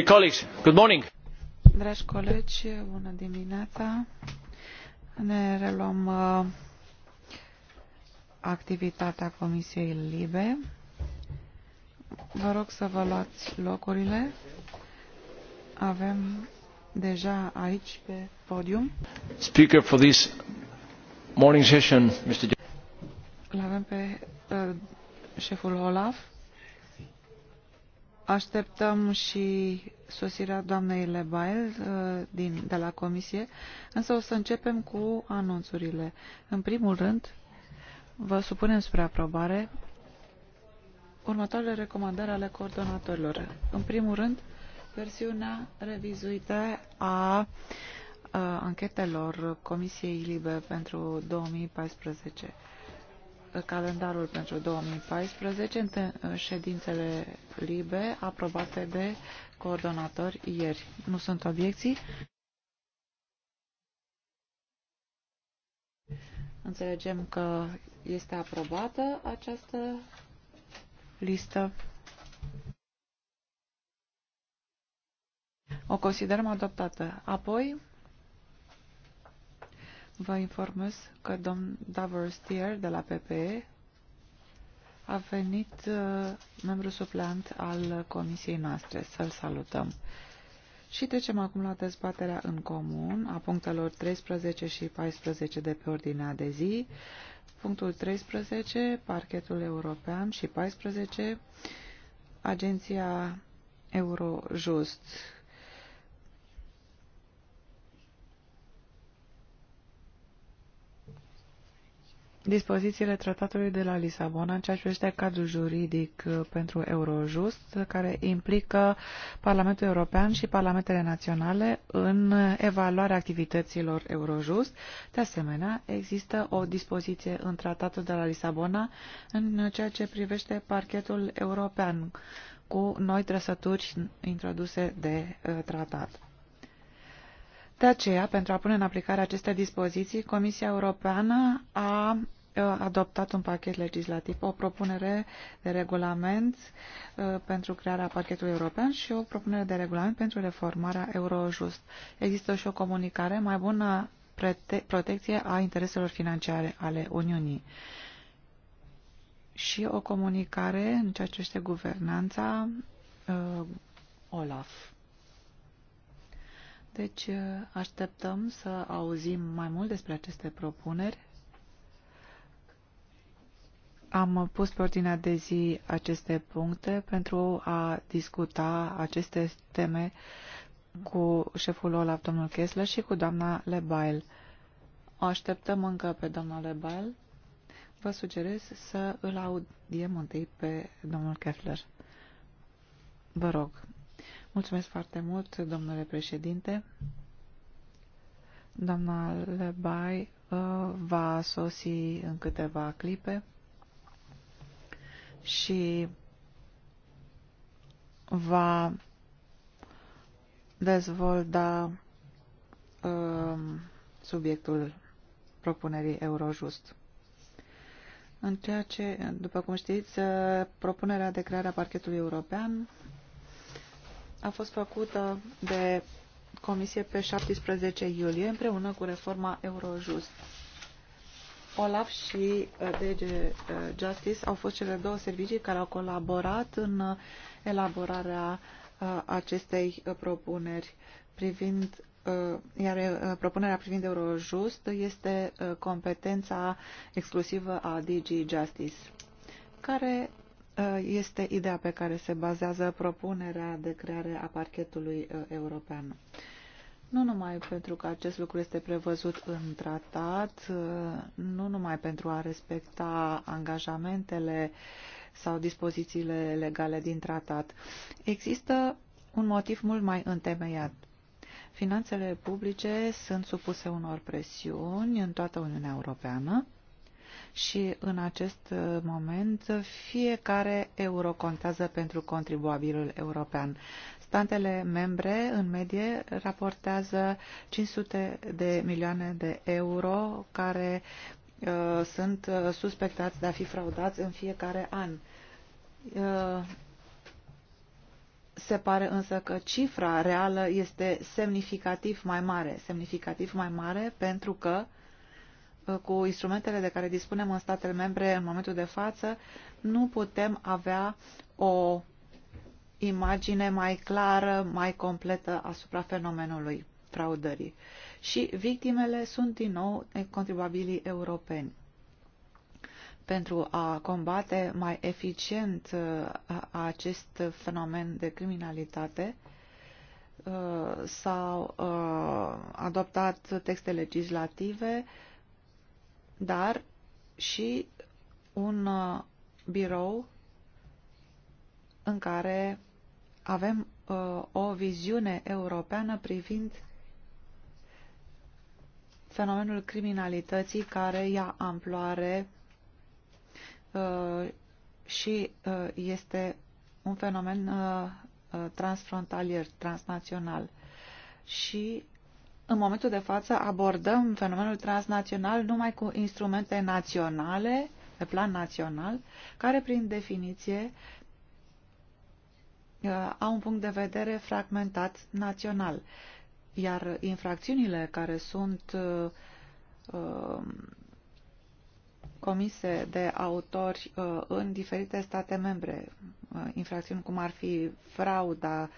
Dragi colegi, bună dimineața. Ne reluăm uh, activitatea Comisiei Libe. Vă rog să vă luați locurile. Avem deja aici pe podium. Speaker for this morning session, Mr. L avem pe uh, șeful Olaf Așteptăm și sosirea doamnei Lebail uh, din, de la comisie, însă o să începem cu anunțurile. În primul rând, vă supunem spre aprobare următoarele recomandări ale coordonatorilor. În primul rând, versiunea revizuită a uh, anchetelor Comisiei Libe pentru 2014. Uh, calendarul pentru 2014, uh, ședințele libe aprobate de coordonatori ieri. Nu sunt obiecții? Înțelegem că este aprobată această listă. O considerăm adoptată. Apoi, Vă informez că domn Davorstier de la PPE a venit uh, membru suplant al comisiei noastre. Să-l salutăm. Și trecem acum la dezbaterea în comun a punctelor 13 și 14 de pe ordinea de zi. Punctul 13, parchetul european și 14, agenția Eurojust dispozițiile tratatului de la Lisabona în ceea ce privește cadrul juridic uh, pentru Eurojust, care implică Parlamentul European și Parlamentele Naționale în evaluarea activităților Eurojust. De asemenea, există o dispoziție în tratatul de la Lisabona în ceea ce privește parchetul european cu noi trăsături introduse de uh, tratat. De aceea, pentru a pune în aplicare aceste dispoziții, Comisia Europeană a adoptat un pachet legislativ, o propunere de regulament pentru crearea pachetului european și o propunere de regulament pentru reformarea Eurojust. Există și o comunicare mai bună protecție a intereselor financiare ale Uniunii și o comunicare în ceea ce este guvernanța uh, OLAF. Deci uh, așteptăm să auzim mai mult despre aceste propuneri. Am pus pe ordinea de zi aceste puncte pentru a discuta aceste teme cu șeful Olaf, domnul Kessler, și cu doamna Lebail. O așteptăm încă pe doamna Lebail. Vă sugerez să îl audiem întâi pe domnul Kessler. Vă rog. Mulțumesc foarte mult, domnule președinte. Doamna Lebai uh, va sosi în câteva clipe și va dezvolta um, subiectul propunerii Eurojust. În ceea ce, după cum știți, uh, propunerea de creare a parchetului european a fost făcută de Comisie pe 17 iulie împreună cu reforma Eurojust. OLAF și uh, DG uh, Justice au fost cele două servicii care au colaborat în uh, elaborarea acestei propuneri privind iar propunerea privind Eurojust este competența exclusivă a DG Justice, care Uh, este ideea pe care se bazează propunerea de creare a parchetului uh, european. Nu numai pentru că acest lucru este prevăzut în tratat, uh, nu numai pentru a respecta angajamentele sau dispozițiile legale din tratat. Există un motiv mult mai întemeiat. Finanțele publice sunt supuse unor presiuni în toată Uniunea Europeană și în acest uh, moment fiecare euro contează pentru contribuabilul european. Statele membre, în medie, raportează 500 de milioane de euro care uh, sunt uh, suspectați de a fi fraudați în fiecare an. Uh, se pare însă că cifra reală este semnificativ mai mare, semnificativ mai mare pentru că uh, cu instrumentele de care dispunem în statele membre în momentul de față, nu putem avea o imagine mai clară, mai completă asupra fenomenului fraudării. Și victimele sunt din nou contribuabilii europeni. Pentru a combate mai eficient uh, acest fenomen de criminalitate, uh, s-au uh, adoptat texte legislative dar și un uh, birou în care avem uh, o viziune europeană privind fenomenul criminalității care ia amploare uh, și este un fenomen transfrontalier, transnațional. Și în momentul de față abordăm fenomenul transnațional numai cu instrumente naționale, pe plan național, care prin definiție uh, au un punct de vedere fragmentat național. Iar infracțiunile care sunt uh, um, comise de autori uh, în diferite state membre, uh, infracțiuni cum ar fi frauda,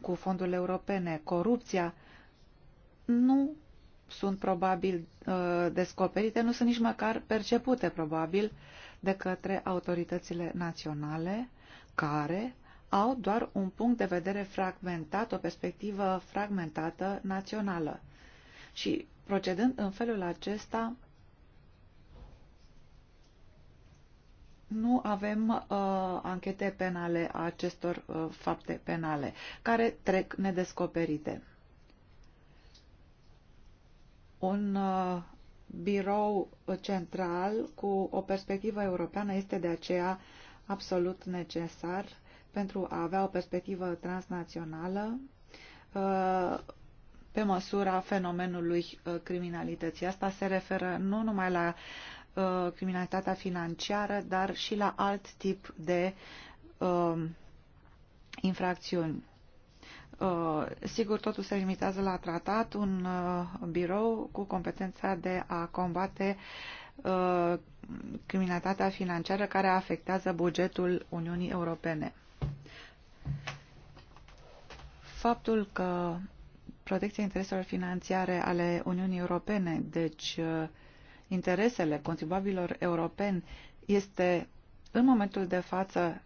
cu fondurile europene, corupția, nu sunt probabil uh, descoperite, nu sunt nici măcar percepute probabil de către autoritățile naționale care au doar un punct de vedere fragmentat, o perspectivă fragmentată națională. Și procedând în felul acesta, nu avem uh, anchete penale a acestor uh, fapte penale, care trec nedescoperite. Un uh, birou central cu o perspectivă europeană este de aceea absolut necesar pentru a avea o perspectivă transnațională uh, pe măsura fenomenului uh, criminalității. Asta se referă nu numai la Uh, criminalitatea financiară, dar și la alt tip de uh, infracțiuni. Uh, sigur, totul se limitează la tratat, un birou cu competența de a combate criminalitatea financiară care afectează bugetul Uniunii Europene. Faptul că protecția intereselor financiare ale Uniunii Europene, deci interesele contribuabililor europeni este în momentul de față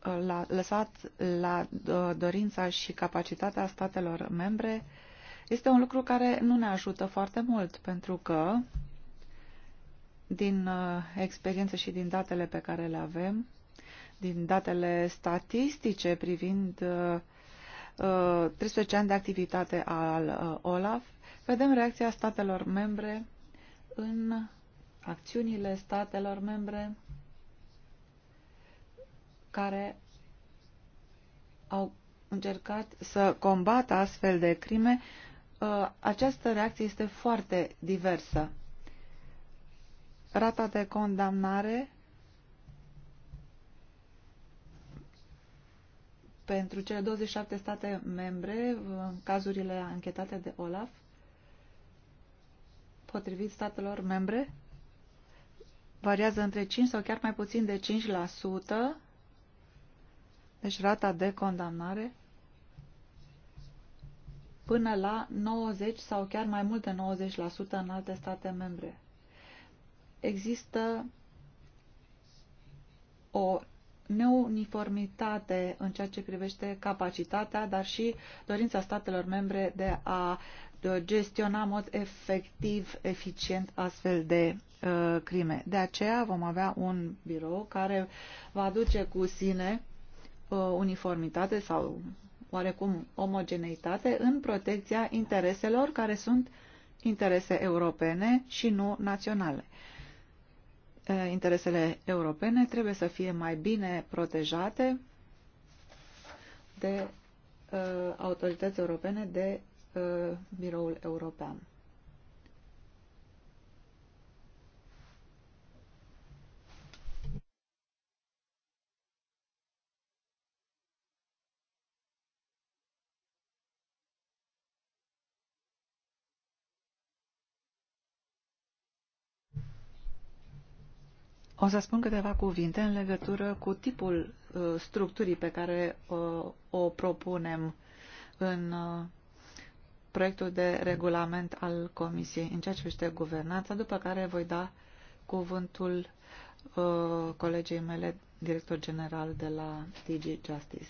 la, lăsat la uh, dorința și capacitatea statelor membre, este un lucru care nu ne ajută foarte mult, pentru că din uh, experiență și din datele pe care le avem, din datele statistice privind uh, 13 uh, ani de activitate al uh, OLAF, Vedem reacția statelor membre în acțiunile statelor membre care au încercat să combată astfel de crime, uh, această reacție este foarte diversă. Rata de condamnare pentru cele 27 state membre, uh, în cazurile anchetate de OLAF, potrivit statelor membre variază între 5 sau chiar mai puțin de 5%, deci rata de condamnare, până la 90 sau chiar mai mult de 90% în alte state membre. Există o neuniformitate în ceea ce privește capacitatea, dar și dorința statelor membre de a gestiona în mod efectiv, eficient astfel de uh, crime. De aceea vom avea un birou care va duce cu sine uh, uniformitate sau oarecum omogeneitate în protecția intereselor care sunt interese europene și nu naționale. Uh, interesele europene trebuie să fie mai bine protejate de uh, autorități europene de Uh, Biroul European. O să spun câteva cuvinte în legătură cu tipul uh, structurii pe care uh, o propunem în uh, proiectul de regulament al Comisiei în ceea ce privește guvernanța, după care voi da cuvântul uh, colegei mele, director general de la DG Justice.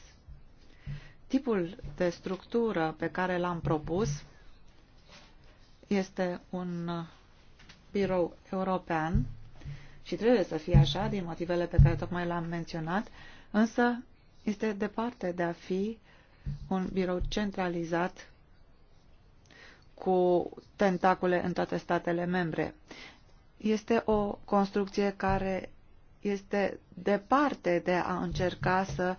Tipul de structură pe care l-am propus este un birou european și trebuie să fie așa din motivele pe care tocmai le-am menționat, însă este departe de a fi un birou centralizat cu tentacule în toate statele membre. Este o construcție care este departe de a încerca să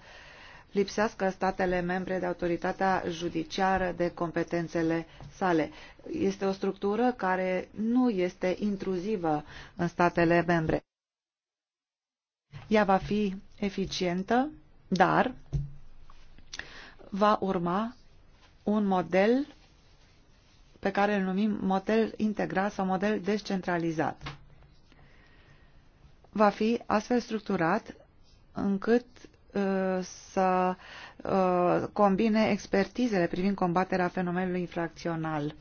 lipsească statele membre de autoritatea judiciară de competențele sale. Este o structură care nu este intruzivă în statele membre. Ea va fi eficientă, dar va urma un model pe care îl numim model integrat sau model descentralizat. Va fi astfel structurat încât uh, să uh, combine expertizele privind combaterea fenomenului infracțional.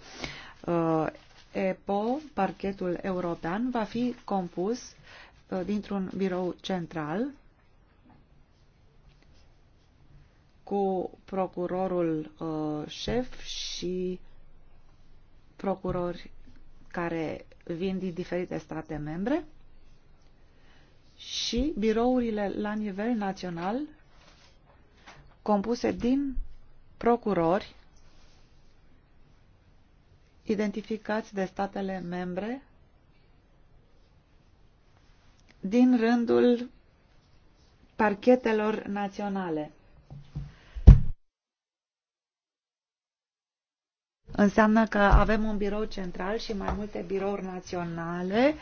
Uh, EPO, parchetul european, va fi compus dintr-un birou central cu procurorul șef și procurori care vin din diferite state membre și birourile la nivel național compuse din procurori identificați de statele membre din rândul parchetelor naționale. Înseamnă că avem un birou central și mai multe birouri naționale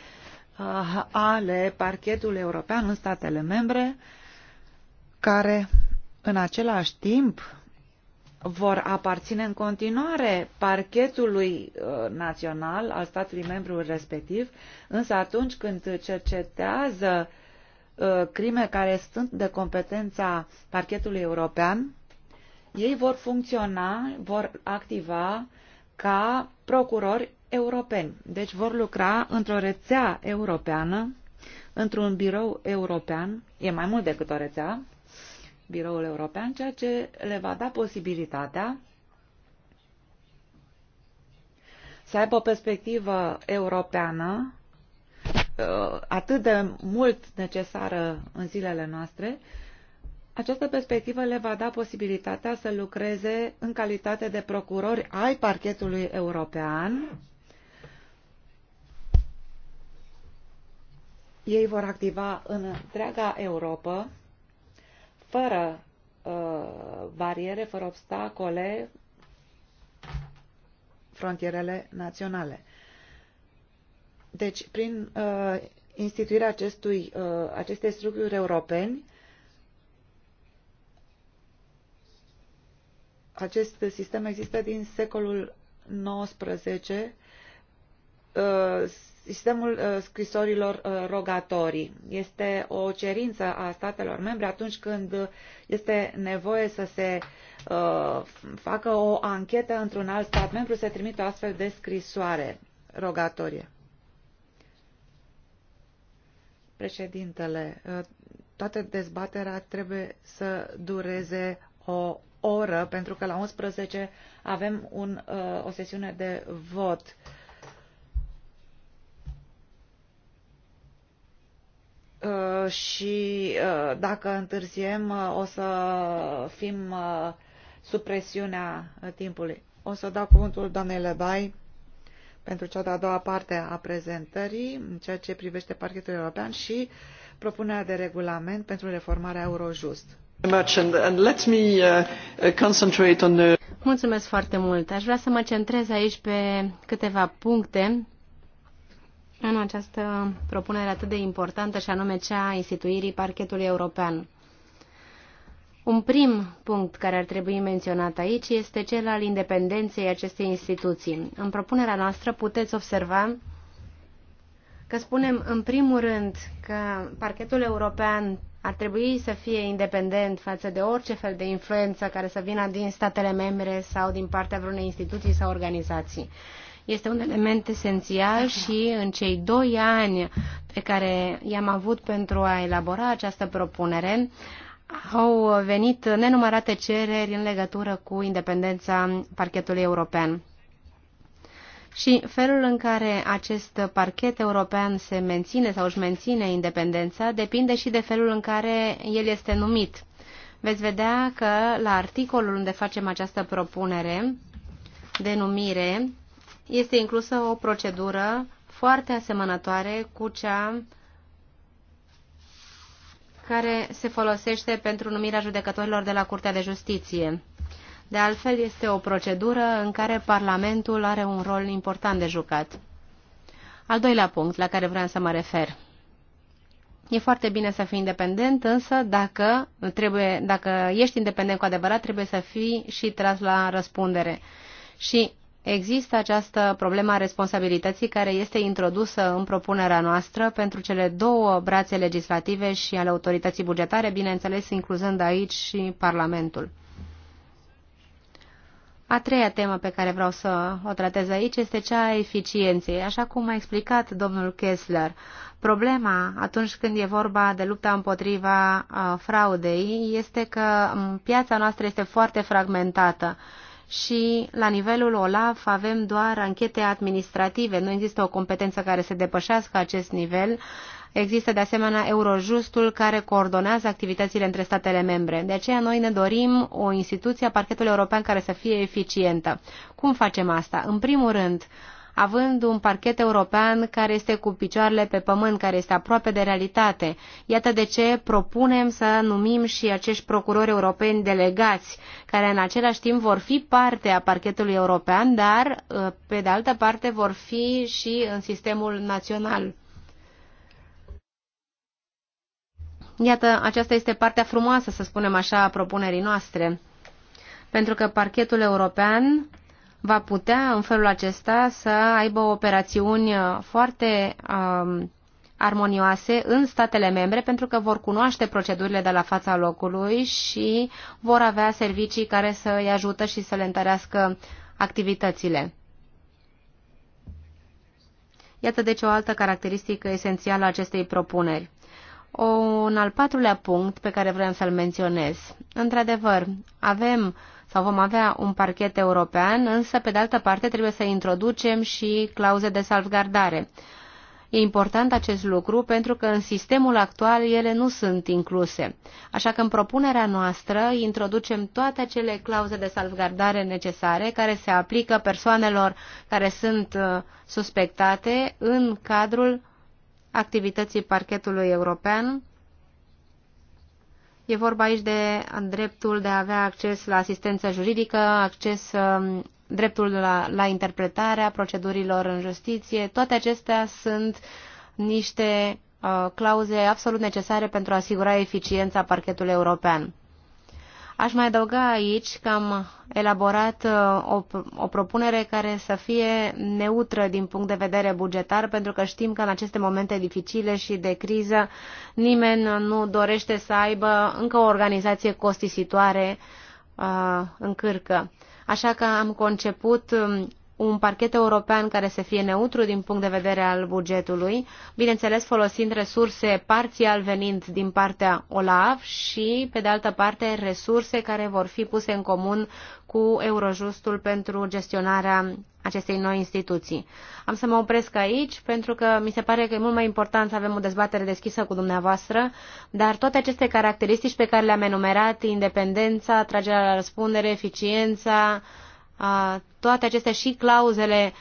uh, ale parchetului european în statele membre, care în același timp vor aparține în continuare parchetului uh, național al statului membru respectiv, însă atunci când cercetează uh, crime care sunt de competența parchetului european, ei vor funcționa, vor activa ca procurori europeni. Deci vor lucra într-o rețea europeană, într-un birou european, e mai mult decât o rețea, biroul european, ceea ce le va da posibilitatea să aibă o perspectivă europeană uh, atât de mult necesară în zilele noastre, această perspectivă le va da posibilitatea să lucreze în calitate de procurori ai parchetului european. Ei vor activa în întreaga Europa, fără uh, bariere, fără obstacole, frontierele naționale. Deci, prin uh, instituirea acestui, uh, acestei structuri europeni, Acest sistem există din secolul XIX, uh, sistemul uh, scrisorilor uh, rogatorii. Este o cerință a statelor membre atunci când este nevoie să se facă o anchetă într-un alt stat membru, se trimite o astfel de scrisoare rogatorie. Președintele, toată dezbaterea trebuie să dureze o oră, pentru că la 11 avem un, uh, o sesiune de vot. Uh, și uh, dacă întârziem o să fim sub presiunea timpului. O să dau cuvântul doamnei Lebai pentru cea de-a doua parte a prezentării, în ceea ce privește parchetul european și propunerea de regulament pentru reformarea Eurojust. Uh, Mulțumesc foarte mult. Aș vrea să mă centrez aici pe câteva puncte în această propunere atât de importantă și anume cea a instituirii parchetului european. Un prim punct care ar trebui menționat aici este cel al independenței acestei instituții. În propunerea noastră puteți observa că spunem în primul rând că parchetul european ar trebui să fie independent față de orice fel de influență care să vină din statele membre sau din partea vreunei instituții sau organizații. Este un element esențial și în cei doi ani pe care i-am avut pentru a elabora această propunere, au venit nenumărate cereri în legătură cu independența parchetului european. Și felul în care acest parchet european se menține sau își menține independența depinde și de felul în care el este numit. Veți vedea că la articolul unde facem această propunere de numire este inclusă o procedură foarte asemănătoare cu cea care se folosește pentru numirea judecătorilor de la Curtea de Justiție. De altfel, este o procedură în care Parlamentul are un rol important de jucat. Al doilea punct la care vreau să mă refer. E foarte bine să fii independent, însă dacă, trebuie, dacă ești independent cu adevărat, trebuie să fii și tras la răspundere. Și există această problemă a responsabilității care este introdusă în propunerea noastră pentru cele două brațe legislative și ale autorității bugetare, bineînțeles incluzând aici și Parlamentul. A treia temă pe care vreau să o tratez aici este cea a eficienței, așa cum a explicat domnul Kessler. Problema atunci când e vorba de lupta împotriva uh, fraudei este că piața noastră este foarte fragmentată și la nivelul OLAF avem doar anchete administrative, nu există o competență care să depășească acest nivel Există de asemenea Eurojustul care coordonează activitățile între statele membre. De aceea noi ne dorim o instituție a parchetului european care să fie eficientă. Cum facem asta? În primul rând, având un parchet european care este cu picioarele pe pământ, care este aproape de realitate. Iată de ce propunem să numim și acești procurori europeni delegați, care în același timp vor fi parte a parchetului european, dar pe de altă parte vor fi și în sistemul național. Iată, aceasta este partea frumoasă, să spunem așa, a propunerii noastre. Pentru că parchetul european va putea în felul acesta să aibă operațiuni foarte um, armonioase în statele membre pentru că vor cunoaște procedurile de la fața locului și vor avea servicii care să îi ajută și să le întărească activitățile. Iată deci o altă caracteristică esențială a acestei propuneri. Un al patrulea punct pe care vreau să-l menționez. Într-adevăr, avem sau vom avea un parchet european, însă, pe de altă parte, trebuie să introducem și clauze de salvgardare. E important acest lucru pentru că în sistemul actual ele nu sunt incluse. Așa că în propunerea noastră introducem toate cele clauze de salvgardare necesare care se aplică persoanelor care sunt uh, suspectate în cadrul activității parchetului european. E vorba aici de dreptul de a avea acces la asistență juridică, acces um, dreptul la, la interpretarea procedurilor în justiție. Toate acestea sunt niște uh, clauze absolut necesare pentru a asigura eficiența parchetului european. Aș mai adăuga aici că am elaborat uh, o, o propunere care să fie neutră din punct de vedere bugetar, pentru că știm că în aceste momente dificile și de criză nimeni nu dorește să aibă încă o organizație costisitoare uh, în cârcă. Așa că am conceput um, un parchet european care să fie neutru din punct de vedere al bugetului, bineînțeles folosind resurse parțial venind din partea OLAF și, pe de altă parte, resurse care vor fi puse în comun cu Eurojustul pentru gestionarea acestei noi instituții. Am să mă opresc aici pentru că mi se pare că e mult mai important să avem o dezbatere deschisă cu dumneavoastră, dar toate aceste caracteristici pe care le-am enumerat, independența, tragerea la răspundere, eficiența, toate acestea și clauzele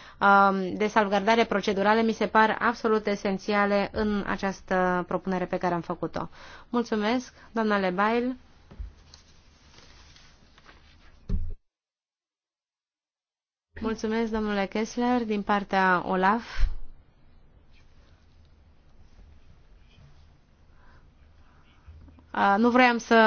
de salvgardare procedurale mi se par absolut esențiale în această propunere pe care am făcut-o. Mulțumesc, doamna Lebail. Mulțumesc, domnule Kessler, din partea OLAF. Nu vreau să,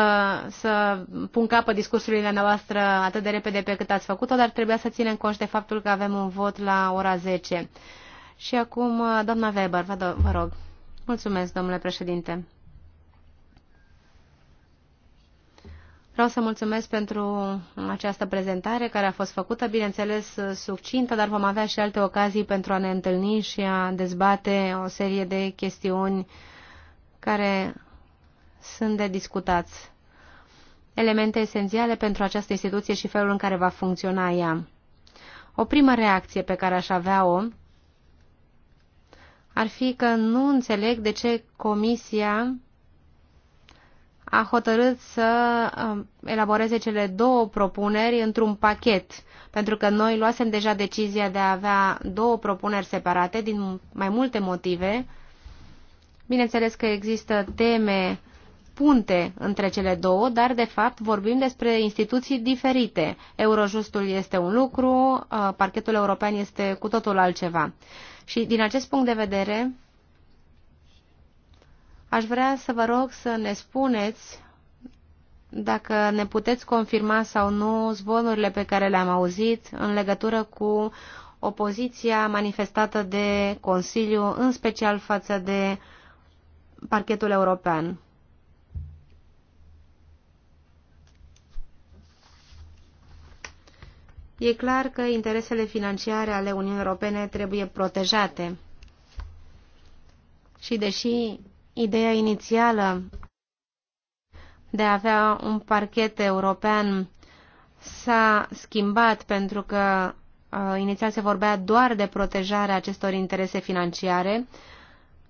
să pun discursului discursurile noastre atât de repede pe cât ați făcut-o, dar trebuia să ținem conști de faptul că avem un vot la ora 10. Și acum, doamna Weber, vă, do vă rog. Mulțumesc, domnule președinte. Vreau să mulțumesc pentru această prezentare care a fost făcută, bineînțeles, succintă, dar vom avea și alte ocazii pentru a ne întâlni și a dezbate o serie de chestiuni care sunt de discutați elemente esențiale pentru această instituție și felul în care va funcționa ea. O primă reacție pe care aș avea-o ar fi că nu înțeleg de ce Comisia a hotărât să um, elaboreze cele două propuneri într-un pachet, pentru că noi luasem deja decizia de a avea două propuneri separate din mai multe motive. Bineînțeles că există teme punte între cele două, dar de fapt vorbim despre instituții diferite. Eurojustul este un lucru, uh, parchetul european este cu totul altceva. Și din acest punct de vedere, aș vrea să vă rog să ne spuneți dacă ne puteți confirma sau nu zvonurile pe care le-am auzit în legătură cu opoziția manifestată de Consiliu, în special față de parchetul european. E clar că interesele financiare ale Uniunii Europene trebuie protejate. Și deși ideea inițială de a avea un parchet european s-a schimbat pentru că uh, inițial se vorbea doar de protejarea acestor interese financiare,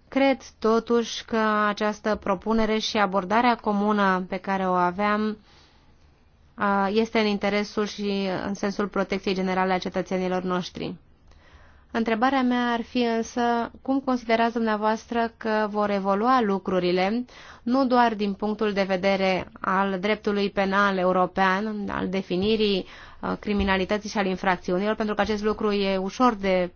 cred totuși că această propunere și abordarea comună pe care o aveam este în interesul și în sensul protecției generale a cetățenilor noștri. Întrebarea mea ar fi însă cum considerați dumneavoastră că vor evolua lucrurile, nu doar din punctul de vedere al dreptului penal european, al definirii uh, criminalității și al infracțiunilor, pentru că acest lucru e ușor de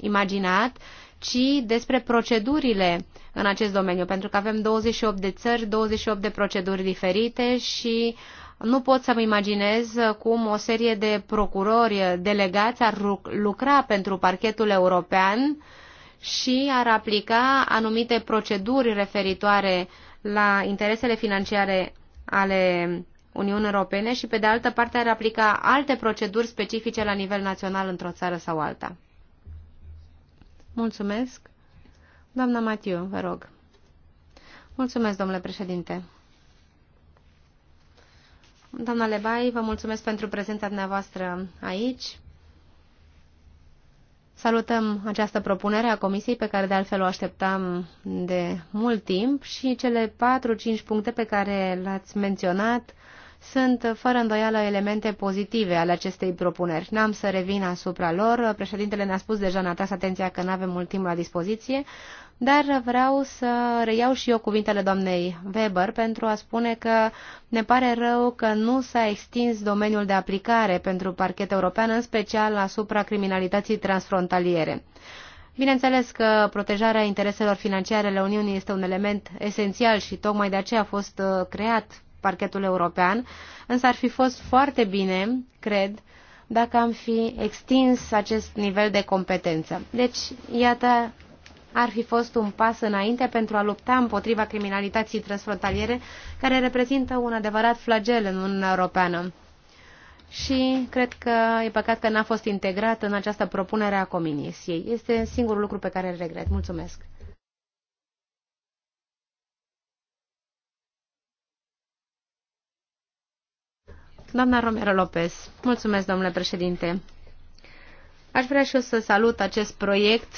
imaginat, ci despre procedurile în acest domeniu, pentru că avem 28 de țări, 28 de proceduri diferite și uh, nu pot să-mi imaginez cum o serie de procurori delegați ar lucra pentru parchetul european și ar aplica anumite proceduri referitoare la interesele financiare ale Uniunii Europene și, pe de altă parte, ar aplica alte proceduri specifice la nivel național într-o țară sau alta. Mulțumesc. Doamna Matiu, vă rog. Mulțumesc, domnule președinte. Doamna Lebai, vă mulțumesc pentru prezența dumneavoastră aici. Salutăm această propunere a Comisiei pe care de altfel o așteptam de mult timp și cele 4-5 puncte pe care le-ați menționat sunt fără îndoială elemente pozitive ale acestei propuneri. N-am să revin asupra lor. Președintele ne-a spus deja, ne-a atras atenția că nu avem mult timp la dispoziție, dar vreau să reiau și eu cuvintele doamnei Weber pentru a spune că ne pare rău că nu s-a extins domeniul de aplicare pentru parchet european, în special asupra criminalității transfrontaliere. Bineînțeles că protejarea intereselor financiare ale Uniunii este un element esențial și tocmai de aceea a fost uh, creat parchetul european, însă ar fi fost foarte bine, cred, dacă am fi extins acest nivel de competență. Deci, iată ar fi fost un pas înainte pentru a lupta împotriva criminalității transfrontaliere, care reprezintă un adevărat flagel în Uniunea Europeană. Și cred că e păcat că n-a fost integrat în această propunere a Comisiei. Este singurul lucru pe care îl regret. Mulțumesc! Doamna Romero Lopez. Mulțumesc, domnule președinte. Aș vrea și eu să salut acest proiect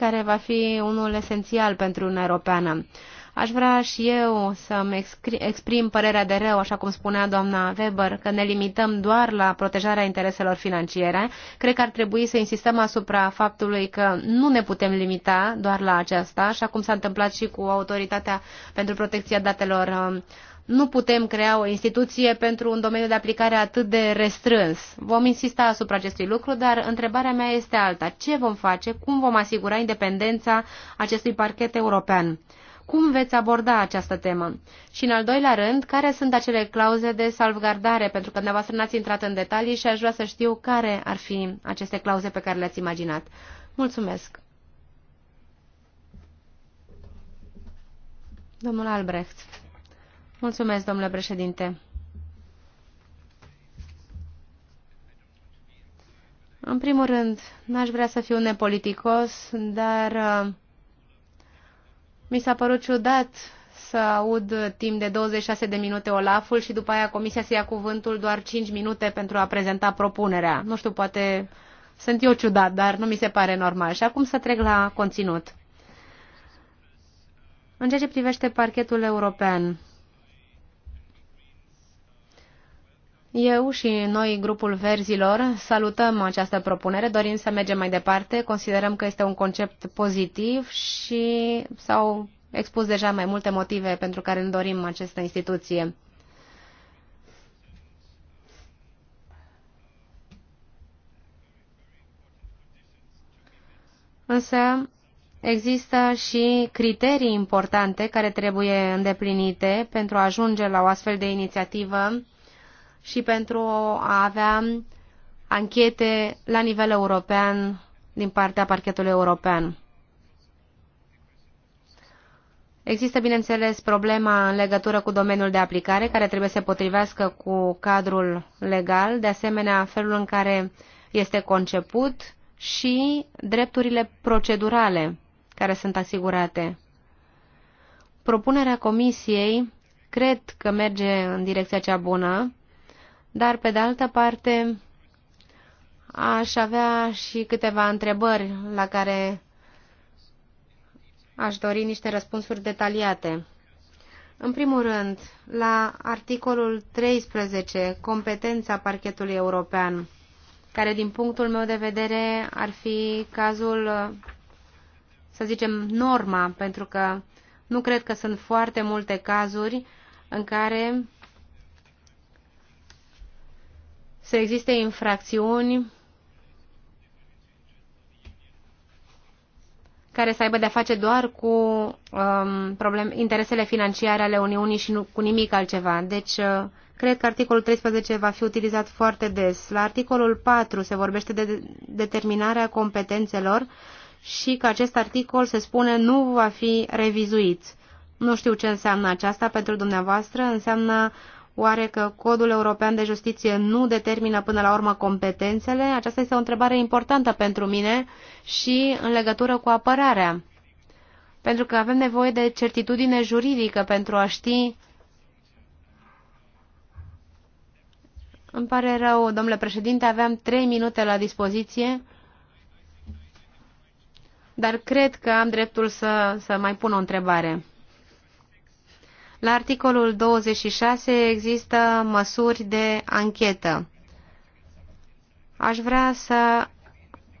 care va fi unul esențial pentru Uniunea Europeană. Aș vrea și eu să-mi exprim părerea de rău, așa cum spunea doamna Weber, că ne limităm doar la protejarea intereselor financiare. Cred că ar trebui să insistăm asupra faptului că nu ne putem limita doar la aceasta, așa cum s-a întâmplat și cu Autoritatea pentru Protecția Datelor um, nu putem crea o instituție pentru un domeniu de aplicare atât de restrâns. Vom insista asupra acestui lucru, dar întrebarea mea este alta. Ce vom face? Cum vom asigura independența acestui parchet european? Cum veți aborda această temă? Și în al doilea rând, care sunt acele clauze de salvgardare? Pentru că dumneavoastră n-ați intrat în detalii și aș vrea să știu care ar fi aceste clauze pe care le-ați imaginat. Mulțumesc! Domnul Albrecht. Mulțumesc, domnule președinte. În primul rând, n-aș vrea să fiu nepoliticos, dar uh, mi s-a părut ciudat să aud timp de 26 de minute Olaful și după aia comisia să ia cuvântul doar 5 minute pentru a prezenta propunerea. Nu știu, poate sunt eu ciudat, dar nu mi se pare normal. Și acum să trec la conținut. În ceea ce privește parchetul european, Eu și noi, grupul Verzilor, salutăm această propunere, dorim să mergem mai departe, considerăm că este un concept pozitiv și s-au expus deja mai multe motive pentru care îmi dorim această instituție. Însă există și criterii importante care trebuie îndeplinite pentru a ajunge la o astfel de inițiativă și pentru a avea anchete la nivel european din partea parchetului european. Există, bineînțeles, problema în legătură cu domeniul de aplicare, care trebuie să se potrivească cu cadrul legal, de asemenea felul în care este conceput și drepturile procedurale care sunt asigurate. Propunerea Comisiei cred că merge în direcția cea bună, dar pe de altă parte aș avea și câteva întrebări la care aș dori niște răspunsuri detaliate. În primul rând, la articolul 13, competența parchetului european, care din punctul meu de vedere ar fi cazul, să zicem, norma, pentru că nu cred că sunt foarte multe cazuri în care să existe infracțiuni care să aibă de-a face doar cu um, problem, interesele financiare ale Uniunii și nu cu nimic altceva. Deci, uh, cred că articolul 13 va fi utilizat foarte des. La articolul 4 se vorbește de determinarea competențelor și că acest articol, se spune, nu va fi revizuit. Nu știu ce înseamnă aceasta pentru dumneavoastră, înseamnă Oare că Codul European de Justiție nu determină până la urmă competențele? Aceasta este o întrebare importantă pentru mine și în legătură cu apărarea. Pentru că avem nevoie de certitudine juridică pentru a ști Îmi pare rău, domnule președinte, aveam trei minute la dispoziție, dar cred că am dreptul să, să mai pun o întrebare. La articolul 26 există măsuri de anchetă. Aș vrea să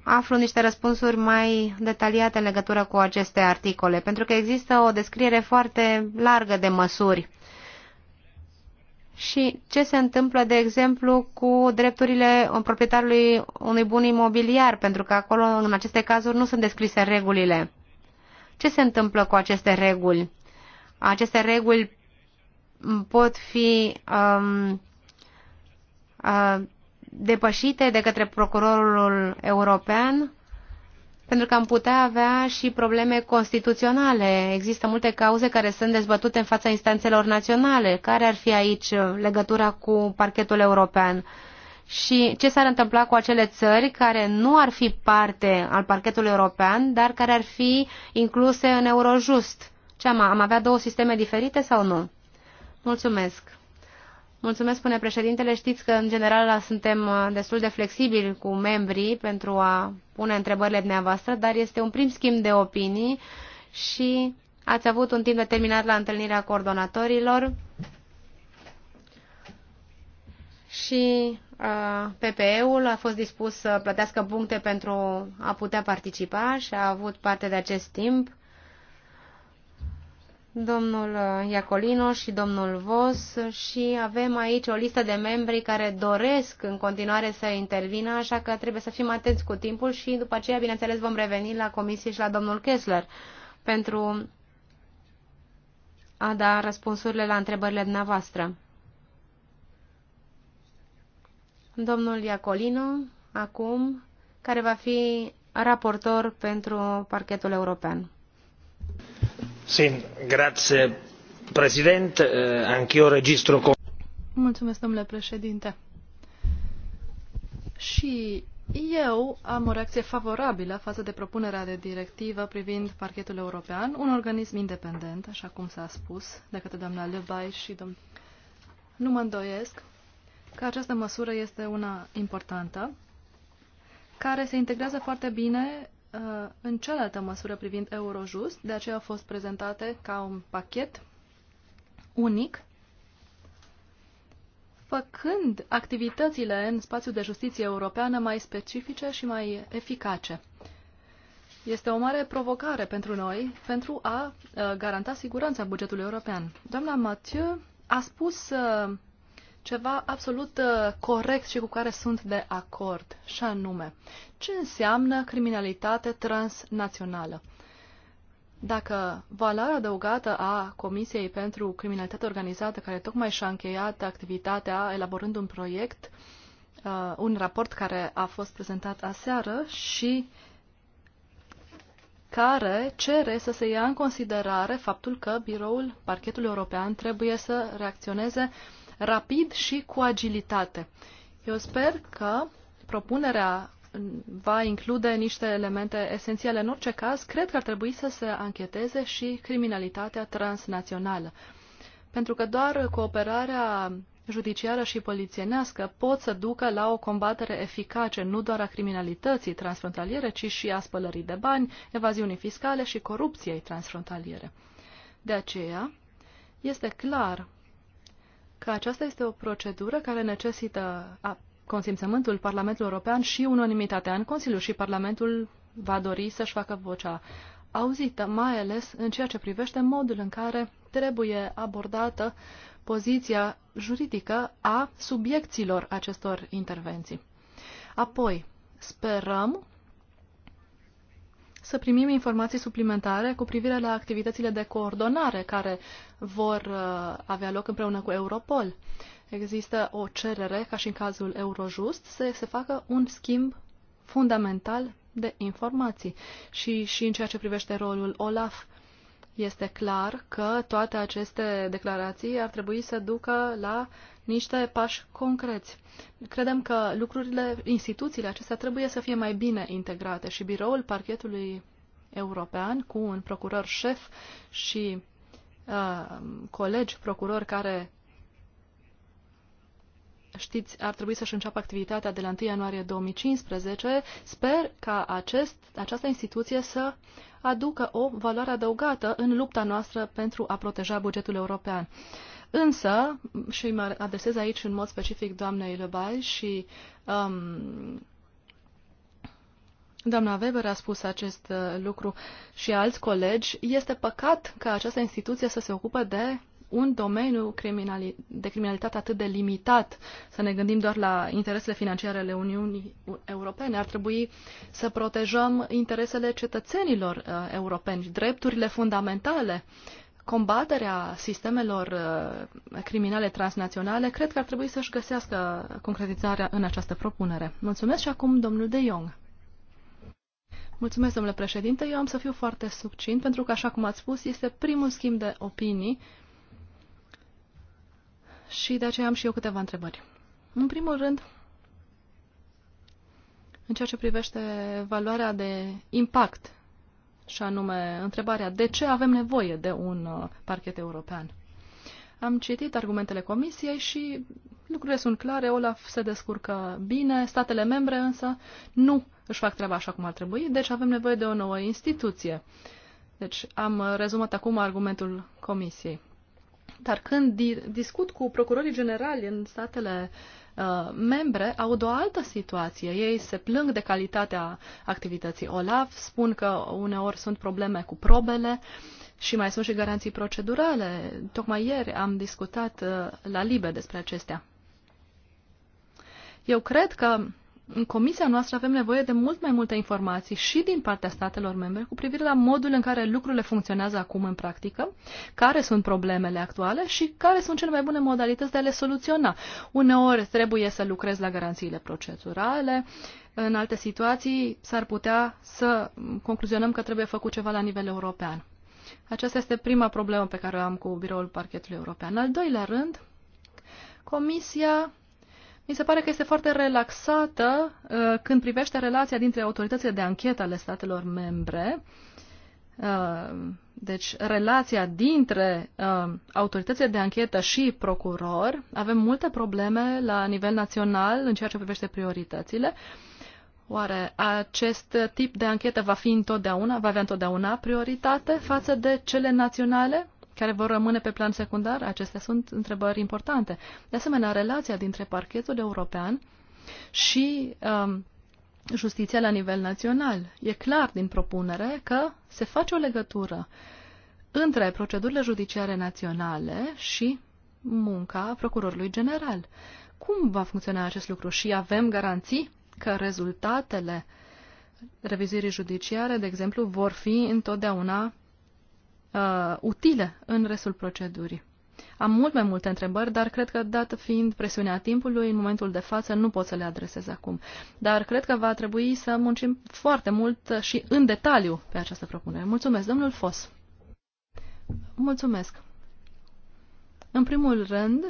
aflu niște răspunsuri mai detaliate în legătură cu aceste articole, pentru că există o descriere foarte largă de măsuri. Și ce se întâmplă, de exemplu, cu drepturile proprietarului unui bun imobiliar, pentru că acolo, în aceste cazuri, nu sunt descrise regulile. Ce se întâmplă cu aceste reguli? Aceste reguli pot fi um, uh, depășite de către procurorul european pentru că am putea avea și probleme constituționale. Există multe cauze care sunt dezbătute în fața instanțelor naționale. Care ar fi aici legătura cu parchetul european? Și ce s-ar întâmpla cu acele țări care nu ar fi parte al parchetului european, dar care ar fi incluse în Eurojust? Ce am, am avea două sisteme diferite sau nu? Mulțumesc. Mulțumesc, spune președintele. Știți că, în general, suntem uh, destul de flexibili cu membrii pentru a pune întrebările dumneavoastră, dar este un prim schimb de opinii și ați avut un timp determinat la întâlnirea coordonatorilor și uh, PPE-ul a fost dispus să plătească puncte pentru a putea participa și a avut parte de acest timp domnul uh, Iacolino și domnul Vos și avem aici o listă de membri care doresc în continuare să intervină, așa că trebuie să fim atenți cu timpul și după aceea, bineînțeles, vom reveni la comisie și la domnul Kessler pentru a da răspunsurile la întrebările dumneavoastră. Domnul Iacolino, acum, care va fi raportor pentru parchetul european. Eh, Mulțumesc, domnule președinte și eu am o reacție favorabilă față de propunerea de directivă privind parchetul european, un organism independent, așa cum s-a spus de către doamna Lebai și domnul. Nu mă îndoiesc că această măsură este una importantă, care se integrează foarte bine Uh, în cealaltă măsură privind Eurojust, de aceea au fost prezentate ca un pachet unic, făcând activitățile în spațiul de justiție europeană mai specifice și mai eficace. Este o mare provocare pentru noi pentru a uh, garanta siguranța bugetului european. Doamna Mathieu a spus uh, ceva absolut uh, corect și cu care sunt de acord, și anume, ce înseamnă criminalitate transnațională? Dacă valoarea adăugată a Comisiei pentru Criminalitate Organizată, care tocmai și-a încheiat activitatea elaborând un proiect, uh, un raport care a fost prezentat aseară și care cere să se ia în considerare faptul că biroul parchetului european trebuie să reacționeze uh, rapid și cu agilitate. Eu sper că propunerea va include niște elemente esențiale. În orice caz, cred că ar trebui să se ancheteze și criminalitatea transnațională. Pentru că doar cooperarea judiciară și polițienească pot să ducă la o combatere eficace nu doar a criminalității transfrontaliere, ci și a spălării de bani, evaziunii fiscale și corupției transfrontaliere. De aceea, este clar că aceasta este o procedură care necesită consimțământul Parlamentului European și unanimitatea în Consiliu și Parlamentul va dori să-și facă vocea auzită, mai ales în ceea ce privește modul în care trebuie abordată poziția juridică a subiecților acestor intervenții. Apoi, sperăm să primim informații suplimentare cu privire la activitățile de coordonare care vor uh, avea loc împreună cu Europol. Există o cerere, ca și în cazul Eurojust, să se facă un schimb fundamental de informații. Și, și în ceea ce privește rolul OLAF, este clar că toate aceste declarații ar trebui să ducă la niște pași concreți. Credem că lucrurile, instituțiile acestea trebuie să fie mai bine integrate și biroul parchetului european cu un procuror șef și uh, colegi procurori care știți, ar trebui să-și înceapă activitatea de la 1 ianuarie 2015. Sper ca acest, această instituție să aducă o valoare adăugată în lupta noastră pentru a proteja bugetul european. Uh, Însă, și mă adresez aici în mod specific doamnei Lebai și um, doamna Weber a spus acest uh, lucru și alți colegi, este păcat că această instituție să se ocupe de un domeniu criminali de criminalitate atât de limitat, să ne gândim doar la interesele financiare ale Uniunii Europene, ar trebui să protejăm interesele cetățenilor uh, europeni, drepturile fundamentale combaterea sistemelor uh, criminale transnaționale, cred că ar trebui să-și găsească concretizarea în această propunere. Mulțumesc și acum domnul De Jong. Mulțumesc, domnule președinte. Eu am să fiu foarte succint, pentru că, așa cum ați spus, este primul schimb de opinii și de aceea am și eu câteva întrebări. În primul rând, în ceea ce privește valoarea de impact și anume întrebarea de ce avem nevoie de un uh, parchet european. Am citit argumentele comisiei și lucrurile sunt clare, Olaf se descurcă bine, statele membre însă nu își fac treaba așa cum ar trebui, deci avem nevoie de o nouă instituție. Deci am uh, rezumat acum argumentul comisiei. Dar când di discut cu procurorii generali în statele Uh, membre au o altă situație. Ei se plâng de calitatea activității OLAF, spun că uneori sunt probleme cu probele și mai sunt și garanții procedurale. Tocmai ieri am discutat uh, la Libe despre acestea. Eu cred că în comisia noastră avem nevoie de mult mai multe informații și din partea statelor membre cu privire la modul în care lucrurile funcționează acum în practică, care sunt problemele actuale și care sunt cele mai bune modalități de a le soluționa. Uneori trebuie să lucrezi la garanțiile procedurale, în alte situații s-ar putea să concluzionăm că trebuie făcut ceva la nivel european. Aceasta este prima problemă pe care o am cu biroul parchetului european. Al doilea rând, comisia mi se pare că este foarte relaxată uh, când privește relația dintre autoritățile de anchetă ale statelor membre. Uh, deci, relația dintre uh, autoritățile de anchetă și procuror. Avem multe probleme la nivel național în ceea ce privește prioritățile. Oare acest tip de anchetă va fi întotdeauna, va avea întotdeauna prioritate față de cele naționale? care vor rămâne pe plan secundar? Acestea sunt întrebări importante. De asemenea, relația dintre parchetul european și um, justiția la nivel național. E clar din propunere că se face o legătură între procedurile judiciare naționale și munca procurorului general. Cum va funcționa acest lucru? Și avem garanții că rezultatele revizuirii judiciare, de exemplu, vor fi întotdeauna uh, utile în restul procedurii. Am mult mai multe întrebări, dar cred că, dată fiind presiunea timpului, în momentul de față nu pot să le adresez acum. Dar cred că va trebui să muncim foarte mult și în detaliu pe această propunere. Mulțumesc, domnul Fos. Mulțumesc. În primul rând,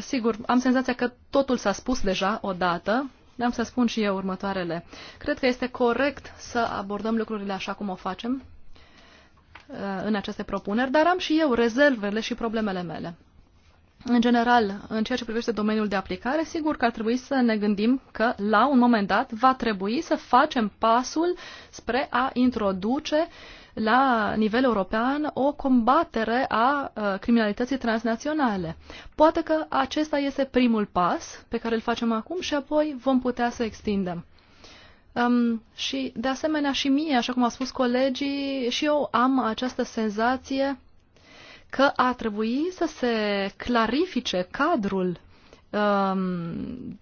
sigur, am senzația că totul s-a spus deja odată, am să spun și eu următoarele. Cred că este corect să abordăm lucrurile așa cum o facem, Uh, în aceste propuneri, dar am și eu rezervele și problemele mele. În general, în ceea ce privește domeniul de aplicare, sigur că ar trebui să ne gândim că la un moment dat va trebui să facem pasul spre a introduce la nivel european o combatere a uh, criminalității transnaționale. Poate că acesta este primul pas pe care îl facem acum și apoi vom putea să extindem. Um, și, de asemenea, și mie, așa cum au spus colegii, și eu am această senzație că a trebui să se clarifice cadrul um,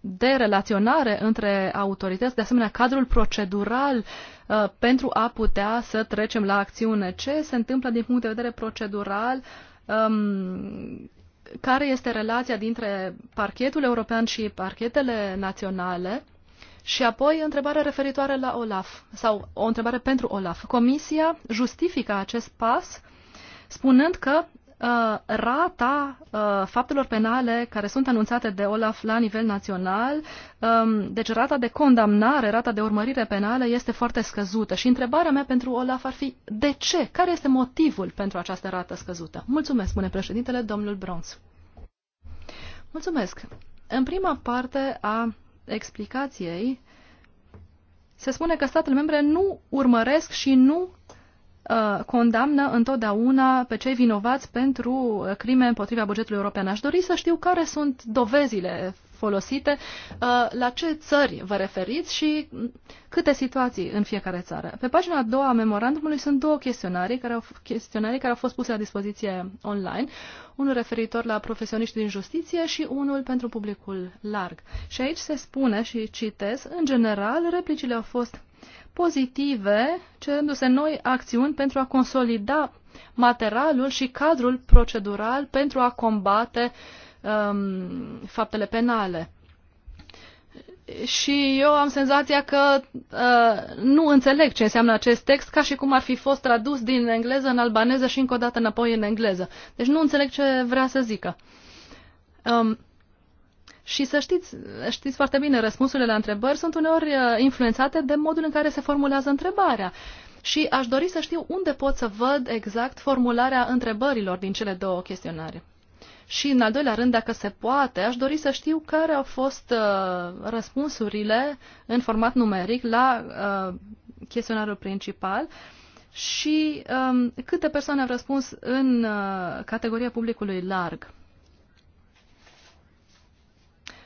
de relaționare între autorități, de asemenea cadrul procedural uh, pentru a putea să trecem la acțiune. Ce se întâmplă din punct de vedere procedural? Um, care este relația dintre parchetul european și parchetele naționale? Și apoi, întrebare referitoare la OLAF, sau o întrebare pentru OLAF. Comisia justifică acest pas spunând că uh, rata uh, faptelor penale care sunt anunțate de OLAF la nivel național, um, deci rata de condamnare, rata de urmărire penală este foarte scăzută. Și întrebarea mea pentru OLAF ar fi de ce? Care este motivul pentru această rată scăzută? Mulțumesc, spune președintele, domnul Brons. Mulțumesc. În prima parte a explicației, se spune că statele membre nu urmăresc și nu uh, condamnă întotdeauna pe cei vinovați pentru uh, crime împotriva bugetului european. Aș dori să știu care sunt dovezile folosite, uh, la ce țări vă referiți și câte situații în fiecare țară. Pe pagina a doua a memorandumului sunt două chestionarii care au, chestionarii care au fost puse la dispoziție online, unul referitor la profesioniști din justiție și unul pentru publicul larg. Și aici se spune și citez, în general, replicile au fost pozitive, cerându-se noi acțiuni pentru a consolida materialul și cadrul procedural pentru a combate um, faptele penale. Și eu am senzația că uh, nu înțeleg ce înseamnă acest text, ca și cum ar fi fost tradus din engleză în albaneză și încă o dată înapoi în engleză. Deci nu înțeleg ce vrea să zică. Um, și să știți, știți foarte bine, răspunsurile la întrebări sunt uneori uh, influențate de modul în care se formulează întrebarea. Și aș dori să știu unde pot să văd exact formularea întrebărilor din cele două chestionare. Și, în al doilea rând, dacă se poate, aș dori să știu care au fost uh, răspunsurile în format numeric la uh, chestionarul principal și um, câte persoane au răspuns în uh, categoria publicului larg.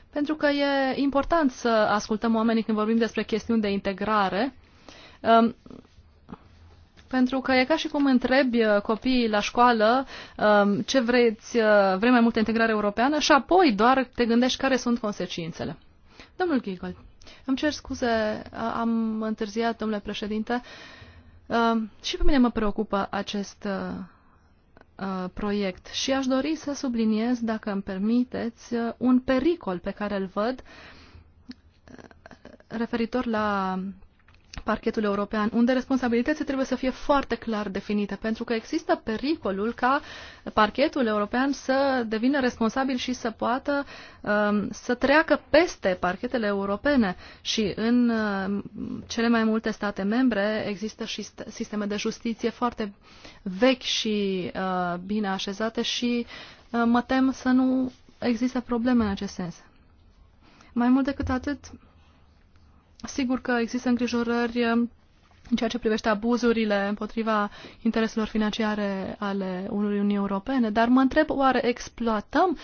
Pentru că e important să ascultăm oamenii când vorbim despre chestiuni de integrare. Um, pentru că e ca și cum întrebi uh, copiii la școală um, ce vreți, uh, vrei mai multă integrare europeană și apoi doar te gândești care sunt consecințele. Domnul Ghigol, îmi cer scuze, uh, am întârziat, domnule președinte. Um, și pe mine mă preocupă acest proiect și aș dori să subliniez, dacă îmi permiteți, un pericol pe care îl văd referitor la parchetul european, unde responsabilitățile trebuie să fie foarte clar definite, pentru că există pericolul ca parchetul european să devină responsabil și să poată um, să treacă peste parchetele europene și în um, cele mai multe state membre există și sisteme de justiție foarte vechi și uh, bine așezate și uh, mă tem să nu există probleme în acest sens. Mai mult decât atât, Sigur că există îngrijorări um, în ceea ce privește abuzurile împotriva intereselor financiare ale Uniunii Europene, dar mă întreb oare exploatăm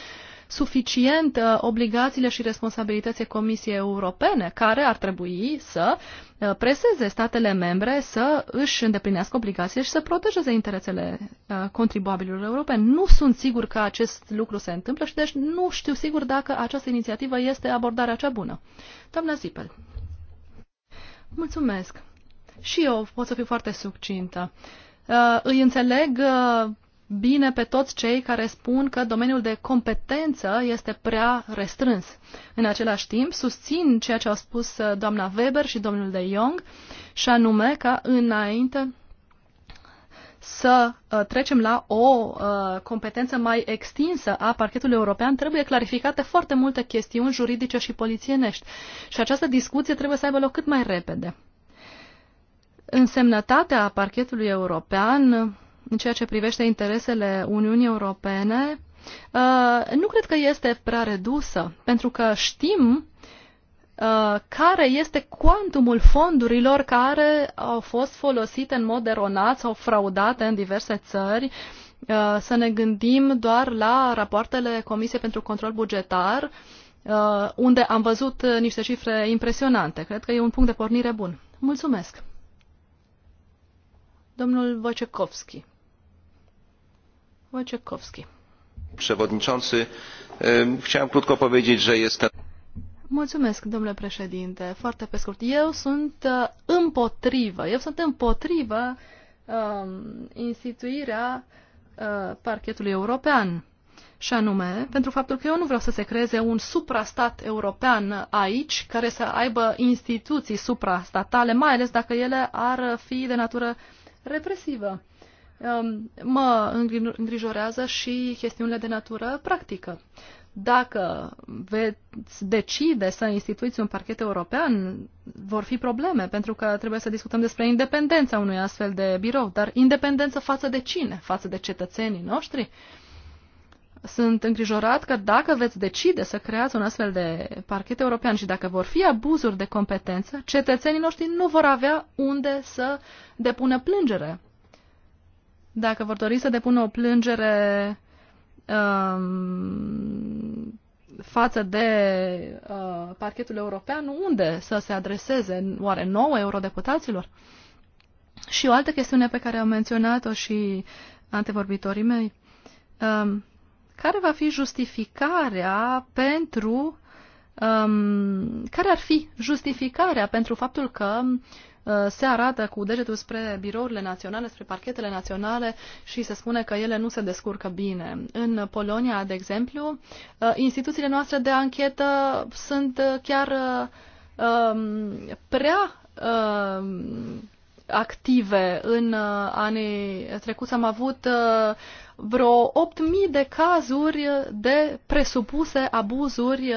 suficient uh, obligațiile și responsabilitățile Comisiei Europene, care ar trebui să uh, preseze statele membre să își îndeplinească obligațiile și să protejeze interesele uh, contribuabililor europeni. Nu sunt sigur că acest lucru se întâmplă și deci nu știu sigur dacă această inițiativă este abordarea cea bună. Doamna Zipel. Mulțumesc. Și eu pot să fiu foarte succintă. Uh, îi înțeleg uh, bine pe toți cei care spun că domeniul de competență este prea restrâns. În același timp, susțin ceea ce au spus uh, doamna Weber și domnul de Jong, și anume că înainte să uh, trecem la o uh, competență mai extinsă a parchetului european, trebuie clarificate foarte multe chestiuni juridice și polițienești. Și această discuție trebuie să aibă loc cât mai repede. Însemnătatea parchetului european în ceea ce privește interesele Uniunii Europene uh, nu cred că este prea redusă, pentru că știm uh, Uh, care este cuantumul fondurilor care au fost folosite în mod eronat sau fraudate în diverse țări. Uh, să ne gândim doar la rapoartele Comisiei pentru Control Bugetar, uh, unde am văzut niște cifre impresionante. Cred că e un punct de pornire bun. Mulțumesc! Domnul Wojciechowski. Wojciechowski. Przewodniczący, chciałem krótko powiedzieć, że jestem... Mulțumesc, domnule președinte. Foarte pe scurt. Eu sunt uh, împotrivă. Eu sunt împotrivă um, instituirea uh, parchetului european. Și anume, pentru faptul că eu nu vreau să se creeze un suprastat european aici, care să aibă instituții suprastatale, mai ales dacă ele ar fi de natură represivă. Um, mă îngrijorează și chestiunile de natură practică dacă veți decide să instituiți un parchet european, vor fi probleme, pentru că trebuie să discutăm despre independența unui astfel de birou. Dar independență față de cine? Față de cetățenii noștri? Sunt îngrijorat că dacă veți decide să creați un astfel de parchet european și dacă vor fi abuzuri de competență, cetățenii noștri nu vor avea unde să depună plângere. Dacă vor dori să depună o plângere Um, față de uh, parchetul european, unde să se adreseze oare nouă eurodeputaților? Și o altă chestiune pe care au menționat-o și antevorbitorii mei, um, care va fi justificarea pentru um, care ar fi justificarea pentru faptul că Uh, se arată cu degetul spre birourile naționale, spre parchetele naționale și se spune că ele nu se descurcă bine. În Polonia, de exemplu, uh, instituțiile noastre de anchetă sunt chiar uh, um, prea um, active în anii trecuți. Am avut vreo 8.000 de cazuri de presupuse abuzuri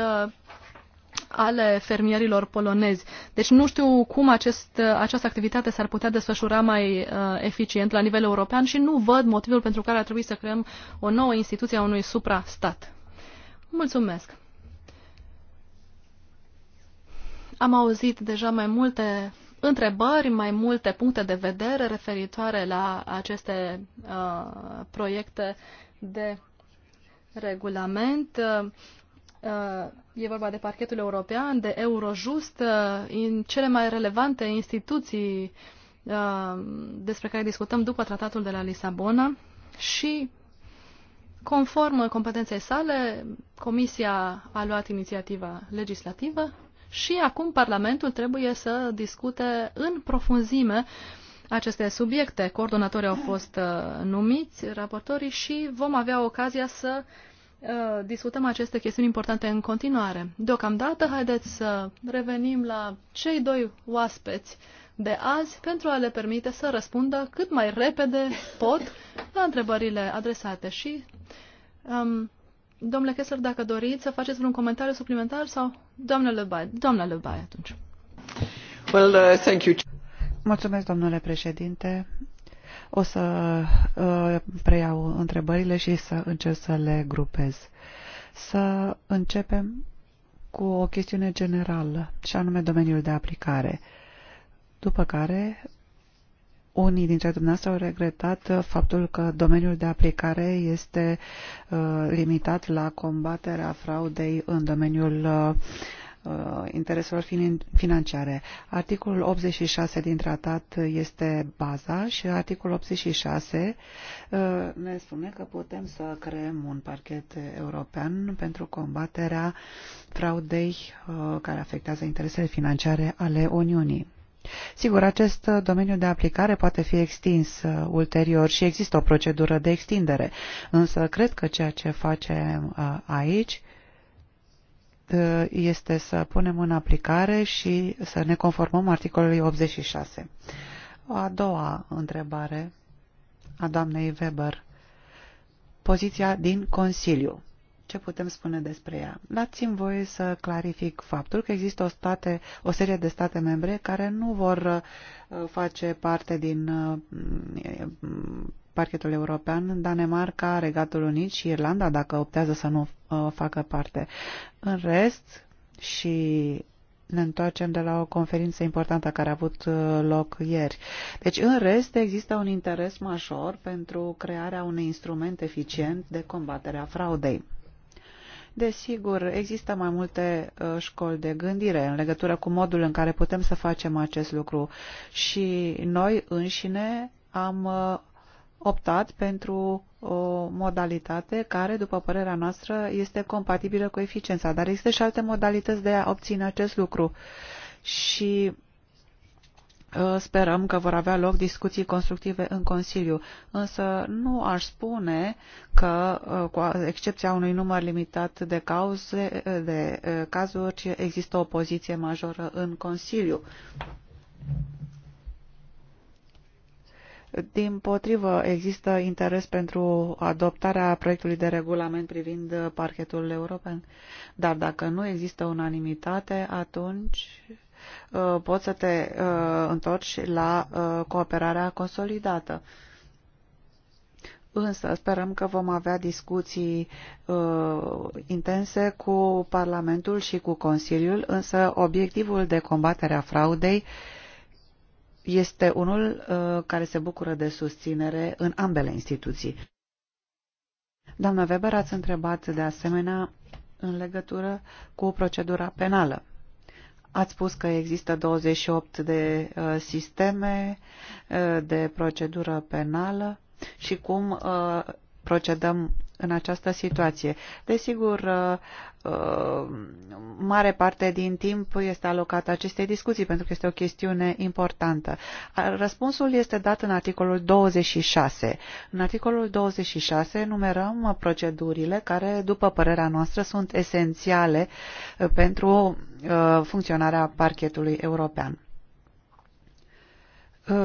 ale fermierilor polonezi. Deci nu știu cum acest, această activitate s-ar putea desfășura mai uh, eficient la nivel european și nu văd motivul pentru care ar trebui să creăm o nouă instituție a unui suprastat. Mulțumesc! Am auzit deja mai multe întrebări, mai multe puncte de vedere referitoare la aceste uh, proiecte de regulament. Uh, e vorba de parchetul european, de Eurojust, uh, în cele mai relevante instituții uh, despre care discutăm după tratatul de la Lisabona și conform competenței sale, Comisia a luat inițiativa legislativă și acum Parlamentul trebuie să discute în profunzime aceste subiecte. Coordonatorii au fost numiți, raportorii și vom avea ocazia să uh, Uh, discutăm aceste chestiuni importante în continuare. Deocamdată, haideți să revenim la cei doi oaspeți de azi pentru a le permite să răspundă cât mai repede pot la întrebările adresate. Și, um, domnule Kessler, dacă doriți să faceți vreun comentariu suplimentar sau doamna Lebaie, doamna Lebaie atunci. Well, uh, thank you. Mulțumesc, domnule președinte. O să uh, preiau întrebările și să încerc să le grupez. Să începem cu o chestiune generală, și anume domeniul de aplicare. După care, unii dintre dumneavoastră au regretat faptul că domeniul de aplicare este uh, limitat la combaterea fraudei în domeniul uh, Uh, intereselor financiare. Articolul 86 din tratat este baza și articolul 86 uh, ne spune că putem să creăm un parchet european pentru combaterea fraudei uh, care afectează interesele financiare ale Uniunii. Sigur, acest domeniu de aplicare poate fi extins ulterior și există o procedură de extindere, însă cred că ceea ce facem aici Uh, este să punem în aplicare și să ne conformăm articolului 86. A doua întrebare a doamnei Weber. Poziția din Consiliu. Ce putem spune despre ea? Dați-mi voie să clarific faptul că există o, state, o serie de state membre care nu vor uh, face parte din uh, parchetul european, Danemarca, Regatul Unit și Irlanda, dacă optează să nu uh, facă parte. În rest, și ne întoarcem de la o conferință importantă care a avut uh, loc ieri. Deci, în rest, există un interes major pentru crearea unui instrument eficient de combatere a fraudei. Desigur, există mai multe uh, școli de gândire în legătură cu modul în care putem să facem acest lucru și noi înșine am uh, optat pentru o modalitate care, după părerea noastră, este compatibilă cu eficiența, dar există și alte modalități de a obține acest lucru. Și ă, sperăm că vor avea loc discuții constructive în Consiliu. Însă nu aș spune că, ă, cu excepția unui număr limitat de, cauze, ă, de cazuri, există o poziție majoră în Consiliu. Din potrivă, există interes pentru adoptarea proiectului de regulament privind parchetul european. Dar dacă nu există unanimitate, atunci uh, poți să te uh, întorci la uh, cooperarea consolidată. Însă sperăm că vom avea discuții uh, intense cu Parlamentul și cu Consiliul, însă obiectivul de combatere a fraudei uh, este unul uh, care se bucură de susținere în ambele instituții. Doamna Weber, ați întrebat de asemenea în legătură cu procedura penală. Ați spus că există 28 de uh, sisteme uh, de procedură penală și cum uh, procedăm în această situație. Desigur, uh, uh, mare parte din timp este alocată acestei discuții pentru că este o chestiune importantă. Răspunsul este dat în articolul 26. În articolul 26 numerăm procedurile care, după părerea noastră, sunt esențiale uh, pentru funcționarea parchetului european.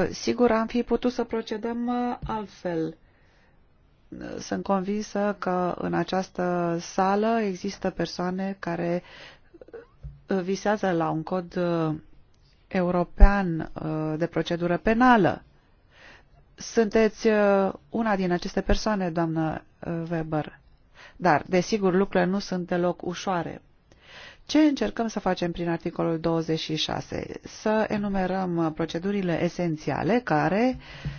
Sigur, am fi putut să procedăm altfel sunt convinsă că în această sală există persoane care uh, visează la un cod uh, european uh, de procedură penală. Sunteți una din aceste persoane, doamnă Weber. Dar, desigur, lucrurile nu sunt deloc ușoare. Ce încercăm să facem prin articolul 26? Să enumerăm procedurile esențiale care uh,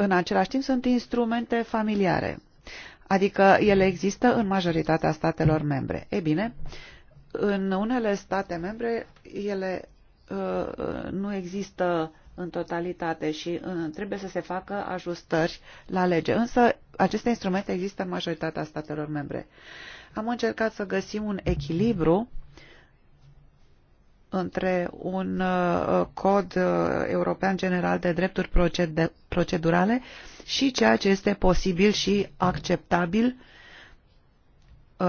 în același timp sunt instrumente familiare, adică ele există în majoritatea statelor membre. Ei bine, în unele state membre ele uh, nu există în totalitate și uh, trebuie să se facă ajustări la lege. Însă aceste instrumente există în majoritatea statelor membre. Am încercat să găsim un echilibru uh, între un uh, cod uh, european general de drepturi procedurale și ceea ce este posibil și acceptabil uh,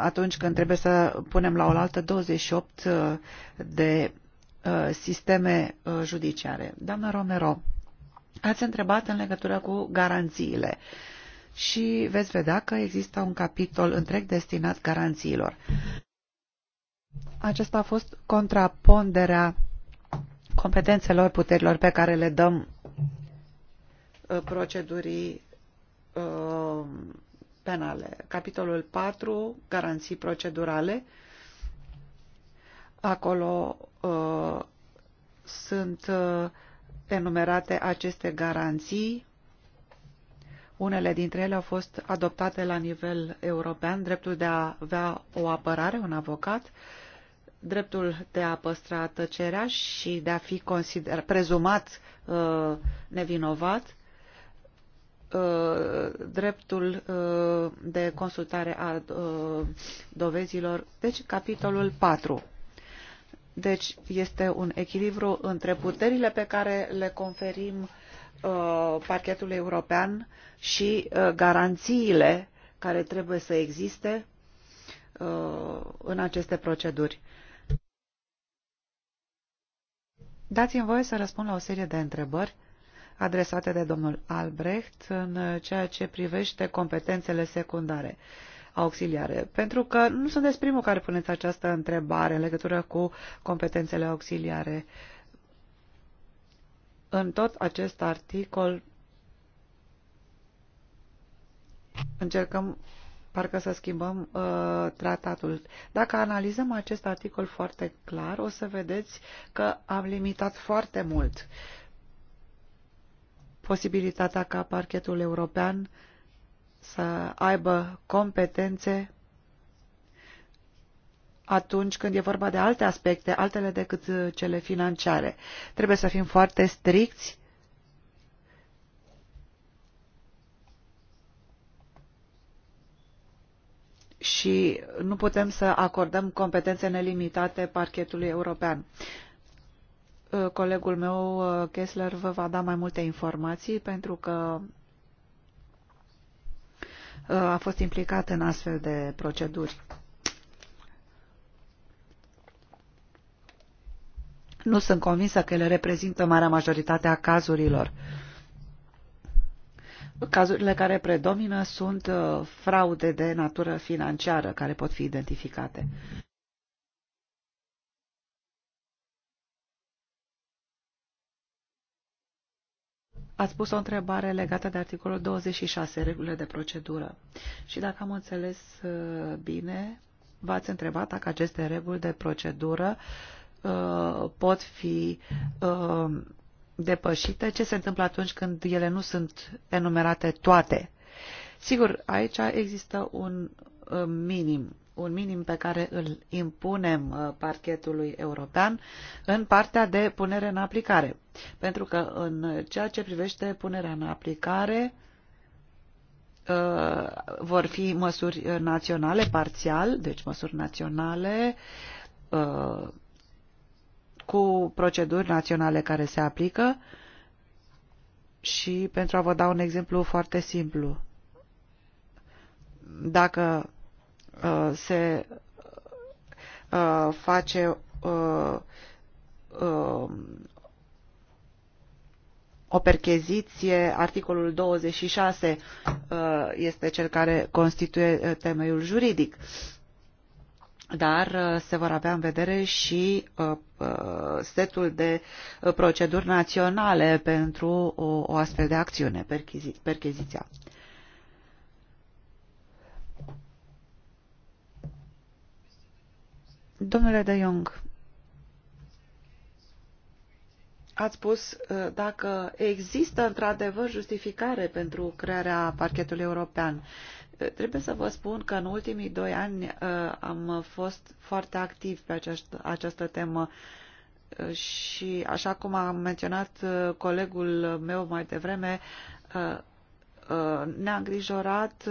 atunci când trebuie să punem la oaltă 28 de sisteme judiciare. Doamna Romero, ați întrebat în legătură cu garanțiile și veți vedea că există un capitol întreg destinat garanțiilor. Acesta a fost contraponderea competențelor, puterilor pe care le dăm uh, procedurii uh, penale. Capitolul 4, garanții procedurale. Acolo uh, sunt enumerate aceste garanții. Unele dintre ele au fost adoptate la nivel european, dreptul de a avea o apărare, un avocat, uh, dreptul de a păstra tăcerea și de a fi consider, prezumat uh, nevinovat, uh, dreptul uh, de consultare a uh, dovezilor. Deci, capitolul 4. Deci, este un echilibru între puterile pe care le conferim uh, parchetul european și uh, garanțiile care trebuie să existe în aceste proceduri. Dați-mi voie să răspund la o serie de întrebări adresate de domnul Albrecht în ceea ce privește competențele secundare auxiliare, pentru că nu sunteți primul care puneți această întrebare în legătură cu competențele auxiliare. În tot acest articol încercăm parcă să schimbăm uh, tratatul. Dacă analizăm acest articol foarte clar, o să vedeți că am limitat foarte mult posibilitatea ca parchetul european să aibă competențe atunci când e vorba de alte aspecte, altele decât uh, cele financiare. Trebuie să fim foarte stricți și nu putem să acordăm competențe nelimitate parchetului european. Uh, colegul meu, uh, Kessler, vă va da mai multe informații pentru că uh, a fost implicat în astfel de proceduri. Nu sunt convinsă că ele reprezintă marea majoritate a cazurilor. Uh, Cazurile care predomină sunt uh, fraude de natură financiară care pot fi identificate. Ați pus o întrebare legată de articolul 26, regulile de procedură. Și dacă am înțeles uh, bine, v-ați întrebat dacă aceste reguli de procedură uh, pot fi depășite, ce se întâmplă atunci când ele nu sunt enumerate toate? Sigur, aici există un uh, minim, un minim pe care îl impunem uh, parchetului european în partea de punere în aplicare. Pentru că în ceea ce privește punerea în aplicare, uh, vor fi măsuri naționale parțial, deci măsuri naționale, cu proceduri naționale care se aplică și pentru a vă da un exemplu foarte simplu. Dacă uh, se uh, face uh, uh, o percheziție, articolul 26 uh, este cel care constituie uh, temeiul juridic. Uh, dar uh, se vor avea în vedere și uh, uh, setul de proceduri naționale pentru o astfel de acțiune, percheziția. Domnule de Jong, ați spus dacă există într-adevăr justificare pentru crearea parchetului european. Trebuie să vă spun că în ultimii doi ani uh, am fost foarte activ pe această, această temă uh, și, așa cum a menționat uh, colegul meu mai devreme, ne-a îngrijorat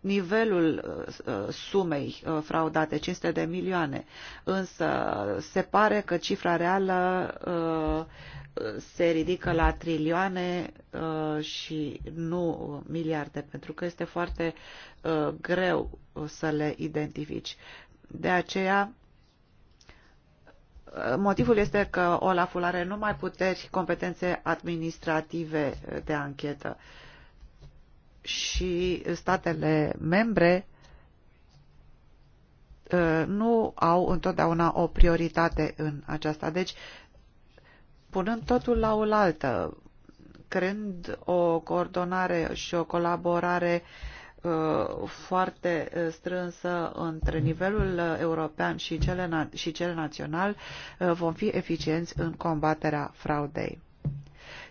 nivelul sumei fraudate, 500 de milioane, însă se pare că cifra reală se ridică la trilioane uh, și nu miliarde, pentru că este foarte uh, greu să le identifici. De aceea, uh, motivul este că Olaful are numai puteri, competențe administrative de anchetă și statele membre nu au întotdeauna o prioritate în aceasta. Deci punând totul la oaltă, creând o coordonare și o colaborare uh, foarte uh, strânsă între nivelul uh, european și, cele și cel național, vom fi eficienți în combaterea fraudei.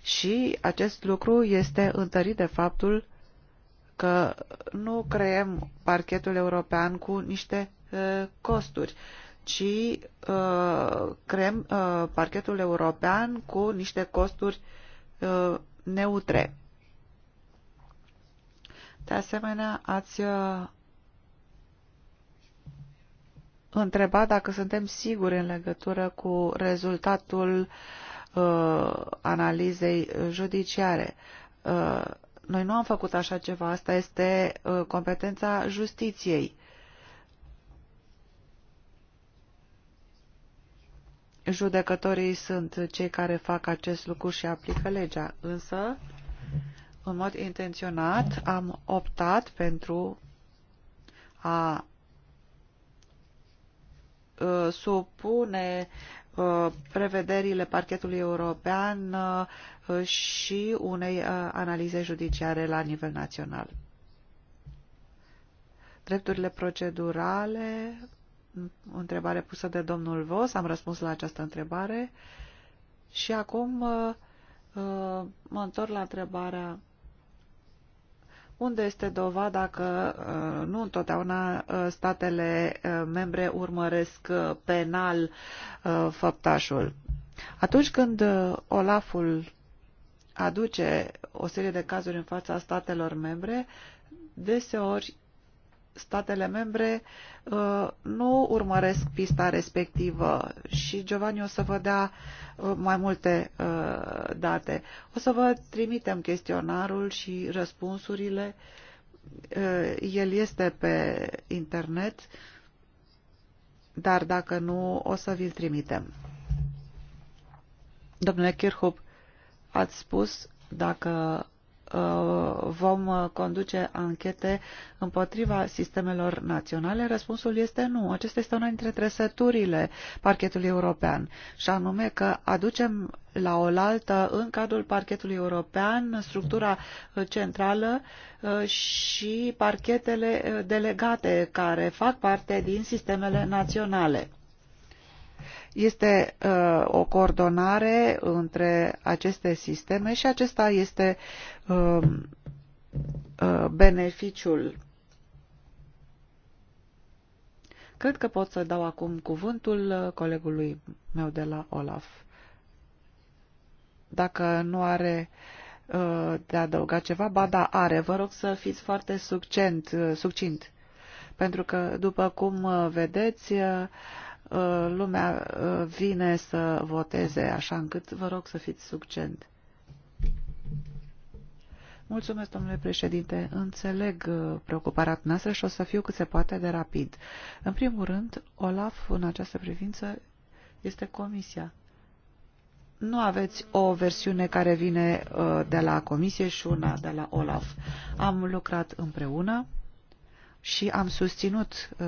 Și acest lucru este întărit de faptul că nu creăm parchetul european cu niște costuri. Uh, ci uh, creăm uh, parchetul european cu niște costuri uh, neutre. De asemenea, ați uh, întrebat dacă suntem siguri în legătură cu rezultatul uh, analizei judiciare. Uh, noi nu am făcut așa ceva, asta este competența justiției judecătorii sunt cei care fac acest lucru și aplică legea, însă, în mod intenționat, am optat pentru a uh, supune uh, prevederile parchetului european uh, și unei analize judiciare la nivel național. Drepturile procedurale o întrebare pusă de domnul Vos, am răspuns la această întrebare și acum uh, uh, mă întorc la întrebarea unde este dovada că uh, nu întotdeauna statele membre urmăresc penal făptașul. Atunci când Olaful aduce o serie de cazuri în fața statelor membre, deseori statele membre uh, nu urmăresc pista respectivă și Giovanni o să vă dea uh, mai multe uh, date. O să vă trimitem chestionarul și răspunsurile. El este pe internet, dar dacă nu, o să vi-l trimitem. Domnule Kirchhoff, ați spus dacă Uh, vom uh, conduce anchete împotriva sistemelor naționale? Răspunsul este nu. Acesta este una dintre trăsăturile parchetului european și anume că aducem la oaltă în cadrul parchetului european structura uh, centrală și parchetele delegate care fac parte din sistemele naționale. Este uh, o coordonare între aceste sisteme și acesta este uh, uh, beneficiul. Cred că pot să dau acum cuvântul uh, colegului meu de la OLAF. Dacă nu are uh, de adăugat ceva, ba da, are. Vă rog să fiți foarte succent, uh, succint pentru că, după cum vedeți, Uh, lumea uh, vine să voteze, așa încât vă rog să fiți succent. Mulțumesc, domnule președinte. Înțeleg uh, preocuparea noastră și o să fiu cât se poate de rapid. În primul rând, OLAF, în această privință, este comisia. Nu aveți o versiune care vine de la comisie și una de la OLAF. Am lucrat împreună și am susținut uh,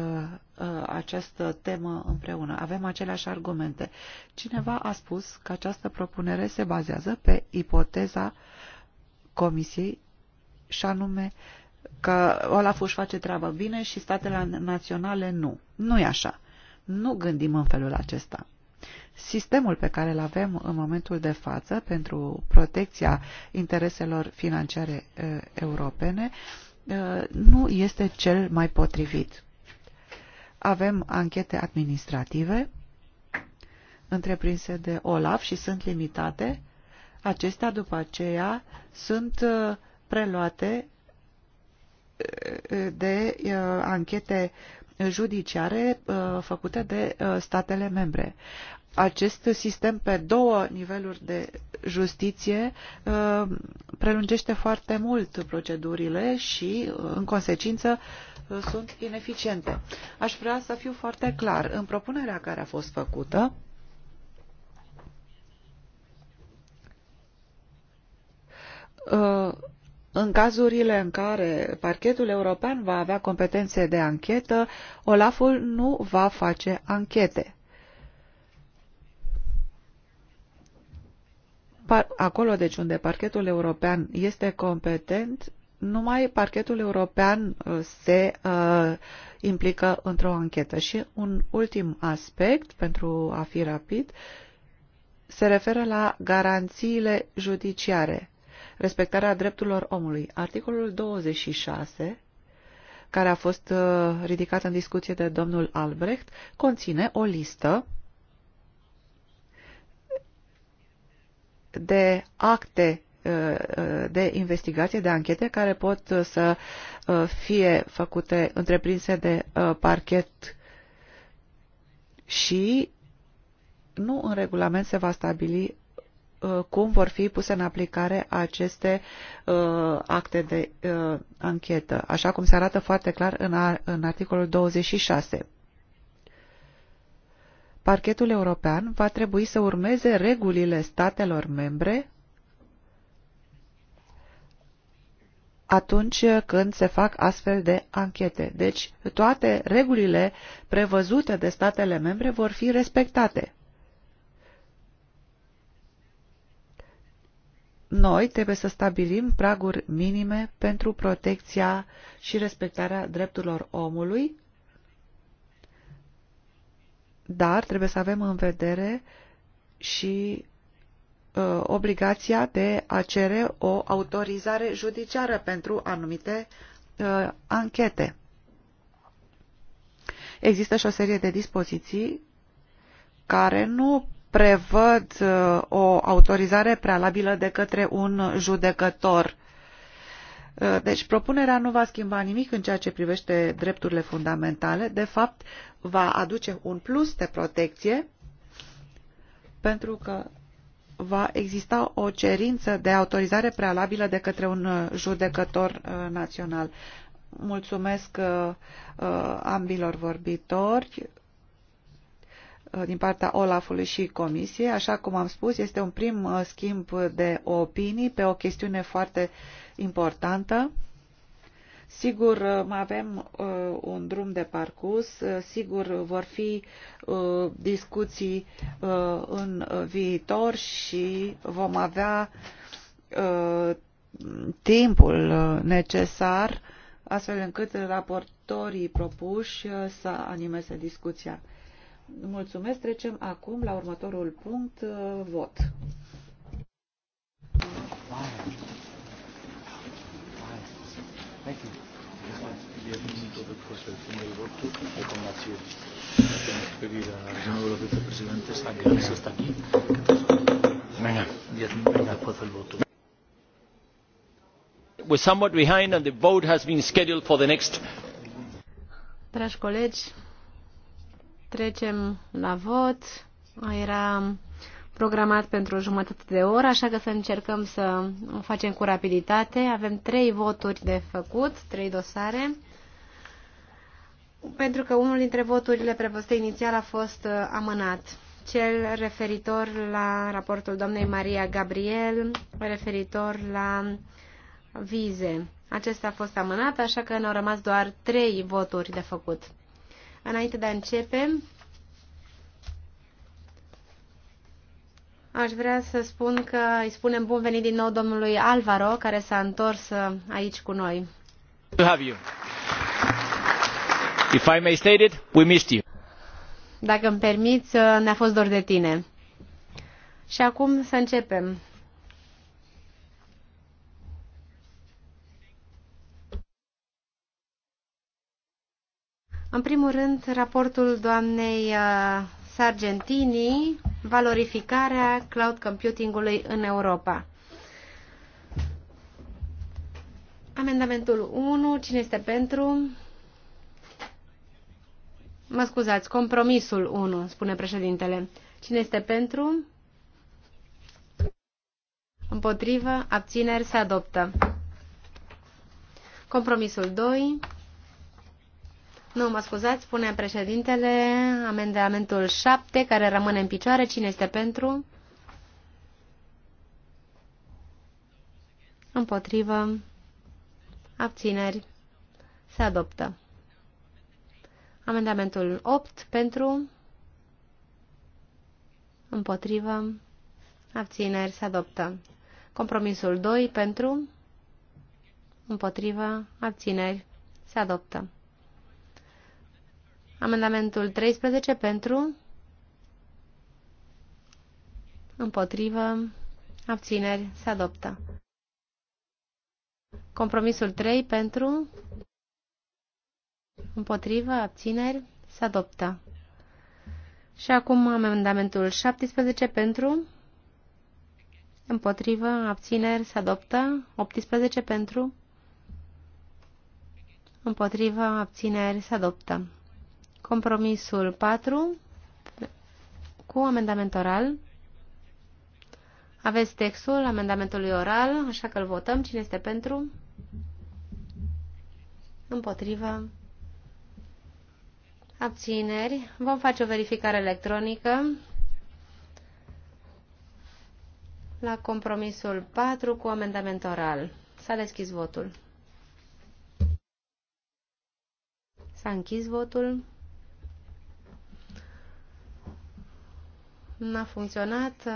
uh, această temă împreună. Avem aceleași argumente. Cineva a spus că această propunere se bazează pe ipoteza Comisiei și anume că Olaf își face treabă bine și statele naționale nu. Nu e așa. Nu gândim în felul acesta. Sistemul pe care îl avem în momentul de față pentru protecția intereselor financiare uh, europene uh, Uh, nu este cel mai potrivit. Avem anchete administrative întreprinse de OLAF și sunt limitate. Acestea după aceea sunt uh, preluate uh, de anchete judiciare făcute de statele membre. Acest sistem pe două niveluri de justiție prelungește foarte mult procedurile și, în consecință, sunt ineficiente. Aș vrea să fiu foarte clar. În propunerea care a fost făcută, uh, în cazurile în care parchetul european va avea competențe de anchetă, Olaful nu va face anchete. acolo deci unde parchetul european este competent, numai parchetul european uh, se uh, implică într-o anchetă. Și un ultim aspect, pentru a fi rapid, se referă la garanțiile judiciare, respectarea drepturilor omului. Articolul 26, care a fost uh, ridicat în discuție de domnul Albrecht, conține o listă de acte uh, uh, de investigație, de anchete care pot să uh, fie făcute, întreprinse de parchet și nu în regulament se va stabili cum vor fi puse în aplicare aceste acte de anchetă, așa cum se arată foarte clar în articolul 26 parchetul european va trebui să urmeze regulile statelor membre atunci când se fac astfel de anchete. Deci toate regulile prevăzute de statele membre vor fi respectate. Noi trebuie să stabilim praguri minime pentru protecția și respectarea drepturilor omului dar trebuie să avem în vedere și uh, obligația de a cere o autorizare judiciară pentru anumite uh, anchete. Există și o serie de dispoziții care nu prevăd uh, o autorizare prealabilă de către un judecător Uh, deci propunerea nu va schimba nimic în ceea ce privește drepturile fundamentale, de fapt va aduce un plus de protecție pentru că va exista o cerință de autorizare prealabilă de către un uh, judecător uh, național. Mulțumesc ambilor vorbitori din partea Olafului și Comisiei. Așa cum am spus, este un prim schimb de opinii pe o chestiune foarte importantă. Sigur, mai uh, avem uh, un drum de parcurs, uh, sigur vor fi uh, discuții uh, în viitor și vom avea uh, timpul uh, necesar astfel încât raportorii propuși să animeze discuția. Mulțumesc, trecem acum la următorul punct, vot. Wow. We're somewhat behind and the vote has been scheduled for the next. Dragi colegi, trecem la vot. Era programat pentru o jumătate de oră, așa că să încercăm să o facem cu rapiditate. Avem trei voturi de făcut, trei dosare, pentru că unul dintre voturile prevăzute inițial a fost uh, amânat. Cel referitor la raportul doamnei Maria Gabriel, referitor la vize. Acesta a fost amânat, așa că ne-au rămas doar trei voturi de făcut. Înainte de a începe, Aș vrea să spun că îi spunem bun venit din nou domnului Alvaro, care s-a întors uh, aici cu noi. To have you. If I may state it, we missed you. Dacă îmi permiți, uh, ne-a fost dor de tine. Și acum să începem. În primul rând, raportul doamnei uh, Sargentini, valorificarea cloud computingului în Europa. Amendamentul 1, cine este pentru? Mă scuzați, compromisul 1, spune președintele. Cine este pentru? Împotrivă, abțineri, se adoptă. Compromisul 2. Nu, mă scuzați, spune președintele, amendamentul 7, care rămâne în picioare. Cine este pentru? Împotrivă. Abțineri. Se adoptă. Amendamentul 8 pentru. Împotrivă. Abțineri. Se adoptă. Compromisul 2 pentru. Împotrivă. Abțineri. Se adoptă. Amendamentul 13 pentru, împotrivă, abțineri, se adoptă. Compromisul 3 pentru, împotrivă, abțineri, se adoptă. Și acum amendamentul 17 pentru, împotrivă, abțineri, se adoptă, 18 pentru, împotrivă, abțineri, se adoptă. Compromisul 4 cu amendament oral. Aveți textul amendamentului oral, așa că îl votăm. Cine este pentru? Împotrivă. Abțineri. Vom face o verificare electronică la compromisul 4 cu amendament oral. S-a deschis votul. S-a închis votul. n-a funcționat.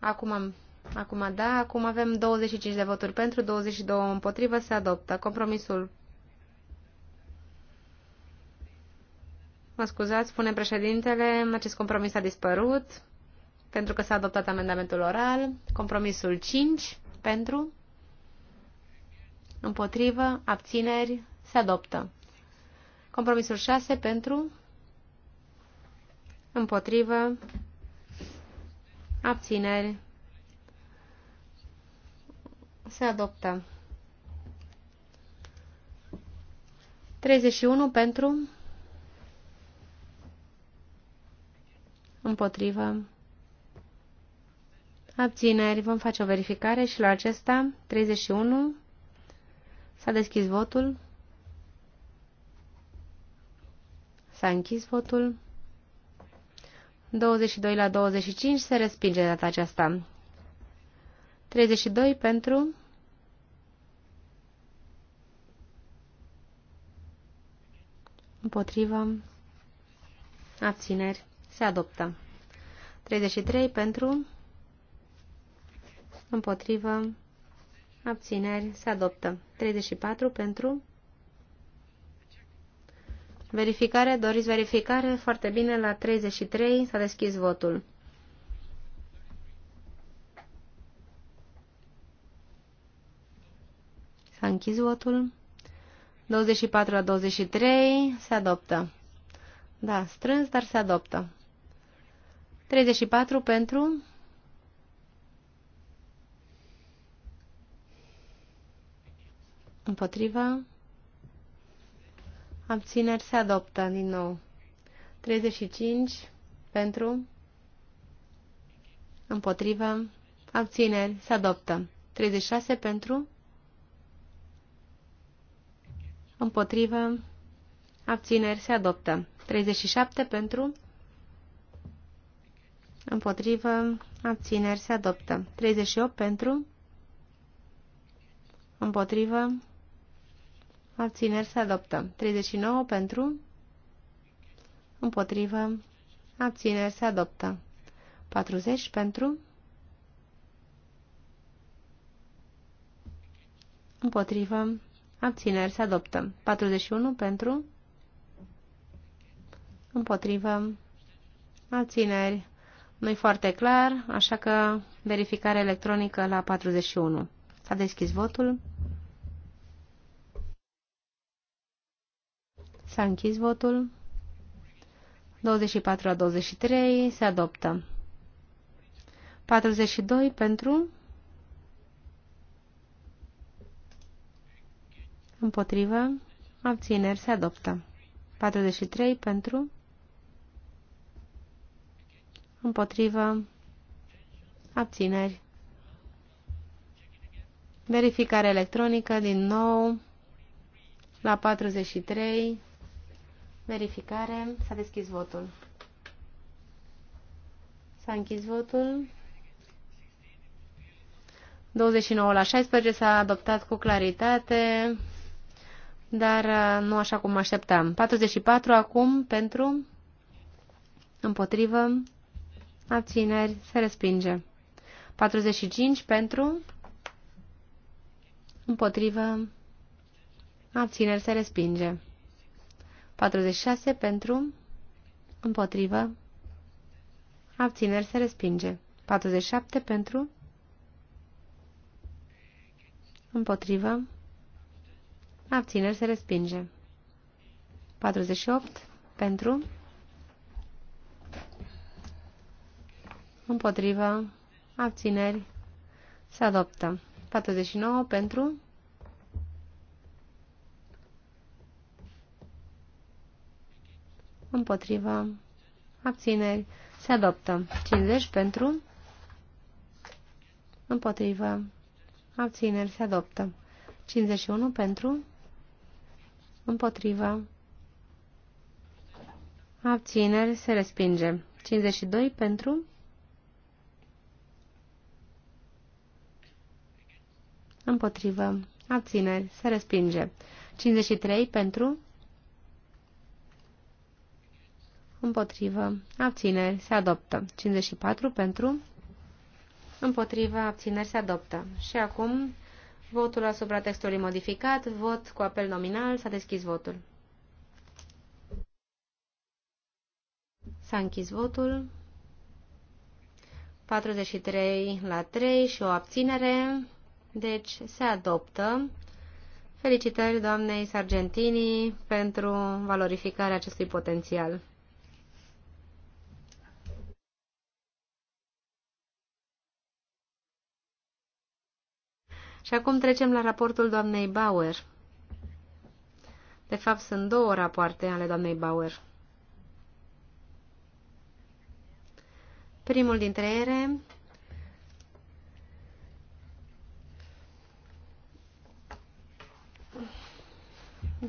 Acum, am, acum da, acum avem 25 de voturi pentru, 22 împotrivă, se adoptă. Compromisul. Mă scuzați, spune președintele, acest compromis a dispărut pentru că s-a adoptat amendamentul oral. Compromisul 5 pentru, împotrivă, abțineri, se adoptă. Compromisul 6 pentru, împotrivă, Abțineri. Se adoptă. 31 pentru. Împotrivă. Abțineri. Vom face o verificare și la acesta, 31, s-a deschis votul. S-a închis votul. 22 la 25 se respinge data aceasta. 32 pentru... Împotrivă. Abțineri. Se adoptă. 33 pentru. Împotrivă. Abțineri. Se adoptă. 34 pentru. Verificare, doriți verificare? Foarte bine, la 33 s-a deschis votul. S-a închis votul. 24 la 23 se adoptă. Da, strâns, dar se adoptă. 34 pentru. Împotriva. Abțineri se adoptă din nou. 35 pentru. Împotrivă. Abțineri se adoptă. 36 pentru. Împotrivă. Abțineri se adoptă. 37 pentru. Împotrivă. Abțineri se adoptă. 38 pentru. Împotrivă. Abțineri se adoptă. 39 pentru. Împotrivă. Abțineri se adoptă. 40 pentru. Împotrivă. Abțineri se adoptă. 41 pentru. Împotrivă. Abțineri. Nu-i foarte clar, așa că verificare electronică la 41. S-a deschis votul. S-a închis votul. 24 la 23 se adoptă. 42 pentru. Împotrivă. Abțineri se adoptă. 43 pentru. Împotrivă. Abțineri. Verificare electronică din nou la 43. Verificare. S-a deschis votul. S-a închis votul. 29 la 16 s-a adoptat cu claritate, dar uh, nu așa cum așteptam. 44 acum pentru, împotrivă, abțineri, se respinge. 45 pentru, împotrivă, abțineri, se respinge. 46 pentru, împotrivă, abțineri se respinge. 47 pentru, împotrivă, abțineri se respinge. 48 pentru, împotrivă, abțineri se adoptă. 49 pentru, Împotriva. abțineri, se adoptă. 50 pentru, Împotriva. abțineri, se adoptă. 51 pentru, Împotriva. abțineri, se respinge. 52 pentru, împotrivă, abțineri, se respinge. 53 pentru, împotrivă, abțineri, se adoptă. 54 pentru, împotrivă, abțineri, se adoptă. Și acum, votul asupra textului modificat, vot cu apel nominal, s-a deschis votul. S-a închis votul. 43 la 3 și o abținere, deci se adoptă. Felicitări doamnei Sargentini pentru valorificarea acestui potențial. Și acum trecem la raportul doamnei Bauer. De fapt, sunt două rapoarte ale doamnei Bauer. Primul dintre ele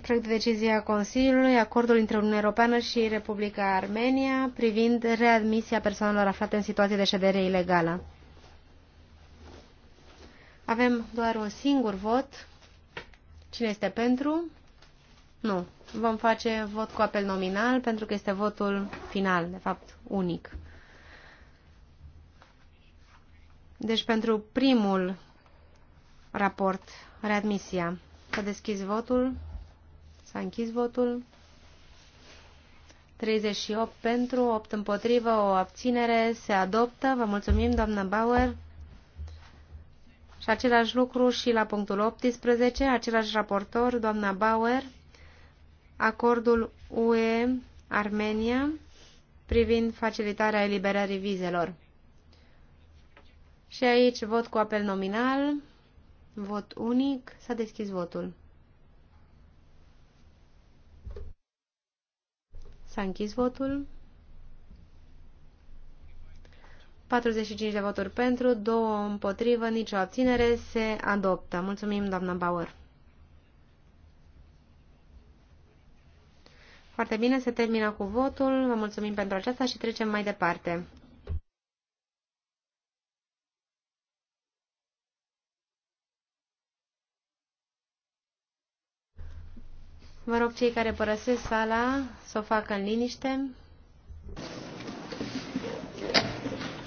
proiect de decizie a Consiliului, acordul între Uniunea Europeană și Republica Armenia privind readmisia persoanelor aflate în situație de ședere ilegală. Avem doar un singur vot. Cine este pentru? Nu. Vom face vot cu apel nominal pentru că este votul final, de fapt unic. Deci pentru primul raport, readmisia, s-a deschis votul, s-a închis votul, 38 pentru, 8 împotrivă, o abținere, se adoptă. Vă mulțumim, doamnă Bauer. Și același lucru și la punctul 18, același raportor, doamna Bauer, acordul UE-Armenia privind facilitarea eliberării vizelor. Și aici vot cu apel nominal, vot unic, s-a deschis votul. S-a închis votul. 45 de voturi pentru, 2 împotrivă, nicio abținere, se adoptă. Mulțumim, doamnă Bauer. Foarte bine, se termină cu votul. Vă mulțumim pentru aceasta și trecem mai departe. Vă rog cei care părăsesc sala să o facă în liniște.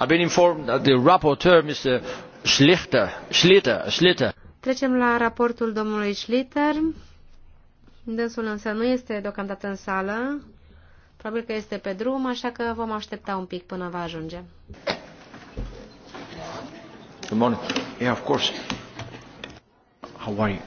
I've been informed that the rapporteur, Mr. Schlichter, Schlitter, Schlitter. Trecem la raportul domnului Schlitter. Dânsul însă nu este deocamdată în sală. Probabil că este pe drum, așa că vom aștepta un pic până va ajunge. Good morning. Yeah, of course. How are you?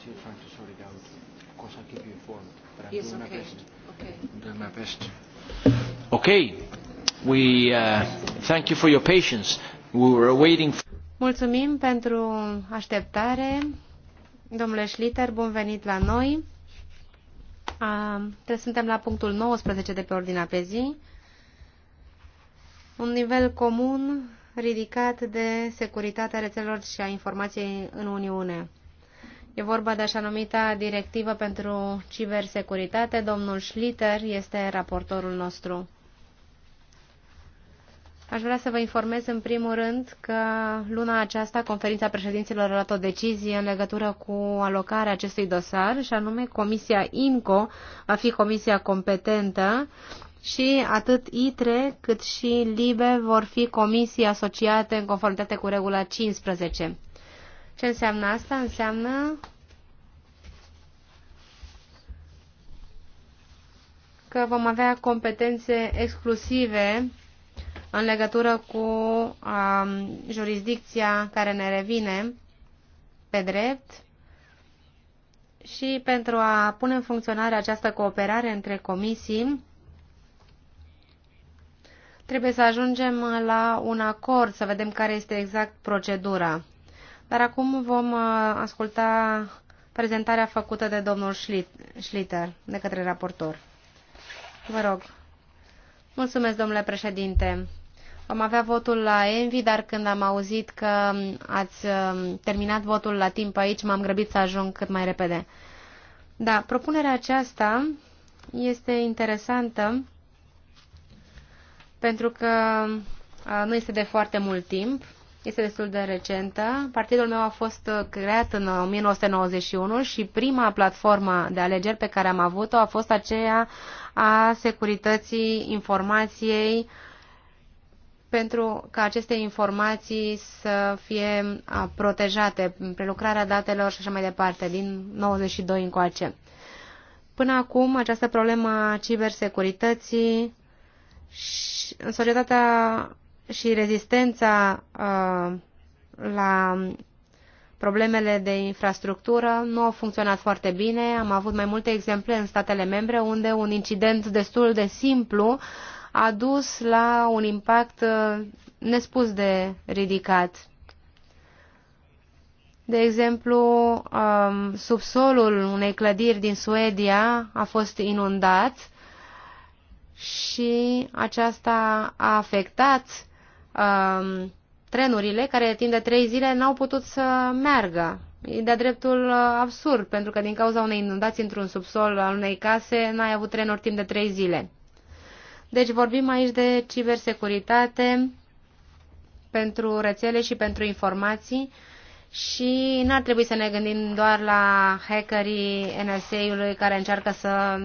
still trying to out. Of course, keep you informed, but I'm yes, doing okay. my best. Okay. I'm doing my best. Okay. We uh, thank you for your patience. We were waiting. For... Mulțumim pentru așteptare. Domnule Schlitter, bun venit la noi. Uh, suntem la punctul 19 de pe ordinea pe zi. Un nivel comun ridicat de securitatea rețelor și a informației în Uniune. E vorba de așa numita directivă pentru cibersecuritate. Domnul Schlitter este raportorul nostru. Aș vrea să vă informez în primul rând că luna aceasta conferința președinților a luat o decizie în legătură cu alocarea acestui dosar și anume Comisia INCO va fi comisia competentă și atât ITRE cât și LIBE vor fi comisii asociate în conformitate cu regula 15. Ce înseamnă asta? Înseamnă că vom avea competențe exclusive în legătură cu um, jurisdicția care ne revine pe drept și pentru a pune în funcționare această cooperare între comisii, trebuie să ajungem la un acord, să vedem care este exact procedura. Dar acum vom uh, asculta prezentarea făcută de domnul Schlitter, de către raportor. Vă rog. Mulțumesc, domnule președinte. Am avea votul la Envi, dar când am auzit că ați uh, terminat votul la timp aici, m-am grăbit să ajung cât mai repede. Da, propunerea aceasta este interesantă pentru că uh, nu este de foarte mult timp este destul de recentă. Partidul meu a fost uh, creat în 1991 uh, și prima platformă de alegeri pe care am avut-o a fost aceea a securității informației pentru ca aceste informații să fie uh, protejate, prelucrarea datelor și așa mai departe, din 92 încoace. Până acum, această problemă a cibersecurității și în societatea și rezistența uh, la problemele de infrastructură nu au funcționat foarte bine. Am avut mai multe exemple în statele membre unde un incident destul de simplu a dus la un impact uh, nespus de ridicat. De exemplu, um, subsolul unei clădiri din Suedia a fost inundat și aceasta a afectat um, trenurile care timp de trei zile n-au putut să meargă. E de-a dreptul uh, absurd, pentru că din cauza unei inundații într-un subsol al unei case n-ai avut trenuri timp de trei zile. Deci vorbim aici de cibersecuritate pentru rețele și pentru informații și n-ar trebui să ne gândim doar la hackerii NSA-ului care încearcă să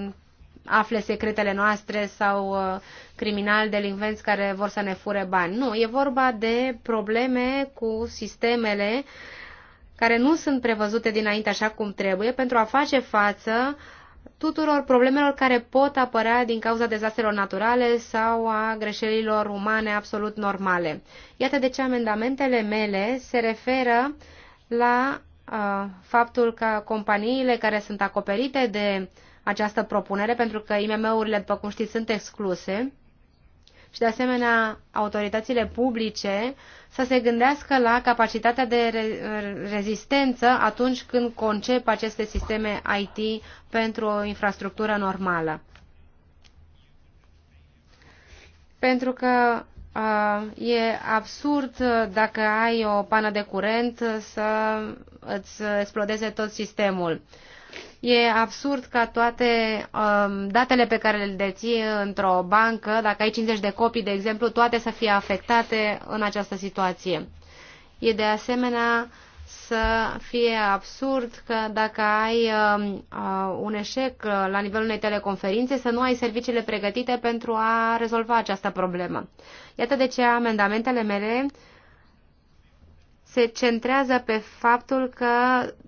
afle secretele noastre sau uh, criminali delinvenți care vor să ne fure bani. Nu, e vorba de probleme cu sistemele care nu sunt prevăzute dinainte așa cum trebuie pentru a face față tuturor problemelor care pot apărea din cauza dezastrelor naturale sau a greșelilor umane absolut normale. Iată de ce amendamentele mele se referă la uh, faptul că companiile care sunt acoperite de această propunere, pentru că IMM-urile, după cum știți, sunt excluse și, de asemenea, autoritățile publice să se gândească la capacitatea de rezistență atunci când concep aceste sisteme IT pentru o infrastructură normală. Pentru că uh, e absurd dacă ai o pană de curent să îți explodeze tot sistemul. Uh, E absurd ca toate um, datele pe care le deții într-o bancă, dacă ai 50 de copii, de exemplu, toate să fie afectate în această situație. E de asemenea să fie absurd că dacă ai um, uh, un eșec la nivelul unei teleconferințe, să nu ai serviciile pregătite pentru a rezolva această problemă. Iată de ce amendamentele mele uh, se centrează pe faptul că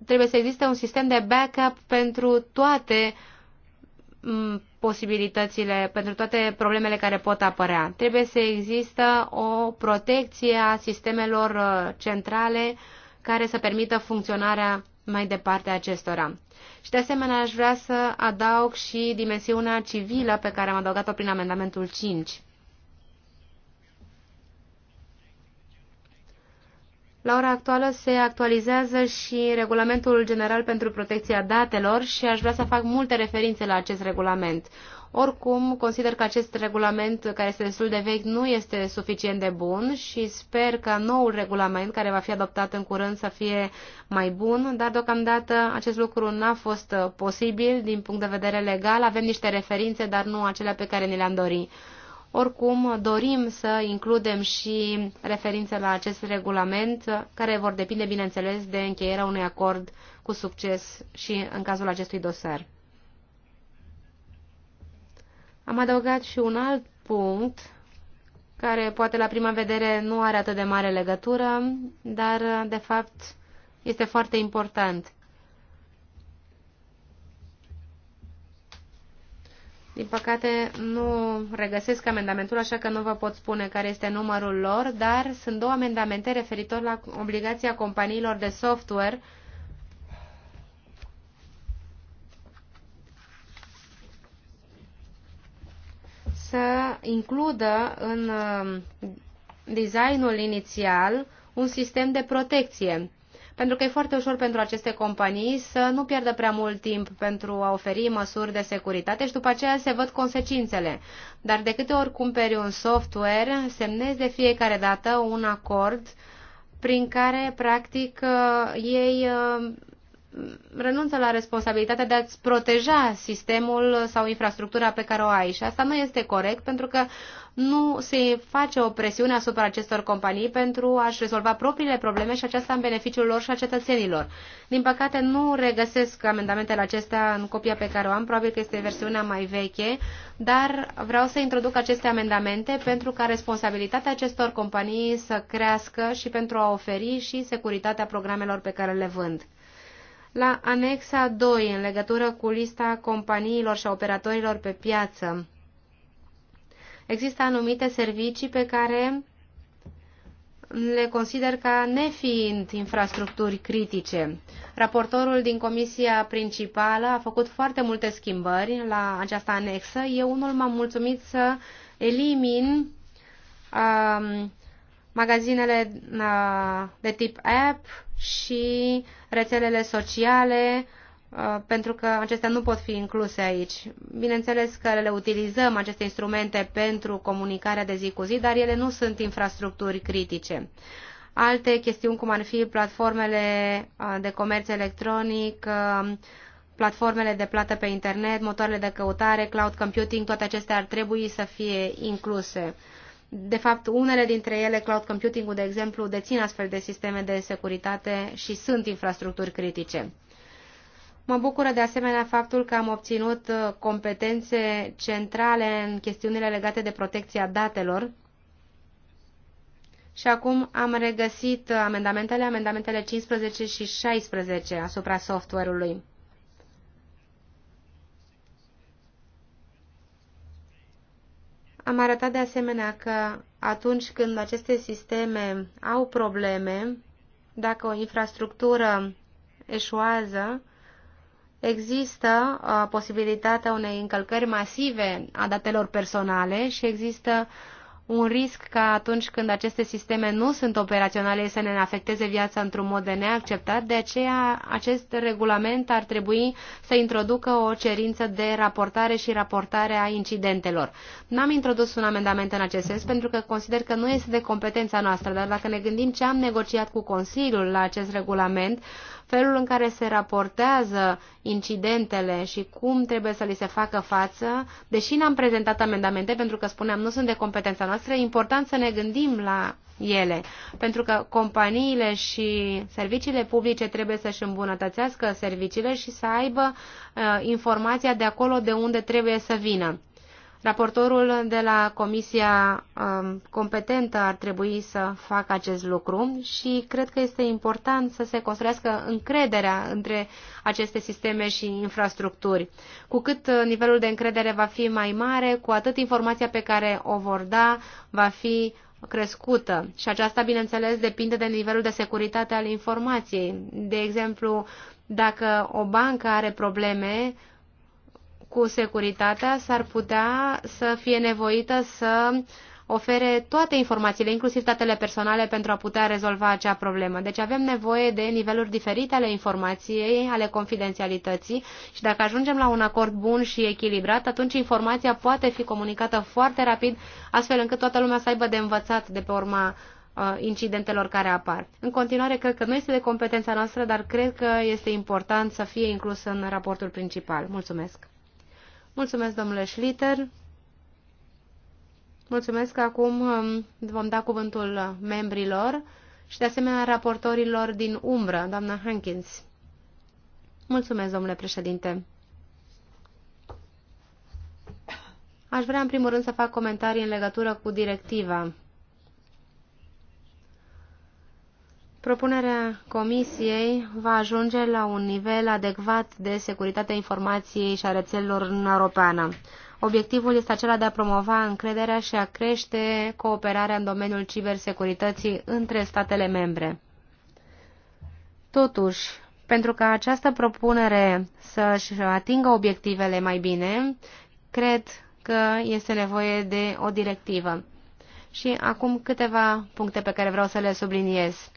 trebuie să existe un sistem de backup pentru toate posibilitățile, pentru toate problemele care pot apărea. Trebuie să există o protecție a sistemelor uh, centrale care să permită funcționarea mai departe acestora. Și de asemenea aș vrea să adaug și dimensiunea civilă pe care am adăugat-o prin amendamentul 5. La ora actuală se actualizează și Regulamentul General pentru Protecția Datelor și aș vrea să fac multe referințe la acest regulament. Oricum, consider că acest regulament, care este destul de vechi, nu este suficient de bun și sper că noul regulament, care va fi adoptat în curând, să fie mai bun, dar deocamdată acest lucru n-a fost posibil din punct de vedere legal. Avem niște referințe, dar nu acelea pe care ni le-am dorit. Oricum, dorim să includem și referințe la acest regulament, care vor depinde, bineînțeles, de încheierea unui acord cu succes și în cazul acestui dosar. Am adăugat și un alt punct care poate la prima vedere nu are atât de mare legătură, dar de fapt este foarte important. Din păcate, nu regăsesc amendamentul, așa că nu vă pot spune care este numărul lor, dar sunt două amendamente referitor la obligația companiilor de software să includă în um, designul inițial un sistem de protecție pentru că e foarte ușor pentru aceste companii să nu pierdă prea mult timp pentru a oferi măsuri de securitate și după aceea se văd consecințele. Dar de câte ori cumperi un software, semnezi de fiecare dată un acord prin care, practic, uh, ei uh, renunță la responsabilitatea de a-ți proteja sistemul sau infrastructura pe care o ai. Și asta nu este corect pentru că nu se face o presiune asupra acestor companii pentru a-și rezolva propriile probleme și aceasta în beneficiul lor și a cetățenilor. Din păcate nu regăsesc amendamentele acestea în copia pe care o am, probabil că este versiunea mai veche, dar vreau să introduc aceste amendamente pentru ca responsabilitatea acestor companii să crească și pentru a oferi și securitatea programelor pe care le vând la anexa 2 în legătură cu lista companiilor și operatorilor pe piață. Există anumite servicii pe care le consider ca nefiind infrastructuri critice. Raportorul din comisia principală a făcut foarte multe schimbări la această anexă. Eu unul m-am mulțumit să elimin um, magazinele de tip app și rețelele sociale, pentru că acestea nu pot fi incluse aici. Bineînțeles că le utilizăm, aceste instrumente, pentru comunicarea de zi cu zi, dar ele nu sunt infrastructuri critice. Alte chestiuni, cum ar fi platformele de comerț electronic, platformele de plată pe internet, motoarele de căutare, cloud computing, toate acestea ar trebui să fie incluse. De fapt, unele dintre ele, cloud computing-ul, de exemplu, dețin astfel de sisteme de securitate și sunt infrastructuri critice. Mă bucură de asemenea faptul că am obținut uh, competențe centrale în chestiunile legate de protecția datelor și acum am regăsit uh, amendamentele, amendamentele 15 și 16 asupra software-ului. Am arătat de asemenea că atunci când aceste sisteme au probleme, dacă o infrastructură eșuează, există uh, posibilitatea unei încălcări masive a datelor personale și există uh, un risc ca atunci când aceste sisteme nu sunt operaționale să ne afecteze viața într-un mod de neacceptat, de aceea acest regulament ar trebui să introducă o cerință de raportare și raportare a incidentelor. N-am introdus un amendament în acest sens pentru că consider că nu este de competența noastră, dar dacă ne gândim ce am negociat cu Consiliul la acest regulament, felul în care se raportează incidentele și cum trebuie să li se facă față, deși n-am prezentat amendamente pentru că spuneam nu sunt de competența noastră, e important să ne gândim la ele, pentru că companiile și serviciile publice trebuie să-și îmbunătățească serviciile și să aibă uh, informația de acolo de unde trebuie să vină. Raportorul de la comisia um, competentă ar trebui să facă acest lucru și cred că este important să se construiască încrederea între aceste sisteme și infrastructuri. Cu cât uh, nivelul de încredere va fi mai mare, cu atât informația pe care o vor da va fi crescută și aceasta, bineînțeles, depinde de nivelul de securitate al informației. De exemplu, dacă o bancă are probleme, cu securitatea, s-ar putea să fie nevoită să ofere toate informațiile, inclusiv datele personale, pentru a putea rezolva acea problemă. Deci avem nevoie de niveluri diferite ale informației, ale confidențialității și dacă ajungem la un acord bun și echilibrat, atunci informația poate fi comunicată foarte rapid, astfel încât toată lumea să aibă de învățat de pe urma uh, incidentelor care apar. În continuare, cred că nu este de competența noastră, dar cred că este important să fie inclus în raportul principal. Mulțumesc! Mulțumesc, domnule Schlitter. Mulțumesc că acum um, vom da cuvântul membrilor și, de asemenea, raportorilor din umbră, doamna Hankins. Mulțumesc, domnule președinte. Aș vrea, în primul rând, să fac comentarii în legătură cu directiva Propunerea Comisiei va ajunge la un nivel adecvat de securitate a informației și a rețelelor în europeană. Obiectivul este acela de a promova încrederea și a crește cooperarea în domeniul cibersecurității între statele membre. Totuși, pentru ca această propunere să-și atingă obiectivele mai bine, cred că este nevoie de o directivă. Și acum câteva puncte pe care vreau să le subliniez.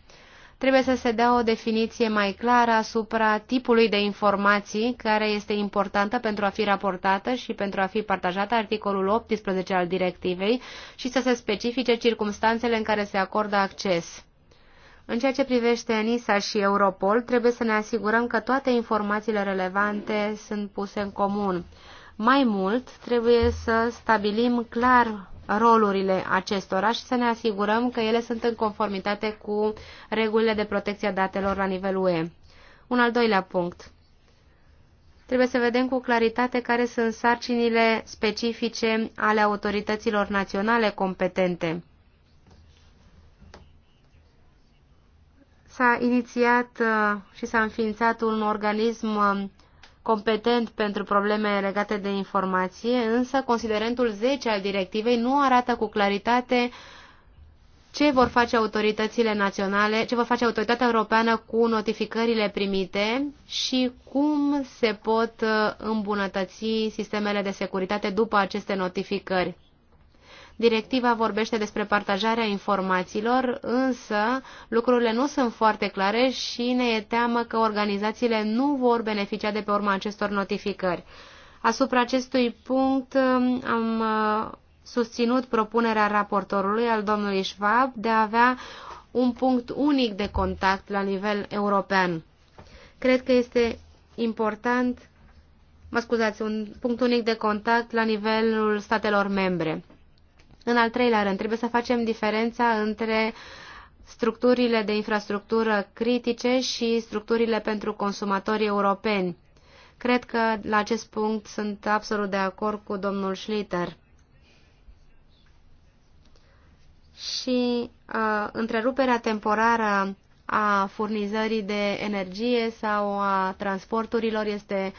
Trebuie să se dea o definiție mai clară asupra tipului de informații care este importantă pentru a fi raportată și pentru a fi partajată, articolul 18 al directivei, și să se specifice circumstanțele în care se acordă acces. În ceea ce privește NISA și Europol, trebuie să ne asigurăm că toate informațiile relevante sunt puse în comun. Mai mult, trebuie să stabilim clar rolurile acestora și să ne asigurăm că ele sunt în conformitate cu regulile de protecție a datelor la nivel UE. Un al doilea punct. Trebuie să vedem cu claritate care sunt sarcinile specifice ale autorităților naționale competente. S-a inițiat uh, și s-a înființat un organism um, competent pentru probleme legate de informație, însă considerentul 10 al directivei nu arată cu claritate ce vor face autoritățile naționale, ce vor face autoritatea europeană cu notificările primite și cum se pot uh, îmbunătăți sistemele de securitate după aceste notificări. Directiva vorbește despre partajarea informațiilor, însă lucrurile nu sunt foarte clare și ne e teamă că organizațiile nu vor beneficia de pe urma acestor notificări. Asupra acestui punct um, am uh, susținut propunerea raportorului al domnului Schwab de a avea un punct unic de contact la nivel european. Cred că este important, mă scuzați, un punct unic de contact la nivelul statelor membre. În al treilea rând, trebuie să facem diferența între structurile de infrastructură critice și structurile pentru consumatori europeni. Cred că la acest punct sunt absolut de acord cu domnul Schlitter. Și uh, întreruperea temporară a furnizării de energie sau a transporturilor este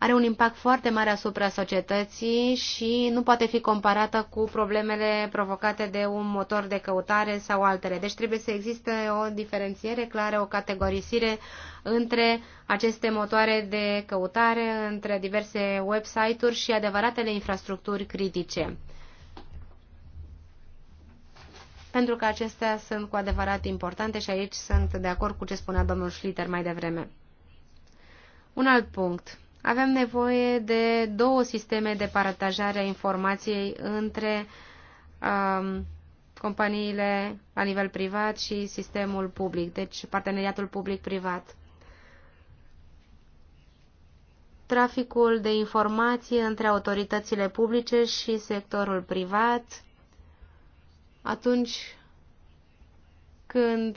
are un impact foarte mare asupra societății și nu poate fi comparată cu problemele provocate de un motor de căutare sau altele. Deci trebuie să existe o diferențiere clară, o categorisire între aceste motoare de căutare, între diverse website-uri și adevăratele infrastructuri critice. Pentru că acestea sunt cu adevărat importante și aici sunt de acord cu ce spunea domnul Schlitter mai devreme. Un alt punct avem nevoie de două sisteme de paratajare a informației între um, companiile la nivel privat și sistemul public, deci parteneriatul public-privat. Traficul de informații între autoritățile publice și sectorul privat atunci când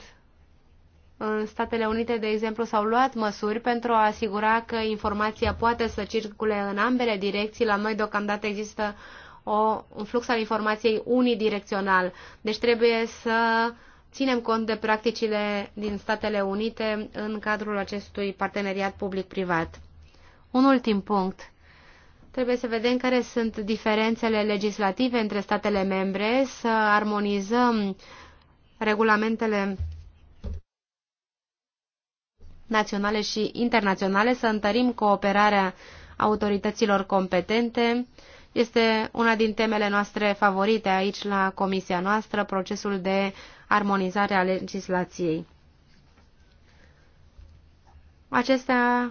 în Statele Unite, de exemplu, s-au luat măsuri pentru a asigura că informația poate să circule în ambele direcții. La noi, deocamdată, există o, un flux al informației unidirecțional. Deci trebuie să ținem cont de practicile din Statele Unite în cadrul acestui parteneriat public-privat. Un ultim punct. Trebuie să vedem care sunt diferențele legislative între statele membre, să armonizăm regulamentele naționale și internaționale, să întărim cooperarea autorităților competente. Este una din temele noastre favorite aici la comisia noastră, procesul de armonizare a legislației. Acestea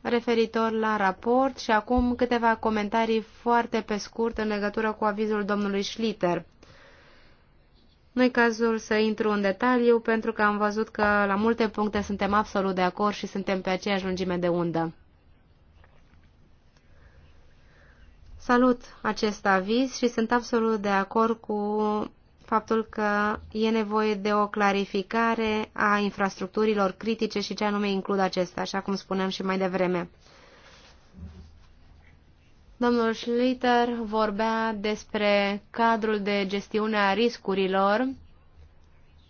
referitor la raport și acum câteva comentarii foarte pe scurt în legătură cu avizul domnului Schlitter. Nu e cazul să intru în detaliu, pentru că am văzut că la multe puncte suntem absolut de acord și suntem pe aceeași lungime de undă. Salut acest aviz și sunt absolut de acord cu faptul că e nevoie de o clarificare a infrastructurilor critice și ce anume includ acestea, așa cum spuneam și mai devreme. Domnul Schlitter vorbea despre cadrul de gestiune a riscurilor,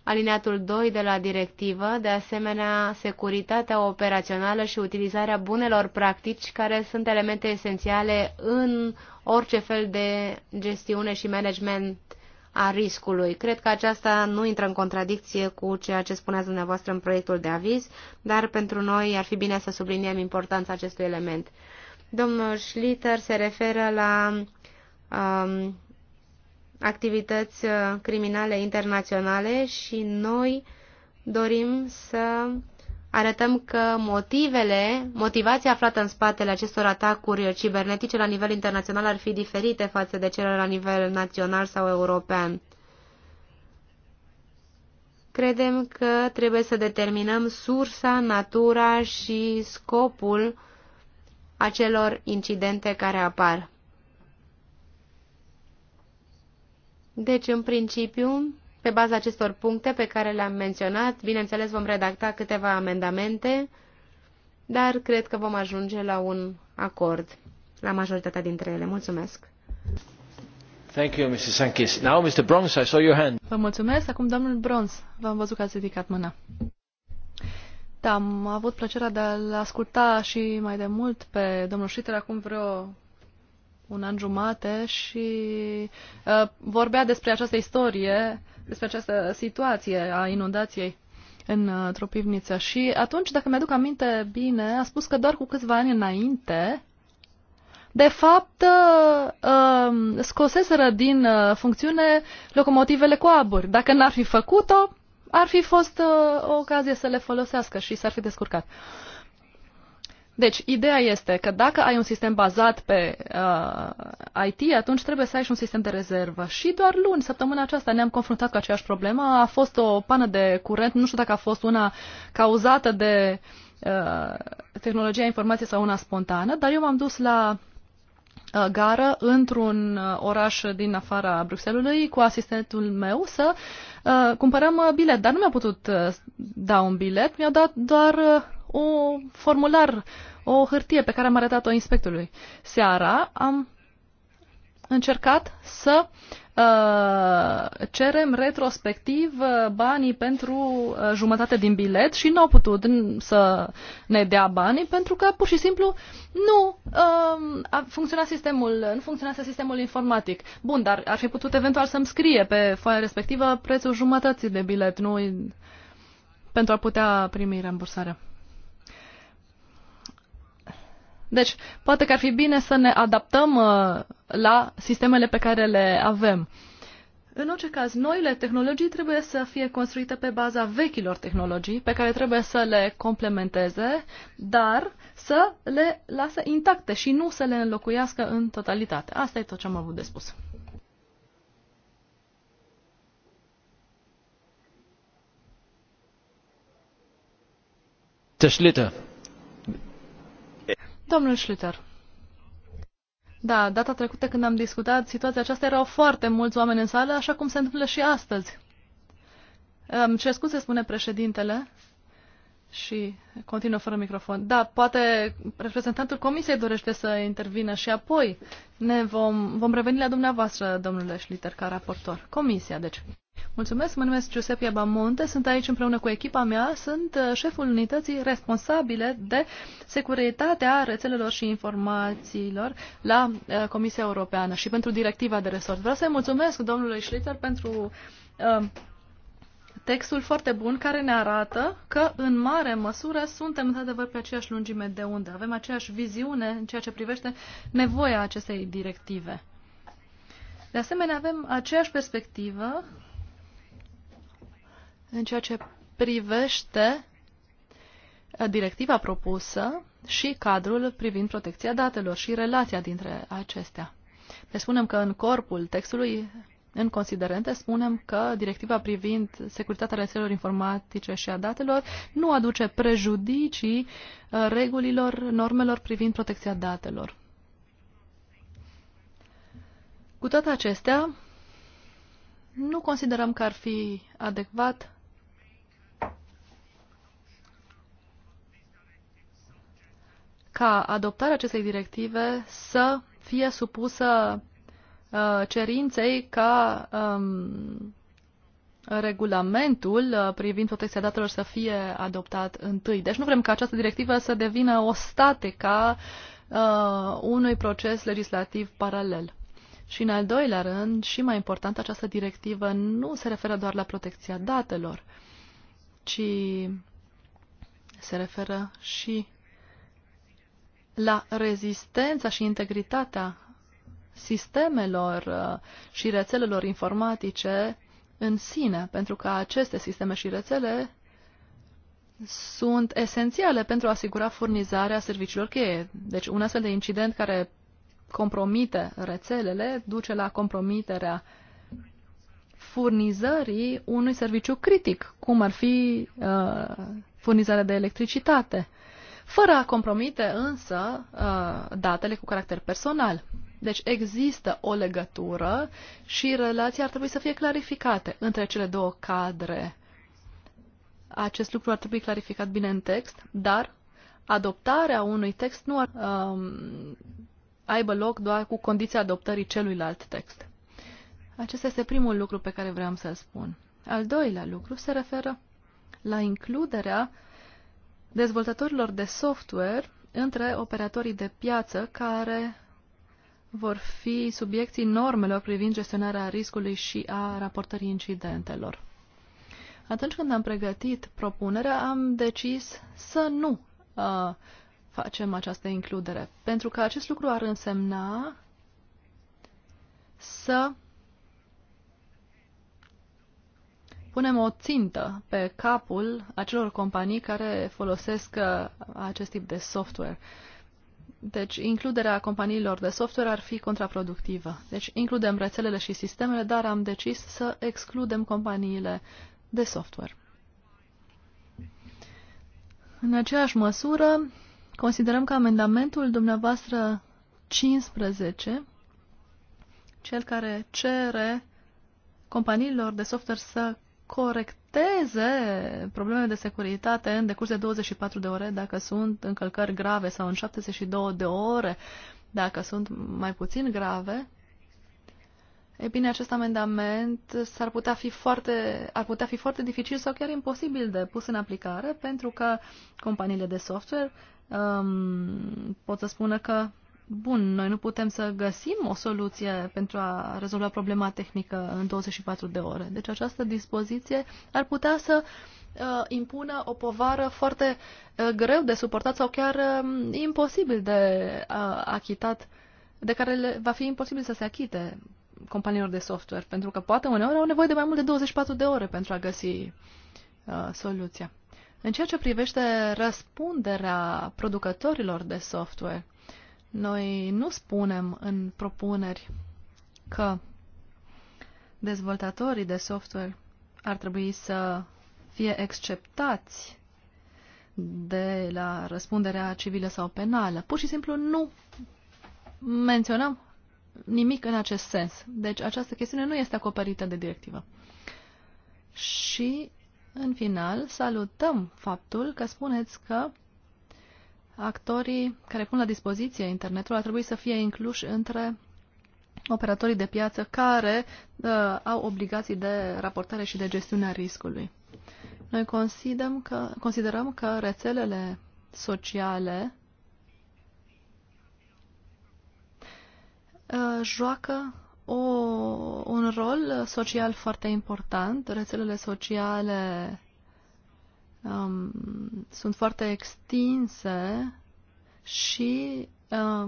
alineatul 2 de la directivă, de asemenea securitatea operațională și utilizarea bunelor practici, care sunt elemente esențiale în orice fel de gestiune și management a riscului. Cred că aceasta nu intră în contradicție cu ceea ce spuneați dumneavoastră în proiectul de aviz, dar pentru noi ar fi bine să subliniem importanța acestui element. Domnul Schlitter se referă la um, activități uh, criminale internaționale și noi dorim să arătăm că motivele, motivația aflată în spatele acestor atacuri cibernetice la nivel internațional ar fi diferite față de cele la nivel național sau european. Credem că trebuie să determinăm sursa, natura și scopul acelor incidente care apar. Deci, în principiu, pe baza acestor puncte pe care le-am menționat, bineînțeles vom redacta câteva amendamente, dar cred că vom ajunge la un acord la majoritatea dintre ele. Mulțumesc! Thank you, Mr. Sankis. Now, Mr. Bronze, I saw your hand. Vă mulțumesc. Acum, domnul Bronze, v-am văzut că ați ridicat mâna. Da, am avut plăcerea de a-l asculta și mai de mult pe domnul Schitter acum vreo un an jumate și uh, vorbea despre această istorie, despre această situație a inundației în uh, Tropivnița. Și atunci, dacă mi-aduc aminte bine, a spus că doar cu câțiva ani înainte, de fapt, uh, um, scoseseră din uh, funcțiune locomotivele cu aburi. Dacă n-ar fi făcut-o, ar fi fost uh, o ocazie să le folosească și s-ar fi descurcat. Deci, ideea este că dacă ai un sistem bazat pe uh, IT, atunci trebuie să ai și un sistem de rezervă. Și doar luni, săptămâna aceasta, ne-am confruntat cu aceeași problemă. A fost o pană de curent, nu știu dacă a fost una cauzată de uh, tehnologia informației sau una spontană, dar eu m-am dus la uh, gară într-un uh, oraș din afara Bruxellesului cu asistentul meu să Uh, cumpărăm uh, bilet, dar nu mi-au putut uh, da un bilet, mi-au dat doar un formular, o hârtie pe care am arătat-o inspectorului. Seara am încercat să uh, cerem retrospectiv uh, banii pentru uh, jumătate din bilet și nu au putut să ne dea banii pentru că pur și simplu nu uh, a funcționat sistemul, nu funcționează sistemul informatic. Bun, dar ar fi putut eventual să-mi scrie pe foaia respectivă prețul jumătății de bilet, nu pentru a putea primi rambursarea. Deci, poate că ar fi bine să ne adaptăm uh, la sistemele pe care le avem. În orice caz, noile tehnologii trebuie să fie construite pe baza vechilor tehnologii, pe care trebuie să le complementeze, dar să le lasă intacte și nu să le înlocuiască în totalitate. Asta e tot ce am avut de spus. Herr Schlitter. Domnul Schlüter. Da, data trecută când am discutat situația aceasta erau foarte mulți oameni în sală, așa cum se întâmplă și astăzi. Ce scuze spune președintele? și continuă fără microfon. Da, poate reprezentantul comisiei dorește să intervină și apoi ne vom, vom reveni la dumneavoastră, domnule Schlitter, ca raportor. Comisia, deci. Mulțumesc, mă numesc Giuseppe Bamonte, sunt aici împreună cu echipa mea, sunt uh, șeful unității responsabile de securitatea rețelelor și informațiilor la uh, Comisia Europeană și pentru directiva de resort. Vreau să-i mulțumesc domnului Schlitter pentru uh, textul foarte bun care ne arată că, în mare măsură, suntem într-adevăr pe aceeași lungime de undă. Avem aceeași viziune în ceea ce privește nevoia acestei directive. De asemenea, avem aceeași perspectivă în ceea ce privește uh, directiva propusă și cadrul privind protecția datelor și relația dintre acestea. Ne spunem că în corpul textului în considerente, spunem că directiva privind securitatea rețelelor informatice și a datelor nu aduce prejudicii uh, regulilor, normelor privind protecția datelor. Cu toate acestea, nu considerăm că ar fi adecvat ca adoptarea acestei directive să fie supusă Uh, cerinței ca um, regulamentul uh, privind protecția datelor să fie adoptat întâi. Deci nu vrem ca această directivă să devină o stateca uh, unui proces legislativ paralel. Și în al doilea rând, și mai important, această directivă nu se referă doar la protecția datelor, ci se referă și la rezistența și integritatea sistemelor uh, și rețelelor informatice în sine, pentru că aceste sisteme și rețele sunt esențiale pentru a asigura furnizarea serviciilor cheie. Deci un astfel de incident care compromite rețelele duce la compromiterea furnizării unui serviciu critic, cum ar fi uh, furnizarea de electricitate, fără a compromite însă uh, datele cu caracter personal. Deci există o legătură și relația ar trebui să fie clarificată între cele două cadre. Acest lucru ar trebui clarificat bine în text, dar adoptarea unui text nu ar um, aibă loc doar cu condiția adoptării celuilalt text. Acesta este primul lucru pe care vreau să-l spun. Al doilea lucru se referă la includerea dezvoltatorilor de software între operatorii de piață care vor fi subiecții normelor privind gestionarea riscului și a raportării incidentelor. Atunci când am pregătit propunerea, am decis să nu uh, facem această includere, pentru că acest lucru ar însemna să punem o țintă pe capul acelor companii care folosesc uh, acest tip de software. Uh, deci, includerea companiilor de software ar fi contraproductivă. Deci, includem rețelele și sistemele, dar am decis să excludem companiile de software. În aceeași măsură, considerăm că amendamentul dumneavoastră 15, cel care cere companiilor de software să corect teze probleme de securitate în decurs de 24 de ore dacă sunt încălcări grave sau în 72 de ore dacă sunt mai puțin grave, e bine, acest amendament s-ar putea fi foarte, ar putea fi foarte dificil sau chiar imposibil de pus în aplicare pentru că companiile de software um, pot să spună că bun, noi nu putem să găsim o soluție pentru a rezolva problema tehnică în 24 de ore. Deci această dispoziție ar putea să uh, impună o povară foarte uh, greu de suportat sau chiar uh, imposibil de uh, achitat, de care le, va fi imposibil să se achite companiilor de software, pentru că poate uneori au nevoie de mai mult de 24 de ore pentru a găsi uh, soluția. În ceea ce privește răspunderea producătorilor de software, noi nu spunem în propuneri că dezvoltatorii de software ar trebui să fie exceptați de la răspunderea civilă sau penală. Pur și simplu nu menționăm nimic în acest sens. Deci această chestiune nu este acoperită de directivă. Și, în final, salutăm faptul că spuneți că actorii care pun la dispoziție internetul ar trebui să fie incluși între operatorii de piață care uh, au obligații de raportare și de gestiunea riscului. Noi considerăm că, considerăm că rețelele sociale uh, joacă o, un rol social foarte important. Rețelele sociale um, sunt foarte extinse și uh,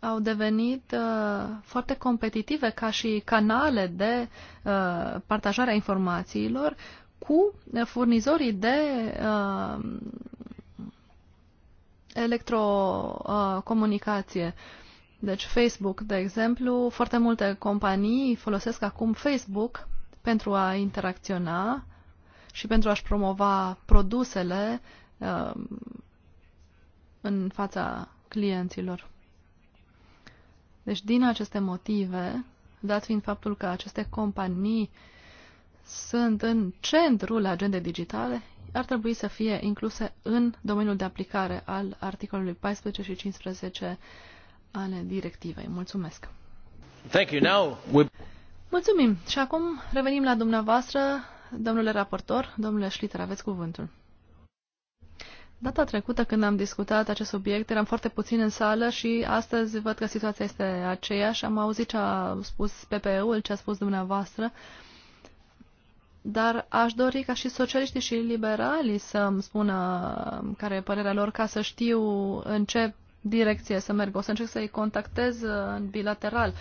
au devenit uh, foarte competitive ca și canale de uh, partajare a informațiilor cu furnizorii de uh, electrocomunicație. Uh, deci Facebook, de exemplu, foarte multe companii folosesc acum Facebook pentru a interacționa și pentru a-și promova produsele um, în fața clienților. Deci, din aceste motive, dat fiind faptul că aceste companii sunt în centrul agendei digitale, ar trebui să fie incluse în domeniul de aplicare al articolului 14 și 15 ale directivei. Mulțumesc! Thank you. Now we... Mulțumim! Și acum revenim la dumneavoastră Domnule raportor, domnule Schlitter, aveți cuvântul. Data trecută când am discutat acest subiect eram foarte puțin în sală și astăzi văd că situația este aceeași. Am auzit ce a spus PPE-ul, ce a spus dumneavoastră, dar aș dori ca și socialiștii și liberalii să-mi spună care e părerea lor ca să știu în ce direcție să merg. O să încerc să-i contactez bilateral. Uh,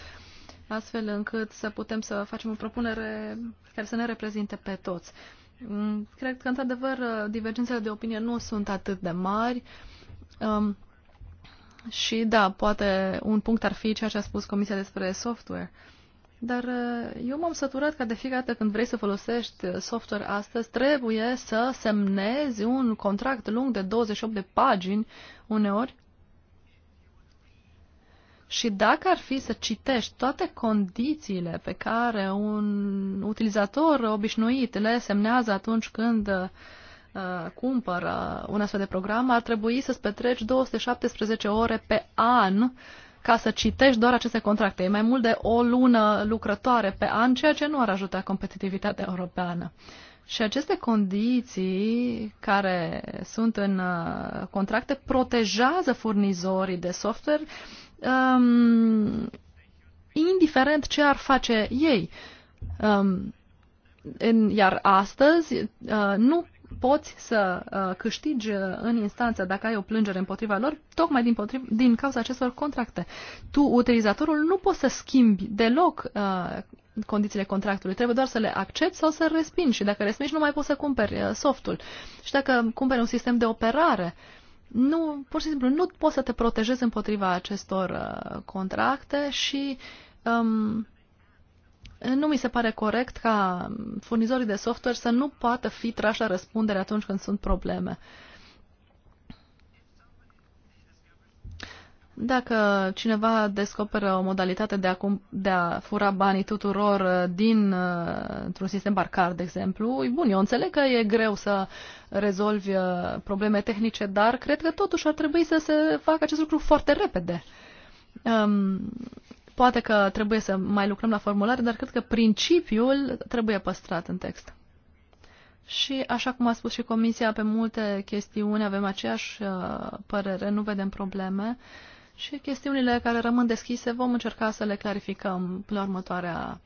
astfel încât să putem să facem o propunere care să ne reprezinte pe toți. Mm, cred că, într-adevăr, divergențele de opinie nu sunt atât de mari. Um, și, da, poate un punct ar fi ceea ce a spus Comisia despre software. Dar uh, eu m-am săturat că de fiecare dată când vrei să folosești uh, software astăzi, trebuie să semnezi un contract lung de 28 de pagini uneori și dacă ar fi să citești toate condițiile pe care un utilizator obișnuit le semnează atunci când uh, cumpără un astfel de program, ar trebui să-ți petreci 217 ore pe an ca să citești doar aceste contracte. E mai mult de o lună lucrătoare pe an, ceea ce nu ar ajuta competitivitatea europeană. Și aceste condiții care sunt în uh, contracte protejează furnizorii de software um, indiferent ce ar face ei. Um, în, iar astăzi uh, nu poți să uh, câștigi uh, în instanță dacă ai o plângere împotriva lor, tocmai din, potriv, din cauza acestor contracte. Tu, utilizatorul, nu poți să schimbi deloc uh, condițiile contractului. Trebuie doar să le accepti sau să respingi. Și dacă respingi, nu mai poți să cumperi uh, softul. Și dacă cumperi un sistem de operare, uh, nu, pur și simplu, nu poți să te protejezi împotriva acestor uh, contracte și um, nu mi se pare corect ca furnizorii de software să nu poată fi trași la răspundere atunci când sunt probleme. Uh, Dacă cineva descoperă o modalitate de a, cum, de a fura banii tuturor uh, din uh, într-un sistem barcar, de exemplu, e bun, eu înțeleg că e greu să rezolvi uh, probleme tehnice, dar cred că totuși ar trebui să se facă acest lucru foarte repede. Um, poate că trebuie să mai lucrăm la formulare, dar cred că principiul trebuie păstrat în text. Și, așa cum a spus și Comisia, pe multe chestiuni avem aceeași uh, părere, nu vedem probleme. Uh, și chestiunile care rămân deschise vom încerca să le clarificăm la următoarea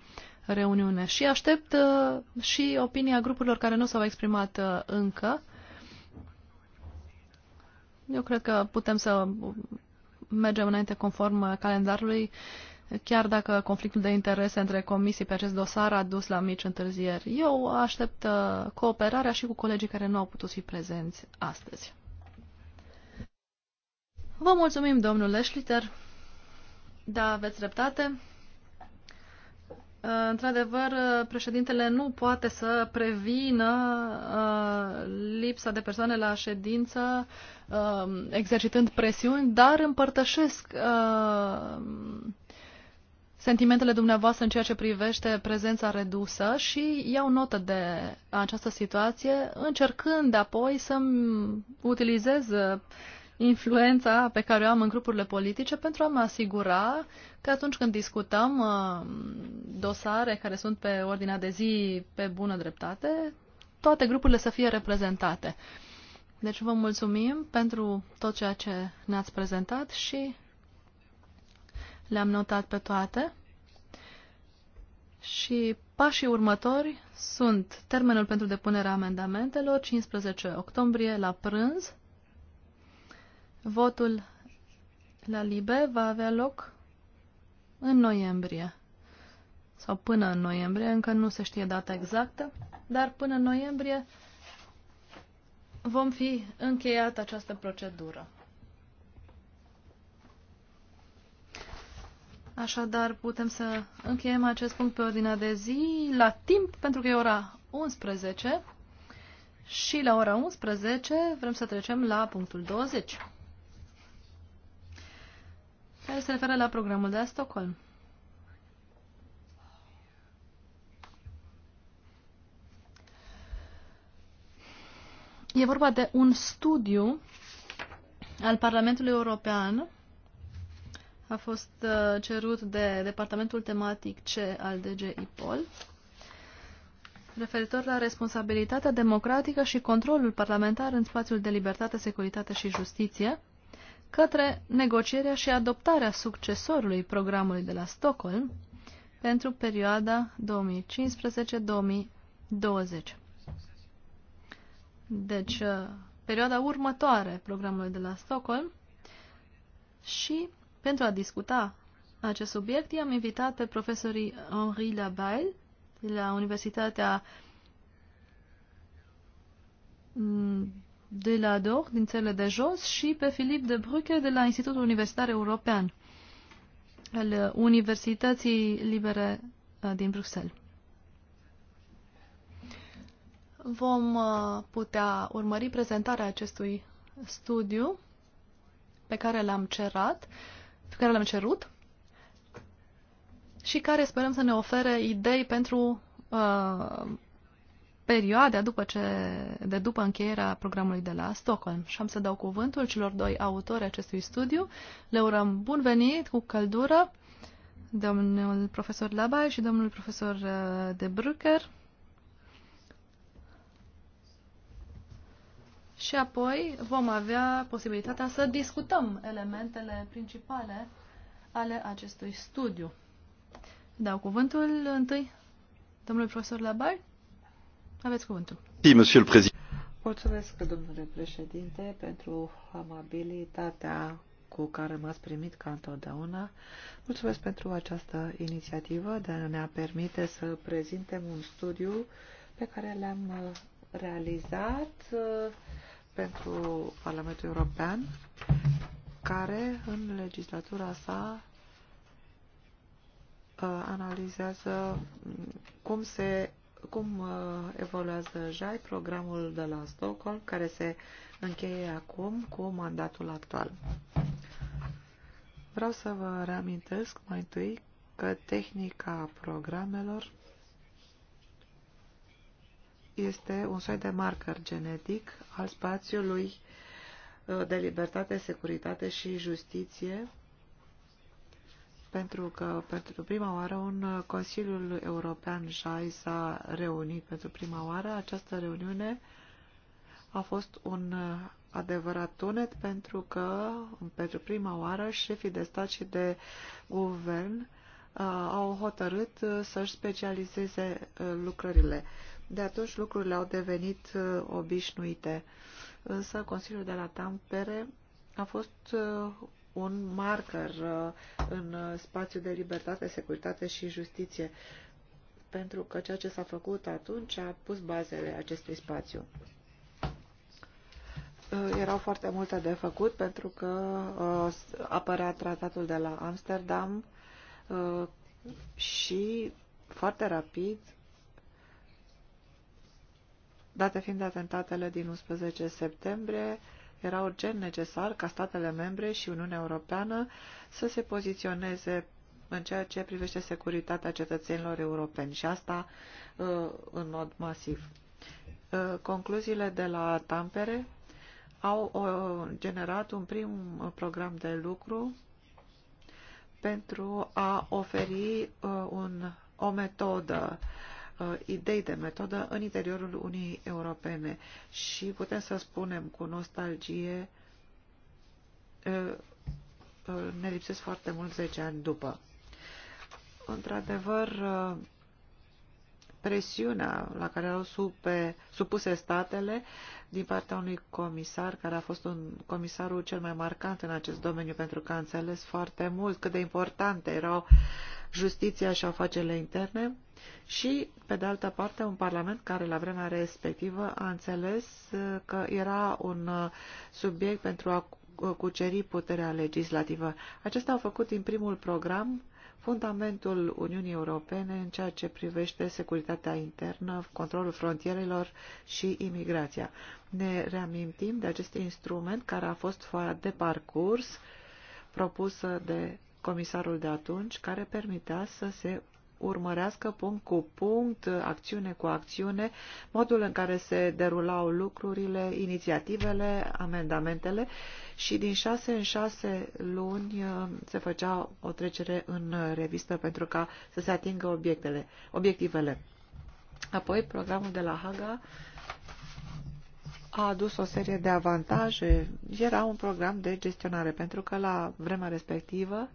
reuniune. Și aștept uh, și opinia grupurilor care nu s-au exprimat uh, încă. Eu cred că putem să mergem înainte conform uh, calendarului, chiar dacă conflictul de interese între comisii pe acest dosar a dus la mici întârzieri. Eu aștept cooperarea și cu colegii care nu au putut fi prezenți astăzi. Vă mulțumim, domnule Schlitter. Da, aveți dreptate. Uh, într-adevăr, uh, președintele nu poate să prevină uh, lipsa de persoane la ședință exercitând presiuni, dar împărtășesc sentimentele dumneavoastră în ceea ce privește prezența redusă și iau notă de această situație, încercând apoi să utilizez influența pe care o am în grupurile politice pentru a mă asigura că atunci când discutăm uh, dosare care sunt pe ordinea de zi pe bună dreptate, toate grupurile să fie reprezentate. Deci vă mulțumim pentru tot ceea ce ne-ați prezentat și le-am notat pe toate. Și pașii următori sunt termenul pentru depunerea amendamentelor 15 octombrie la prânz, Votul la Libe va avea loc în noiembrie sau până în noiembrie, încă nu se știe data exactă, dar până în noiembrie vom fi încheiat această procedură. Așadar, putem să încheiem acest punct pe ordinea de zi la timp, pentru că e ora 11 și la ora 11 vrem să trecem la punctul 20 care se referă la programul de la Stockholm. E vorba de un studiu al Parlamentului European. A fost uh, cerut de departamentul tematic C al DG IPOL referitor la responsabilitatea democratică și controlul parlamentar în spațiul de libertate, securitate și justiție către negocierea și adoptarea succesorului programului de la Stockholm pentru perioada 2015-2020. Deci, uh, perioada următoare programului de la Stockholm și pentru a discuta acest subiect i-am invitat pe profesorii Henri de la Universitatea mm, de la DOR, din țările de jos, și pe Filip de Bruche de la Institutul Universitar European al uh, Universității Libere uh, din Bruxelles. Vom uh, putea urmări prezentarea acestui studiu pe care l-am cerat, pe care l-am cerut și care sperăm să ne ofere idei pentru uh, perioada după ce, de după încheierea programului de la Stockholm. Și am să dau cuvântul celor doi autori acestui studiu. Le urăm bun venit, cu căldură, domnul profesor Labai și domnul profesor uh, de Brucker. Și apoi vom avea posibilitatea să discutăm elementele principale ale acestui studiu. Dau cuvântul întâi domnului profesor Labai. Aveți cuvântul. Mulțumesc, domnule președinte, pentru amabilitatea cu care m-ați primit ca întotdeauna. Mulțumesc pentru această inițiativă de a ne permite să prezintem un studiu pe care l-am realizat uh, pentru Parlamentul European, care în legislatura sa uh, analizează cum se cum uh, evoluează JAI, programul de la Stockholm, care se încheie acum cu mandatul actual. Vreau să vă reamintesc mai întâi că tehnica programelor este un soi de marker genetic al spațiului uh, de libertate, securitate și justiție pentru că pentru prima oară un Consiliul European JAI s-a reunit pentru prima oară. Această reuniune a fost un adevărat tunet pentru că pentru prima oară șefii de stat și de guvern uh, au hotărât să-și specializeze uh, lucrările. De atunci lucrurile au devenit uh, obișnuite. Însă Consiliul de la Tampere a fost un marker uh, în spațiul de libertate, securitate și justiție, pentru că ceea ce s-a făcut atunci a pus bazele acestui spațiu. Uh, erau foarte multe de făcut pentru că uh, apărea tratatul de la Amsterdam și foarte rapid, date fiind atentatele din 11 septembrie, era urgent necesar ca statele membre și Uniunea Europeană să se poziționeze în ceea ce privește securitatea cetățenilor europeni și asta uh, în mod masiv. Uh, concluziile de la Tampere au uh, generat un prim program de lucru pentru a oferi un, o metodă uh, Uh, idei de metodă în interiorul Uniunii Europene și putem să spunem cu nostalgie uh, uh, ne lipsesc foarte mult 10 ani după. Într-adevăr, presiunea la care au supe, supuse statele din partea unui comisar, care a fost un comisarul cel mai marcant în acest domeniu, pentru că a înțeles foarte mult cât de importante erau justiția și afacerile interne și, pe de altă parte, un parlament care la vremea respectivă a înțeles uh, că era un uh, subiect pentru a cuceri puterea legislativă. Acestea au făcut din primul program fundamentul Uniunii Europene în ceea ce privește securitatea internă, controlul frontierelor și imigrația. Ne reamintim de acest instrument care a fost foaia de parcurs propusă de comisarul de atunci, care permitea să se urmărească punct cu punct, acțiune cu acțiune, modul în care se derulau lucrurile, inițiativele, amendamentele și din șase în șase luni uh, se făcea o trecere în revistă pentru ca să se atingă obiectele, obiectivele. Apoi, programul de la Haga a adus o serie de avantaje. Era un program de gestionare, pentru că la vremea respectivă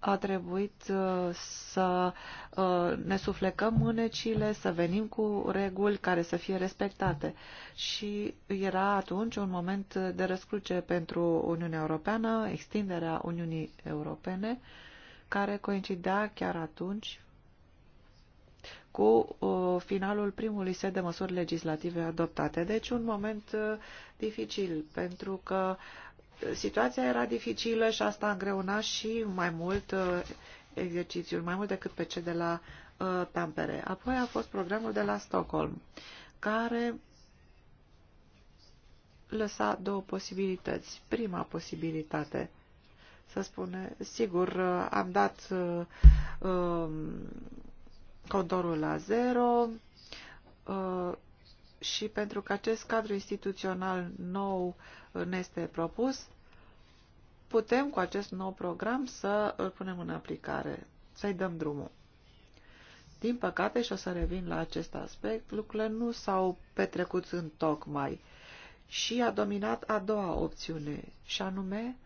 a trebuit uh, să uh, ne suflecăm mânecile, să venim cu reguli care să fie respectate. Și era atunci un moment de răscruce pentru Uniunea Europeană, extinderea Uniunii Europene, care coincidea chiar atunci cu uh, finalul primului set de măsuri legislative adoptate. Deci un moment dificil, pentru că situația era dificilă și asta îngreunat și mai mult uh, exercițiul, mai mult decât pe cel de la uh, Tampere. Apoi a fost programul de la Stockholm, care lăsa două posibilități. Prima posibilitate, să spune, sigur, uh, am dat uh, um, contorul la zero, uh, și pentru că acest cadru instituțional nou ne este propus, putem cu acest nou program să îl punem în aplicare, să-i dăm drumul. Din păcate, și o să revin la acest aspect, lucrurile nu s-au petrecut în tocmai și a dominat a doua opțiune, și anume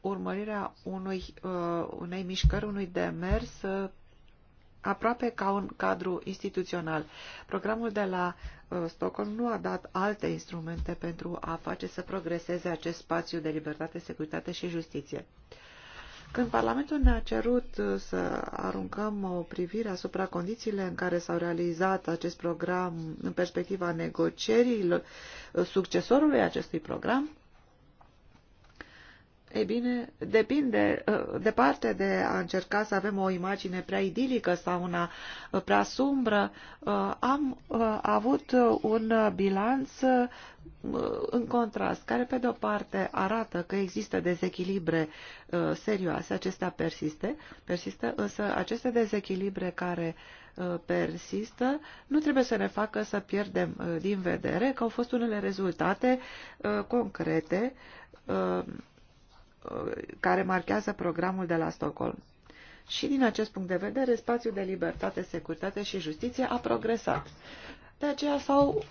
urmărirea unui, uh, unei mișcări, unui demers uh, aproape ca un cadru instituțional. Programul de la uh, Stockholm nu a dat alte instrumente pentru a face să progreseze acest spațiu de libertate, securitate și justiție. Când Parlamentul ne-a cerut uh, să aruncăm o privire asupra condițiile în care s-au realizat acest program în perspectiva negocierilor uh, succesorului acestui program, ei bine, depinde, ă, departe de a încerca să avem o imagine prea idilică sau una ă, prea sumbră, ă, am avut un bilanț în contrast, care pe de o parte arată că există dezechilibre serioase, acestea persiste, persistă, însă aceste dezechilibre care persistă, nu trebuie să ne facă să pierdem din vedere că au fost unele rezultate concrete care marchează programul de la Stockholm. Și din acest punct de vedere, spațiul de libertate, securitate și justiție a progresat. De aceea s-au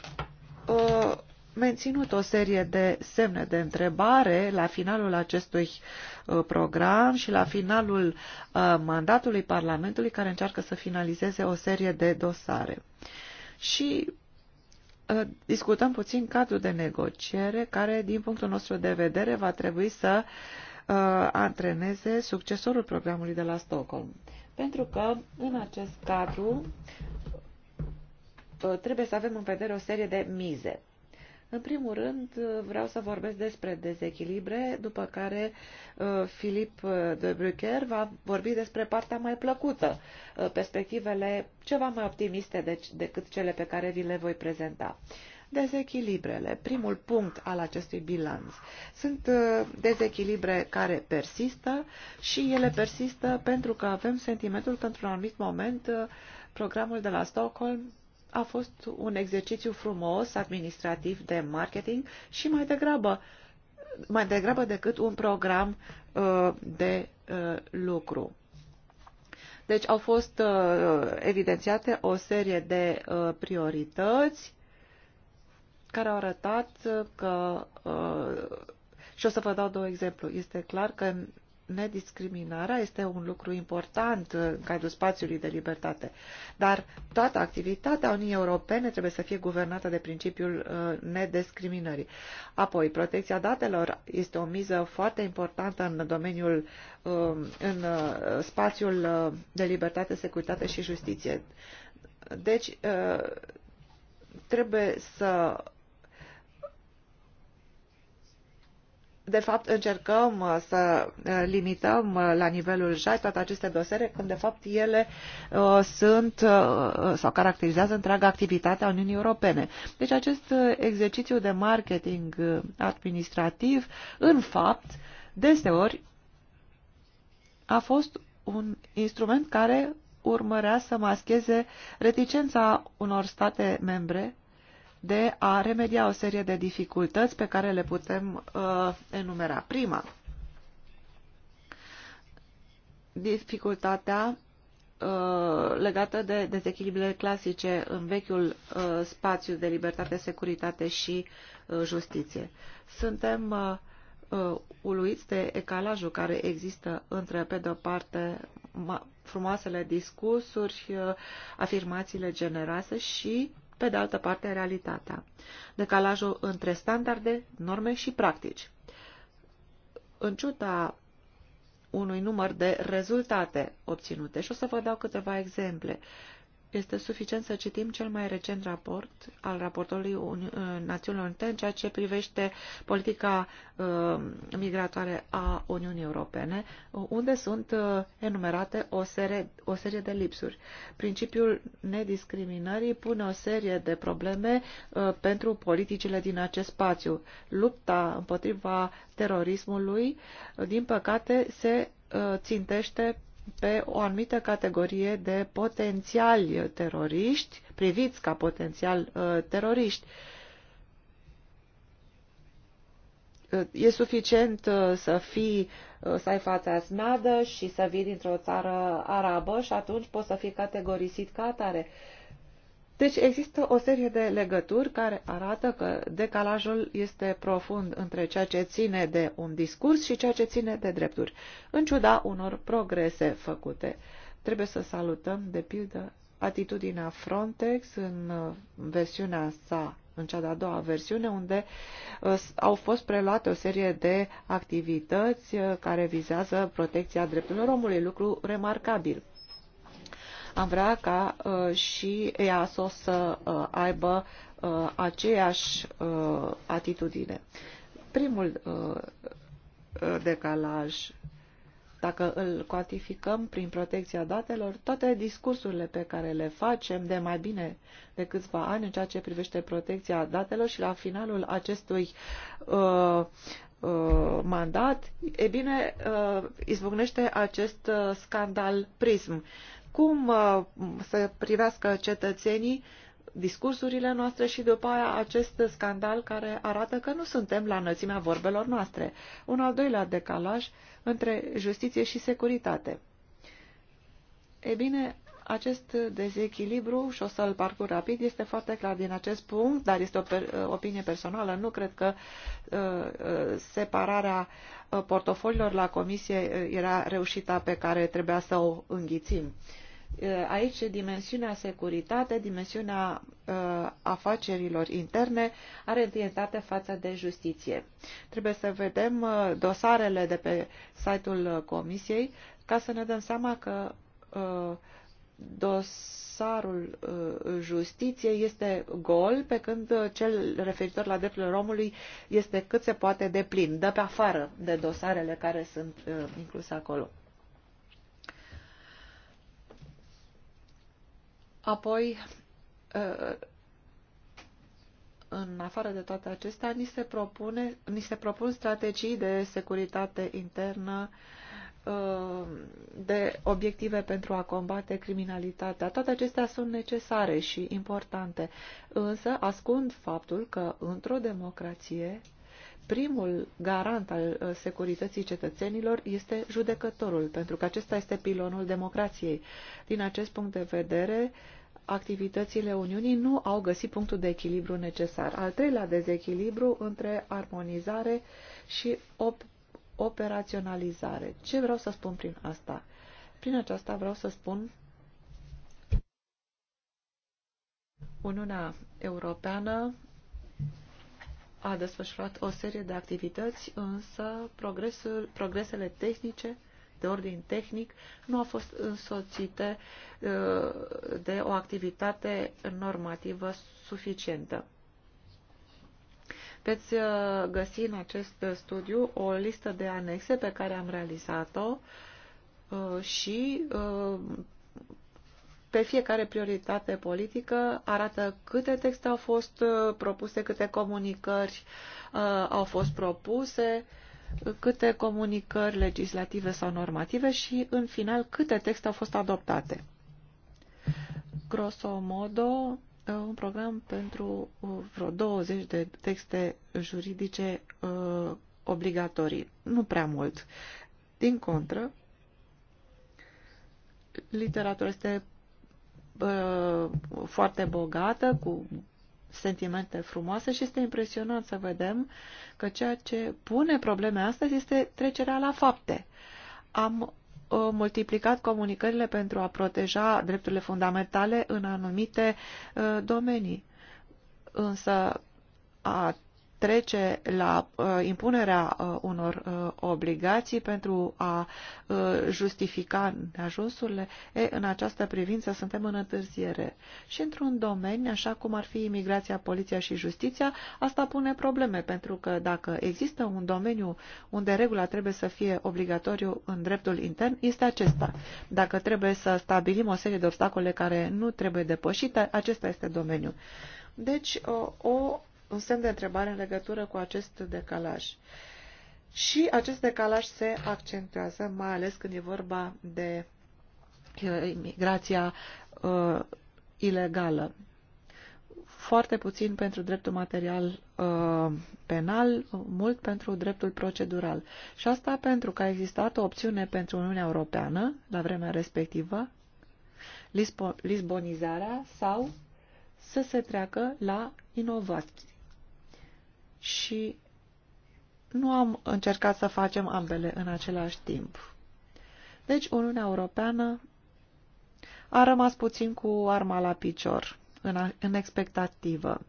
uh, menținut o serie de semne de întrebare la finalul acestui uh, program și la finalul uh, mandatului Parlamentului care încearcă să finalizeze o serie de dosare. Și uh, discutăm puțin cadrul de negociere care, din punctul nostru de vedere, va trebui să uh, Uh, antreneze succesorul programului de la Stockholm. Pentru că în acest cadru uh, trebuie să avem în vedere o serie de mize. În primul rând, uh, vreau să vorbesc despre dezechilibre, după care Filip de Brucher va vorbi despre partea mai plăcută, perspectivele ceva mai optimiste deci, decât cele pe care vi le voi prezenta dezechilibrele. Primul punct al acestui bilanț. Sunt uh, dezechilibre care persistă și ele persistă pentru că avem sentimentul că într-un anumit moment uh, programul de la Stockholm a fost un exercițiu frumos, administrativ, de marketing și mai degrabă mai degrabă decât un program uh, de uh, lucru. Deci au fost uh, evidențiate o serie de uh, priorități care au arătat că, uh, și o să vă dau două exemplu, este clar că nediscriminarea este un lucru important în cadrul spațiului de libertate, dar toată activitatea Uniunii Europene trebuie să fie guvernată de principiul uh, nediscriminării. Apoi, protecția datelor este o miză foarte importantă în domeniul, uh, în spațiul de libertate, securitate și justiție. Deci, trebuie să de fapt, încercăm uh, să uh, limităm uh, la nivelul JAI toate aceste dosare, când de fapt ele sunt sau caracterizează întreaga activitate a Uniunii Europene. Deci acest exercițiu de marketing administrativ, în fapt, deseori a fost un instrument care urmărea să mascheze reticența unor state membre de a remedia o serie de dificultăți pe care le putem uh, enumera. Prima, dificultatea uh, legată de dezechilibrele clasice în vechiul uh, spațiu de libertate, securitate și uh, justiție. Suntem uh, uh uluiți de ecalajul care există între, pe de-o parte, frumoasele discursuri, uh, afirmațiile generoase și pe de altă parte, realitatea. Decalajul între standarde, norme și practici. În ciuda unui număr de rezultate obținute. Și o să vă dau câteva exemple. Este suficient să citim cel mai recent raport al raportorului uh, Națiunilor Unite în ceea ce privește politica uh, migratoare a Uniunii Europene, unde sunt uh, enumerate o serie, o serie de lipsuri. Principiul nediscriminării pune o serie de probleme pentru politicile din acest spațiu. Lupta împotriva terorismului, din păcate, se țintește pe o anumită categorie de potențiali teroriști, priviți ca potențial uh, teroriști. Uh, e suficient uh, să fii, uh, să ai fața snadă și să vii dintr-o țară arabă și atunci poți să fii categorisit ca atare. Uh, deci există o serie de legături care arată că decalajul este profund între ceea ce ține de un discurs și ceea ce ține de drepturi, în ciuda unor progrese făcute. Trebuie să salutăm, de pildă, atitudinea Frontex în uh, versiunea sa, în cea de-a doua versiune, unde uh, au fost preluate o serie de activități uh, care vizează protecția drepturilor omului, lucru remarcabil. Am vrea ca uh, și EASO să uh, aibă uh, aceeași atitudine. Primul decalaj dacă îl cuantificăm prin protecția datelor, toate discursurile pe care le facem de mai bine de câțiva ani în ceea ce privește protecția datelor și la finalul acestui uh, mandat, e bine, izbucnește acest scandal prism cum uh, să privească cetățenii discursurile noastre și după aia acest scandal care arată că nu suntem la înălțimea vorbelor noastre. Un al doilea decalaj între justiție și securitate. E bine, acest dezechilibru, și o să-l parcur rapid, este foarte clar din acest punct, dar este o per uh, opinie personală. Nu cred că uh, uh separarea portofoliilor la comisie era reușita pe care trebuia să o înghițim. Uh, Eh, aici dimensiunea securitate, dimensiunea eh, afacerilor interne are întâietate față de justiție. Trebuie să vedem eh, dosarele de pe site-ul Comisiei ca să ne dăm seama că dosarul justiției este gol, pe când cel referitor la drepturile omului este cât se poate de plin, dă pe afară de dosarele care sunt incluse acolo. Apoi, ă, în afară de toate acestea, ni se, propune, ni se propun strategii de securitate internă, ă, de obiective pentru a combate criminalitatea. Toate acestea sunt necesare și importante, însă ascund faptul că într-o democrație primul garant al uh, securității cetățenilor este judecătorul, pentru că acesta este pilonul democrației. Din acest punct de vedere, activitățile Uniunii nu au găsit punctul de echilibru necesar. Al treilea dezechilibru între armonizare și op operaționalizare. Ce vreau să spun prin asta? Prin aceasta vreau să spun Uniunea Europeană a desfășurat o serie de activități, însă progresul, progresele tehnice de ordin tehnic nu au fost însoțite uh, de o activitate normativă suficientă. Veți uh, găsi în acest uh, studiu o listă de anexe pe care am realizat-o și pe fiecare prioritate politică, arată câte texte au fost uh, propuse, câte comunicări uh, au fost propuse, câte comunicări legislative sau normative și, în final, câte texte au fost adoptate. Grosomodo, uh, un program pentru uh, vreo 20 de texte juridice uh, obligatorii. Nu prea mult. Din contră, literatura este Uh, foarte bogată, cu sentimente frumoase și este impresionant să vedem că ceea ce pune probleme astăzi este trecerea la fapte. Am uh, multiplicat comunicările pentru a proteja drepturile fundamentale în anumite uh, domenii. Însă a trece la uh, impunerea uh, unor uh, obligații pentru a uh, justifica ajunsurile, e, în această privință suntem în întârziere. Și într-un domeniu, așa cum ar fi imigrația, poliția și justiția, asta pune probleme, pentru că dacă există un domeniu unde regula trebuie să fie obligatoriu în dreptul intern, este acesta. Dacă trebuie să stabilim o serie de obstacole care nu trebuie depășite, acesta este domeniul. Deci, o, o un semn de întrebare în legătură cu acest decalaj. Și acest decalaj se accentuează, mai ales când e vorba de uh, imigrația uh, ilegală. Foarte puțin pentru dreptul material uh, penal, mult pentru dreptul procedural. Și asta pentru că a existat o opțiune pentru Uniunea Europeană, la vremea respectivă, lisbonizarea sau să se treacă la inovații și nu am încercat să facem ambele în același timp. Deci Uniunea Europeană a rămas puțin cu arma la picior, în, a, în expectativă.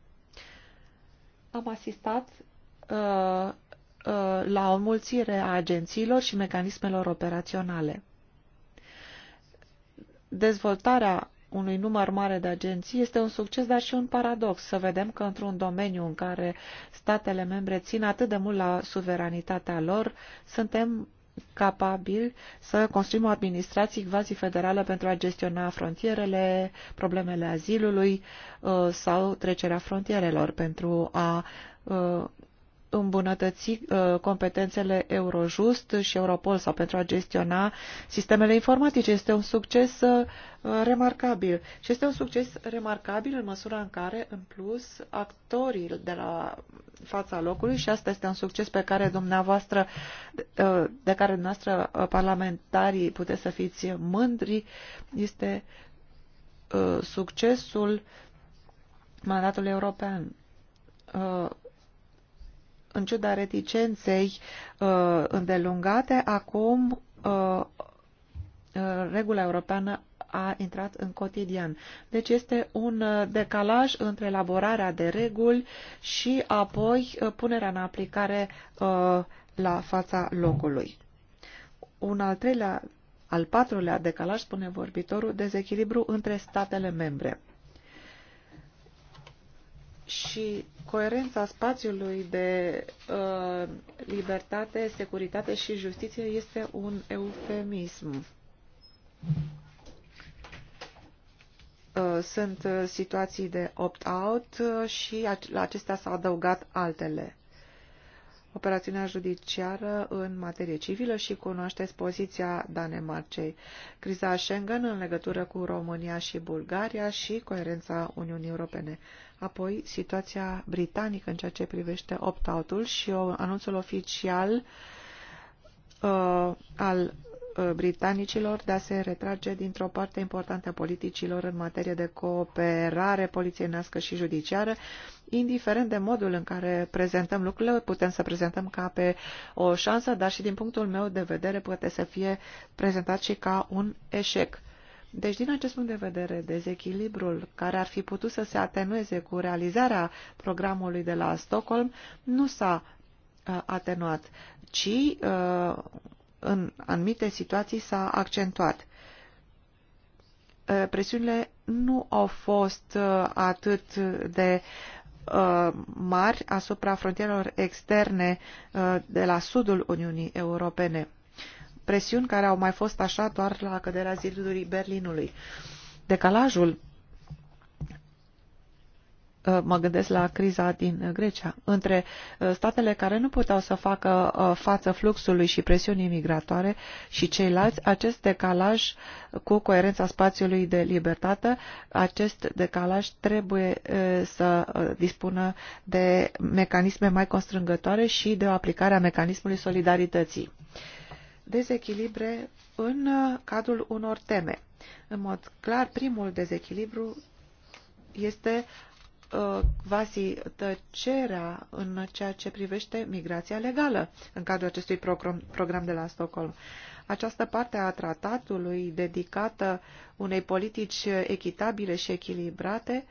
Am asistat uh, uh, la o mulțire a agențiilor și mecanismelor operaționale. Dezvoltarea unui număr mare de agenții este un succes, dar și un paradox. Să vedem că într-un domeniu în care statele membre țin atât de mult la suveranitatea lor, suntem capabili să construim o administrație quasi-federală pentru a gestiona frontierele, problemele azilului uh, sau trecerea frontierelor pentru a uh, îmbunătăți uh, competențele Eurojust și Europol sau pentru a gestiona sistemele informatice. Este un succes uh, remarcabil. Și este un succes remarcabil în măsura în care, în plus, actorii de la fața locului, și asta este un succes pe care dumneavoastră, de uh, care dumneavoastră parlamentarii puteți să fiți mândri, este succesul mandatului european în ciuda reticenței uh, îndelungate, acum uh, uh, regula europeană a intrat în cotidian. Deci este un uh, decalaj între elaborarea de reguli și apoi uh, punerea în aplicare uh, la fața locului. Un al treilea, al patrulea decalaj, spune vorbitorul, dezechilibru între statele membre și coerența spațiului de uh, libertate, securitate și justiție este un eufemism. Uh, sunt uh, situații de opt-out uh, și la acestea s-au adăugat altele. Operațiunea judiciară în materie civilă și cunoașteți poziția Danemarcei, criza Schengen în legătură cu România și Bulgaria și coerența Uniunii Europene. Apoi, situația britanică în ceea ce privește opt-out-ul și anunțul oficial uh, al uh, britanicilor de a se retrage dintr-o parte importantă a politicilor în materie de cooperare polițienească și judiciară, indiferent de modul în care prezentăm lucrurile, putem să prezentăm ca pe o șansă, dar și din punctul meu de vedere poate să fie prezentat și ca un eșec. Deci, din acest punct de vedere, dezechilibrul care ar fi putut să se atenueze cu realizarea programului de la Stockholm nu s-a uh, atenuat, ci uh, în anumite situații s-a accentuat. Uh, presiunile nu au fost atât de mari asupra frontierelor externe de la sudul Uniunii Europene presiuni care au mai fost așa doar la căderea zidului Berlinului. Decalajul, ă, mă gândesc la criza din Grecia, între ă, statele care nu puteau să facă ă, față fluxului și presiunii migratoare și ceilalți, acest decalaj cu coerența spațiului de libertate, acest decalaj trebuie să dispună de mecanisme mai constrângătoare și de o aplicare a mecanismului solidarității dezechilibre în uh, cadrul unor teme. În mod clar, primul dezechilibru este uh, quasi tăcerea în ceea ce privește migrația legală în cadrul acestui program de la Stockholm. Această parte a tratatului dedicată unei politici echitabile și echilibrate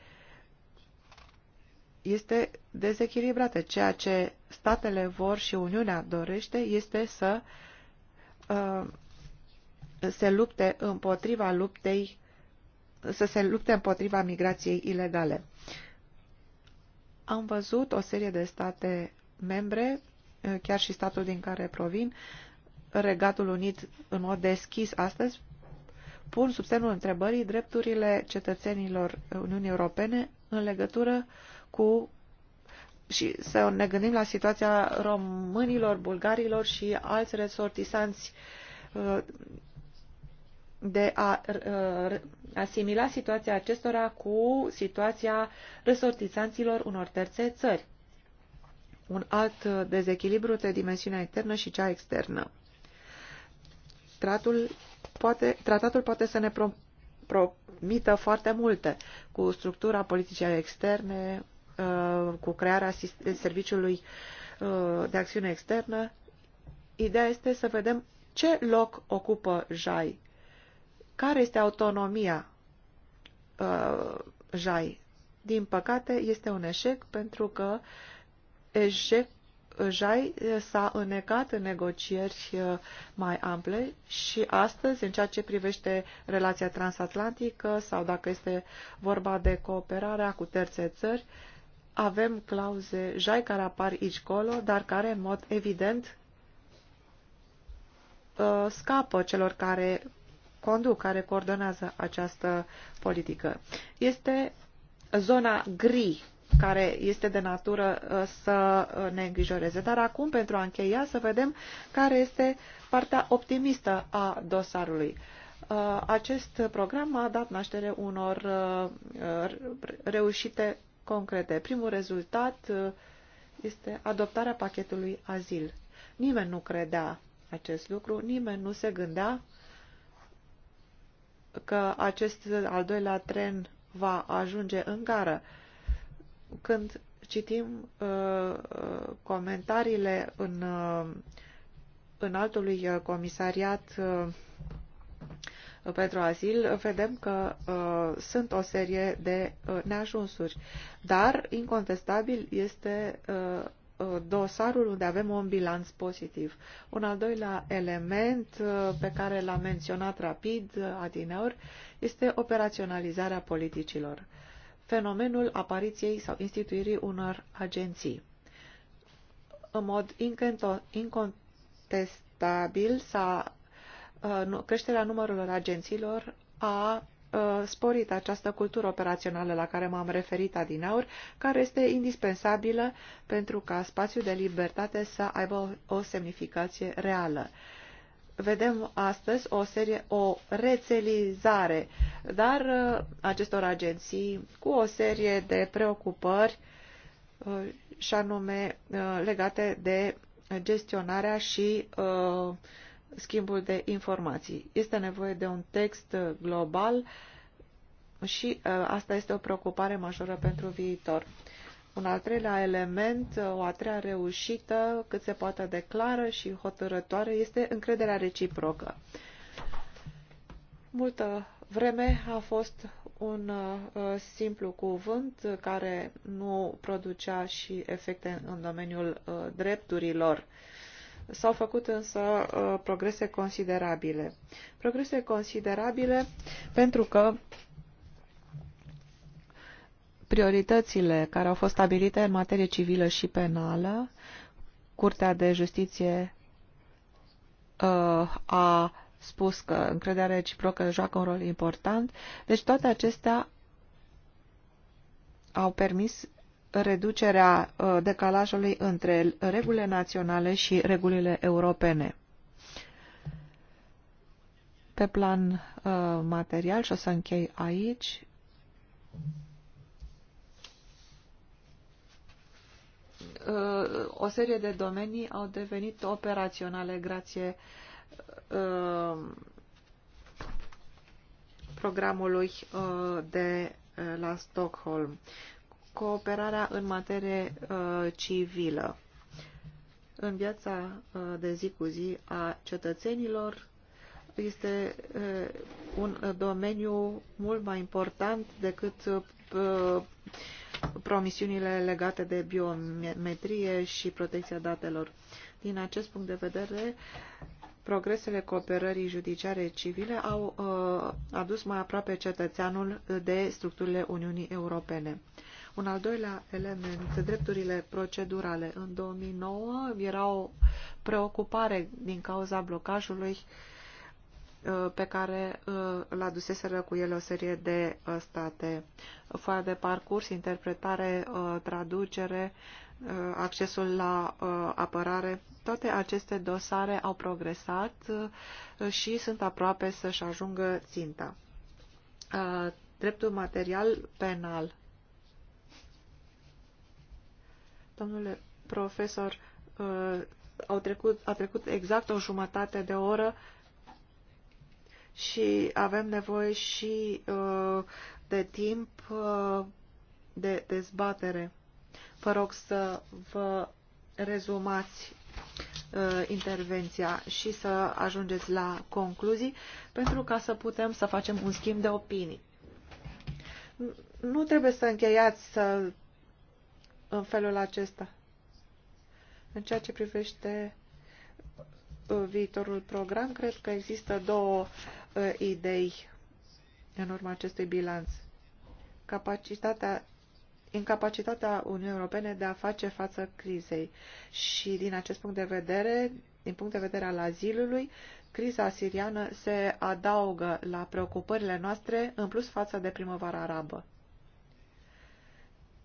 este dezechilibrată. Ceea ce statele vor și Uniunea dorește este să uh, Uh, se lupte împotriva luptei să se lupte împotriva migrației ilegale. Am văzut o serie de state membre, uh, chiar și statul din care provin, Regatul Unit în mod deschis astăzi, pun sub semnul întrebării drepturile cetățenilor Uniunii Europene în legătură cu și să ne gândim la situația românilor, bulgarilor și alți resortisanți uh, de a uh, asimila situația acestora cu situația resortisanților unor terțe țări. Un alt dezechilibru între de dimensiunea internă și cea externă. Tratul poate, tratatul poate să ne pro, promită foarte multe cu structura politicii externe, Uh, cu crearea serviciului uh, de acțiune externă, ideea este să vedem ce loc ocupă JAI, care este autonomia uh, JAI. Din păcate, este un eșec pentru că eșec Jai s-a înecat în negocieri mai ample și astăzi, în ceea ce privește relația transatlantică sau dacă este vorba de cooperarea cu terțe țări, avem clauze jai care apar aici colo, dar care, în mod evident, uh, scapă celor care conduc, care coordonează această politică. Este zona gri care este de natură uh, să ne îngrijoreze. Dar acum, pentru a încheia, să vedem care este partea optimistă a dosarului. Uh, acest program a dat naștere unor reușite concrete. Primul rezultat uh, este adoptarea pachetului azil. Nimeni nu credea acest lucru, nimeni nu se gândea că acest al doilea tren va ajunge în gară. Când citim uh, uh comentariile în, uh, în altului uh, comisariat uh, pentru azil, vedem că uh, sunt o serie de uh, neajunsuri. Dar, incontestabil, este uh, uh dosarul unde avem un bilanț pozitiv. Un al doilea element uh, pe care l-am menționat rapid uh, adineori este operaționalizarea politicilor, fenomenul apariției sau instituirii unor agenții. În mod incontestabil s-a Uh, creșterea numărului agențiilor a uh, sporit această cultură operațională la care m-am referit adinaur, care este indispensabilă pentru ca spațiul de libertate să aibă o, o semnificație reală. Vedem astăzi o serie, o rețelizare, dar uh, acestor agenții cu o serie de preocupări și anume legate de gestionarea și uh, schimbul de informații. Este nevoie de un text global și uh, asta este o preocupare majoră pentru viitor. Un al treilea element, o a treia reușită, cât se poate de clară și hotărătoare, este încrederea reciprocă. Multă vreme a fost un uh, simplu cuvânt care nu producea și efecte în domeniul uh, drepturilor S-au făcut însă uh, progrese considerabile. Progrese considerabile pentru că prioritățile care au fost stabilite în materie civilă și penală, Curtea de Justiție uh, a spus că încrederea reciprocă joacă un rol important. Deci toate acestea au permis reducerea uh, decalajului între regulile naționale și regulile europene. Pe plan uh, material, și o să închei aici, uh, o serie de domenii au devenit operaționale grație programului de la Stockholm cooperarea în materie uh, civilă în viața uh, de zi cu zi a cetățenilor este uh, un domeniu mult mai important decât uh, promisiunile legate de biometrie și protecția datelor. Din acest punct de vedere, progresele cooperării judiciare civile au uh, adus mai aproape cetățeanul de structurile Uniunii Europene. Un al doilea element, drepturile procedurale. În 2009 era o preocupare din cauza blocajului uh, pe care îl uh, aduseseră cu el o serie de uh, state. Foaia de parcurs, interpretare, traducere, accesul la apărare, toate aceste dosare au progresat și sunt aproape să-și ajungă ținta. Dreptul material penal Domnule profesor, uh, au trecut, a trecut exact o jumătate de oră și avem nevoie și uh, de timp uh, de dezbatere. Vă rog să vă rezumați intervenția și să ajungeți la concluzii pentru ca să putem să facem un schimb de opinii. Nu trebuie să încheiați, să în felul acesta. În ceea ce privește uh, viitorul program, cred că există două uh, idei în urma acestui bilanț. Capacitatea incapacitatea Uniunii Europene de a face față crizei. Și din acest punct de vedere, din punct de vedere al azilului, criza siriană se adaugă la preocupările noastre, în plus față de primăvara arabă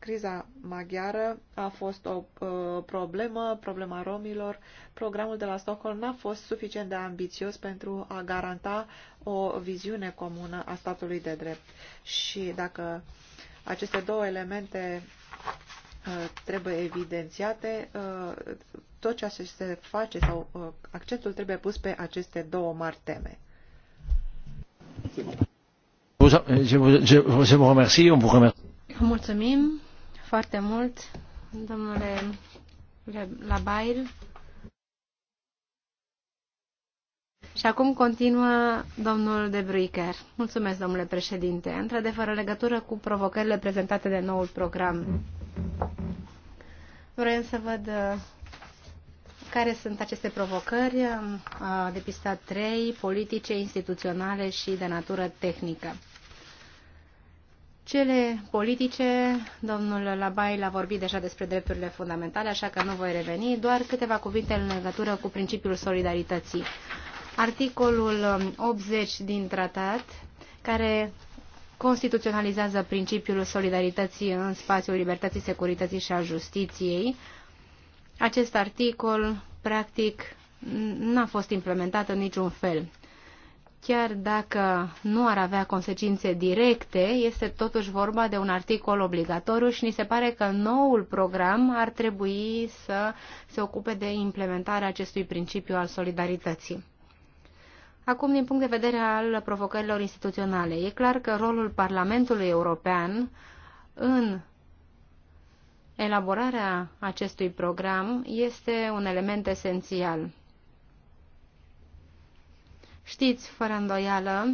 criza maghiară a fost o uh, problemă, problema romilor. Programul de la Stockholm n-a fost suficient de ambițios pentru a garanta o viziune comună a statului de drept. Și dacă aceste două elemente uh, trebuie evidențiate, uh, tot ceea ce se face sau uh, accentul trebuie pus pe aceste două mari teme. Je vous, je, je vous remercie, on vous remercie. Mulțumim foarte mult, domnule Labail. Și acum continuă domnul De Bruyker. Mulțumesc, domnule președinte. Într-adevăr, în legătură cu provocările prezentate de noul program, Vreau să văd uh, care sunt aceste provocări uh, de pista trei politice, instituționale și de natură tehnică. Cele politice, domnul Labail a vorbit deja despre drepturile fundamentale, așa că nu voi reveni, doar câteva cuvinte în legătură cu principiul solidarității. Articolul 80 um, din tratat, care constituționalizează principiul solidarității în spațiul libertății, securității și al justiției. Acest articol, practic, n-a fost implementat în niciun fel chiar dacă nu ar avea consecințe directe, este totuși vorba de un articol obligatoriu și ni se pare că noul program ar trebui să se ocupe de implementarea acestui principiu al solidarității. Acum, din punct de vedere al provocărilor instituționale, e clar că rolul Parlamentului European în elaborarea acestui program este un element esențial. Știți, fără îndoială,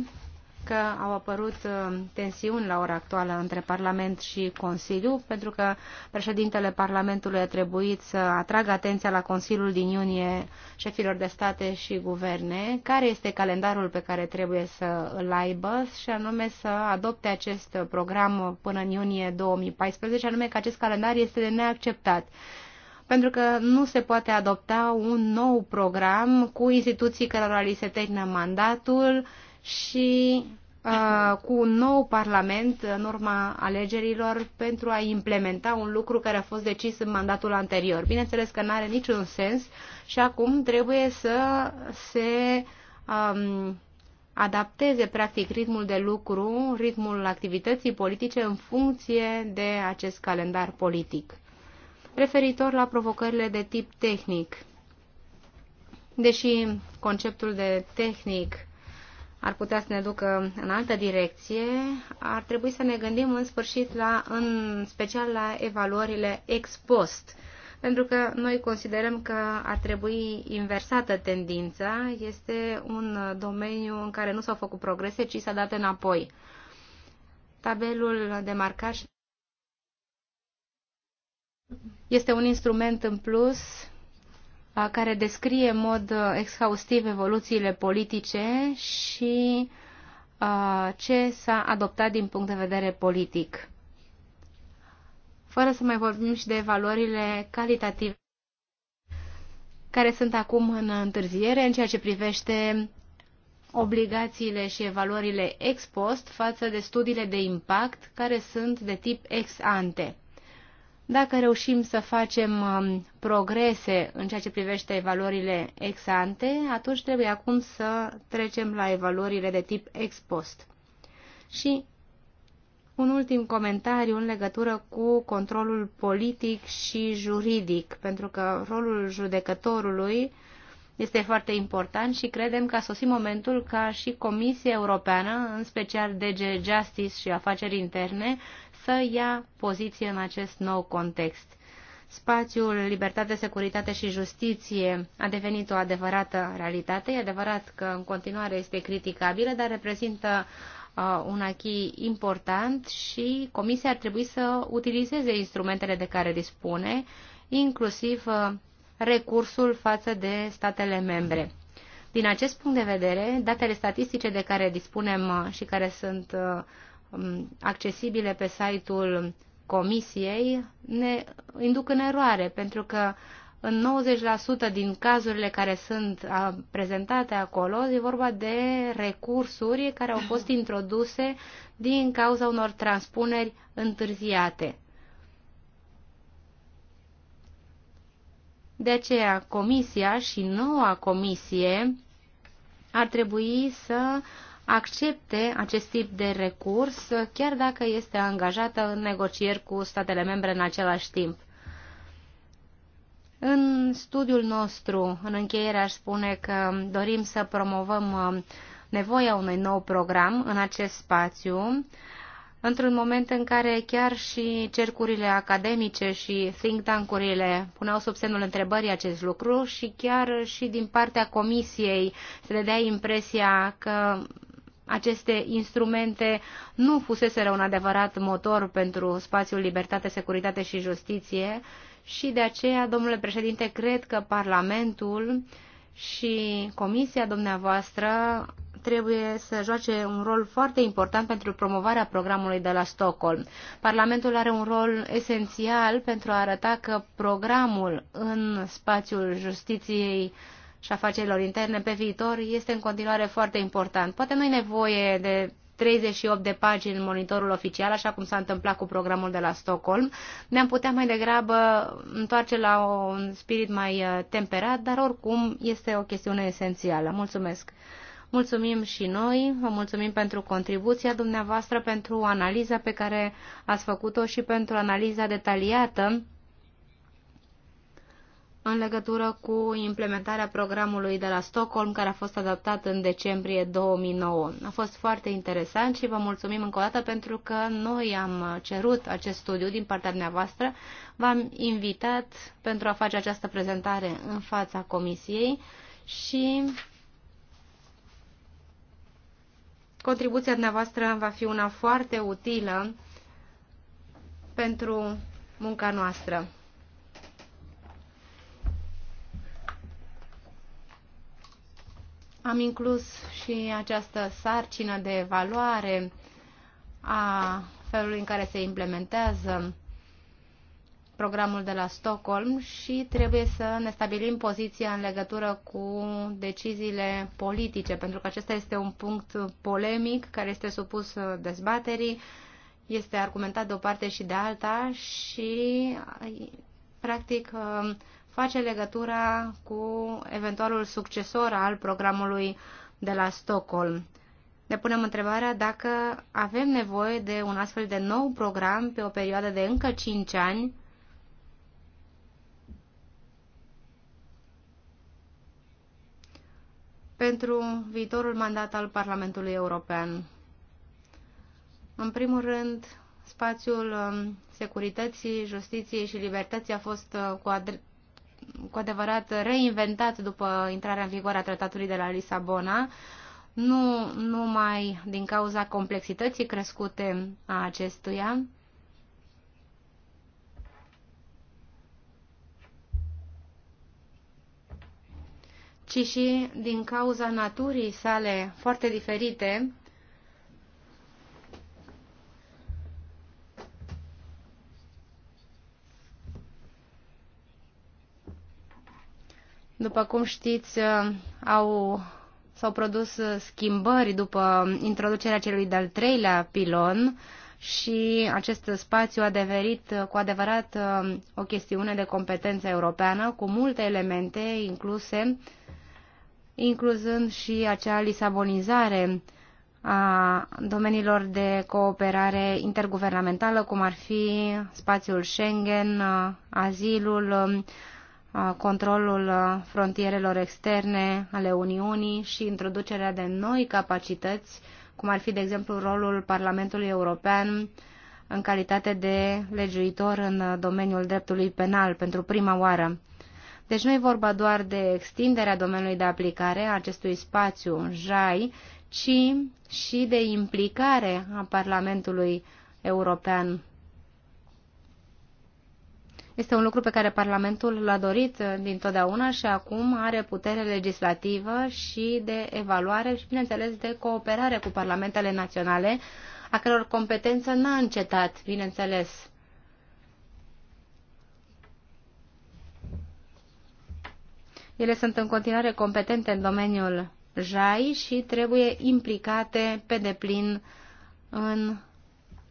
că au apărut uh, tensiuni la ora actuală între Parlament și Consiliu, pentru că președintele Parlamentului a trebuit să atragă atenția la Consiliul din iunie șefilor de state și guverne, care este calendarul pe care trebuie să îl aibă și anume să adopte acest program până în iunie 2014, anume că acest calendar este de neacceptat pentru că nu se poate adopta un nou program cu instituții cărora li se termină mandatul și uh, cu un nou parlament în urma alegerilor pentru a implementa un lucru care a fost decis în mandatul anterior. Bineînțeles că nu are niciun sens și acum trebuie să se um, adapteze practic ritmul de lucru, ritmul activității politice în funcție de acest calendar politic referitor la provocările de tip tehnic. Deși conceptul de tehnic ar putea să ne ducă în altă direcție, ar trebui să ne gândim în sfârșit la, în special la evaluările ex post, pentru că noi considerăm că ar trebui inversată tendința, este un domeniu în care nu s-au făcut progrese, ci s-a dat înapoi. Tabelul de marcaj este un instrument în plus care descrie în mod exhaustiv evoluțiile politice și ce s-a adoptat din punct de vedere politic. Fără să mai vorbim și de valorile calitative care sunt acum în întârziere în ceea ce privește obligațiile și evaluările ex post față de studiile de impact care sunt de tip ex ante. Dacă reușim să facem um, progrese în ceea ce privește evaluările ex ante, atunci trebuie acum să trecem la evaluările de tip ex post. Și un ultim comentariu în legătură cu controlul politic și juridic, pentru că rolul judecătorului este foarte important și credem că a sosit momentul ca și Comisia Europeană, în special DG Justice și Afaceri Interne, să ia poziție în acest nou context. Spațiul libertate, securitate și justiție a devenit o adevărată realitate. E adevărat că în continuare este criticabilă, dar reprezintă uh, un achii important și Comisia ar trebui să utilizeze instrumentele de care dispune, inclusiv uh, recursul față de statele membre. Din acest punct de vedere, datele statistice de care dispunem uh, și care sunt uh, Um, accesibile pe site-ul comisiei ne induc în eroare, pentru că în 90% din cazurile care sunt uh, prezentate acolo, e vorba de recursuri care au fost introduse din cauza unor transpuneri întârziate. De aceea, Comisia și noua Comisie ar trebui să accepte acest tip de recurs, chiar dacă este angajată în negocieri cu statele membre în același timp. În studiul nostru, în încheiere, aș spune că dorim să promovăm uh, nevoia unui nou program în acest spațiu, într-un moment în care chiar și cercurile academice și think tank-urile puneau sub semnul întrebării acest lucru și chiar și din partea comisiei se dea impresia că aceste instrumente nu fuseseră un adevărat motor pentru spațiul libertate, securitate și justiție și de aceea, domnule președinte, cred că Parlamentul și Comisia dumneavoastră trebuie să joace un rol foarte important pentru promovarea programului de la Stockholm. Parlamentul are un rol esențial pentru a arăta că programul în spațiul justiției, și afacerilor interne pe viitor este în continuare foarte important. Poate nu e nevoie de 38 de pagini în monitorul oficial, așa cum s-a întâmplat cu programul de la Stockholm. Ne-am putea mai degrabă întoarce la un spirit mai uh, temperat, dar oricum este o chestiune esențială. Mulțumesc! Mulțumim și noi, vă mulțumim pentru contribuția dumneavoastră, pentru analiza pe care ați făcut-o și pentru analiza detaliată în legătură cu implementarea programului de la Stockholm, care a fost adaptat în decembrie 2009. A fost foarte interesant și vă mulțumim încă o dată pentru că noi am cerut acest studiu din partea dumneavoastră. V-am invitat pentru a face această prezentare în fața comisiei și contribuția dumneavoastră va fi una foarte utilă pentru munca noastră. Am inclus și această sarcină de evaluare a felului în care se implementează programul de la Stockholm și trebuie să ne stabilim poziția în legătură cu deciziile politice, pentru că acesta este un punct polemic care este supus dezbaterii, este argumentat de o parte și de alta și, practic, face legătura cu eventualul succesor al programului de la Stockholm. Ne punem întrebarea dacă avem nevoie de un astfel de nou program pe o perioadă de încă 5 ani pentru viitorul mandat al Parlamentului European. În primul rând, spațiul um, securității, justiției și libertății a fost uh, cu cu adevărat reinventat după intrarea în vigoare a tratatului de la Lisabona, nu numai din cauza complexității crescute a acestuia, ci și din cauza naturii sale foarte diferite După cum știți, uh, au, s-au produs uh, schimbări după um, introducerea celui de-al treilea pilon și acest spațiu a devenit uh, cu adevărat um, o chestiune de competență europeană, cu multe elemente incluse, incluzând și acea lisabonizare a domeniilor de cooperare interguvernamentală, cum ar fi spațiul Schengen, azilul, um, controlul uh, frontierelor externe ale Uniunii și introducerea de noi capacități, cum ar fi, de exemplu, rolul Parlamentului European în calitate de legiuitor în uh, domeniul dreptului penal pentru prima oară. Deci nu e vorba doar de extinderea domeniului de aplicare a acestui spațiu JAI, ci și de implicare a Parlamentului European este un lucru pe care Parlamentul l-a dorit uh, dintotdeauna și acum are putere legislativă și de evaluare și, bineînțeles, de cooperare cu parlamentele naționale, a căror competență n-a încetat, bineînțeles. Ele sunt în continuare competente în domeniul JAI și trebuie implicate pe deplin în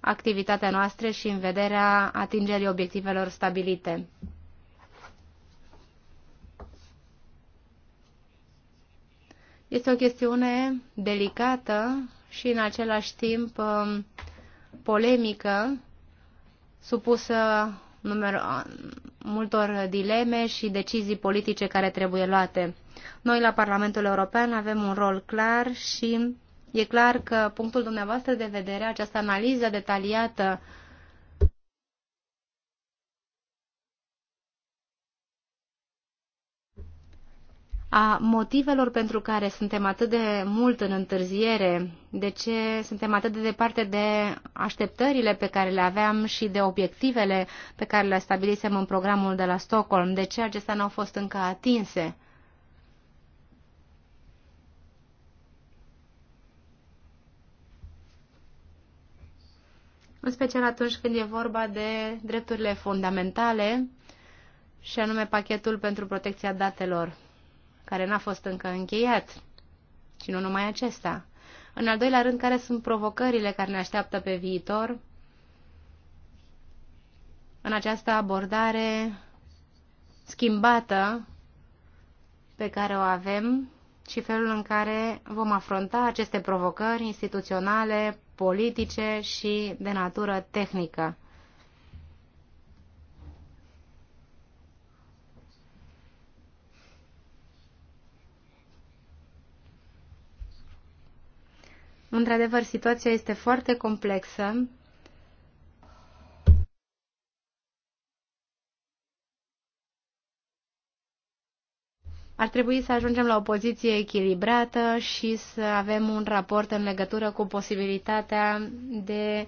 activitatea noastră și în vederea atingerii obiectivelor stabilite. Este o chestiune delicată și în același timp um, polemică, supusă numero, multor dileme și decizii politice care trebuie luate. Noi la Parlamentul European avem un rol clar și E clar că punctul dumneavoastră de vedere, această analiză detaliată a motivelor pentru care suntem atât de mult în întârziere, de ce suntem atât de departe de așteptările pe care le aveam și de obiectivele pe care le stabilisem în programul de la Stockholm, de ce acestea nu au fost încă atinse. în special atunci când e vorba de drepturile fundamentale și anume pachetul pentru protecția datelor, care n-a fost încă încheiat și nu numai acesta. În al doilea rând, care sunt provocările care ne așteaptă pe viitor în această abordare schimbată pe care o avem și felul în care vom afronta aceste provocări instituționale, politice și de natură tehnică. Într-adevăr, situația este foarte complexă Ar trebui să ajungem la o poziție echilibrată și să avem un raport în legătură cu posibilitatea de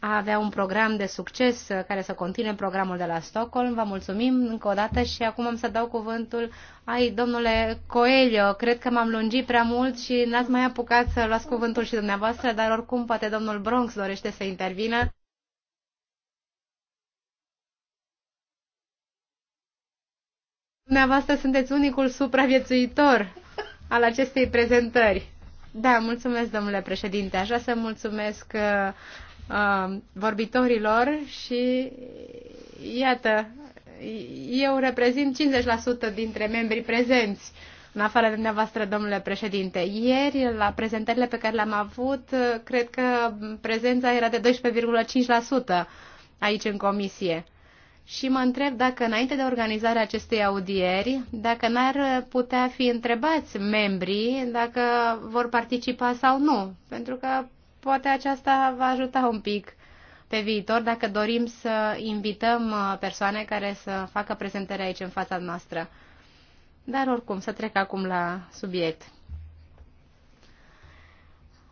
a avea un program de succes care să continue programul de la Stockholm. Vă mulțumim încă o dată și acum am să dau cuvântul. Ai, domnule Coelho, cred că m-am lungit prea mult și n-ați mai apucat să luați cuvântul și dumneavoastră, dar oricum poate domnul Bronx dorește să intervină. Dumneavoastră sunteți unicul supraviețuitor al acestei prezentări. Da, mulțumesc, domnule președinte. Așa să mulțumesc uh, uh, vorbitorilor și iată, eu reprezint 50% dintre membrii prezenți în afară de dumneavoastră, domnule președinte. Ieri, la prezentările pe care le-am avut, uh, cred că prezența era de 12,5% aici în comisie și mă întreb dacă înainte de organizarea acestei audieri, dacă n-ar putea fi întrebați membrii dacă vor participa sau nu, pentru că poate aceasta va ajuta un pic pe viitor dacă dorim să invităm uh, persoane care să facă prezentări aici în fața noastră. Dar oricum, să trec acum la subiect.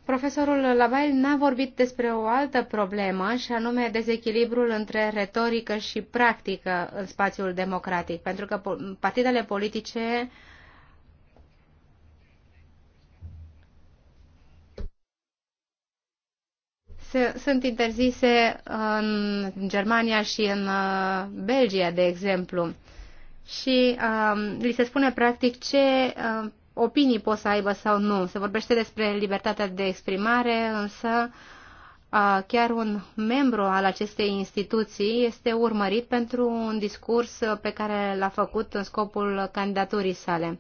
Profesorul Lavail n-a vorbit despre o altă problemă, și anume dezechilibrul între retorică și practică în spațiul democratic, pentru că partidele politice sunt interzise în Germania și în uh, Belgia, de exemplu. Și um, li se spune practic ce uh, opinii pot să aibă sau nu. Se vorbește despre libertatea de exprimare, însă chiar un membru al acestei instituții este urmărit pentru un discurs pe care l-a făcut în scopul candidaturii sale.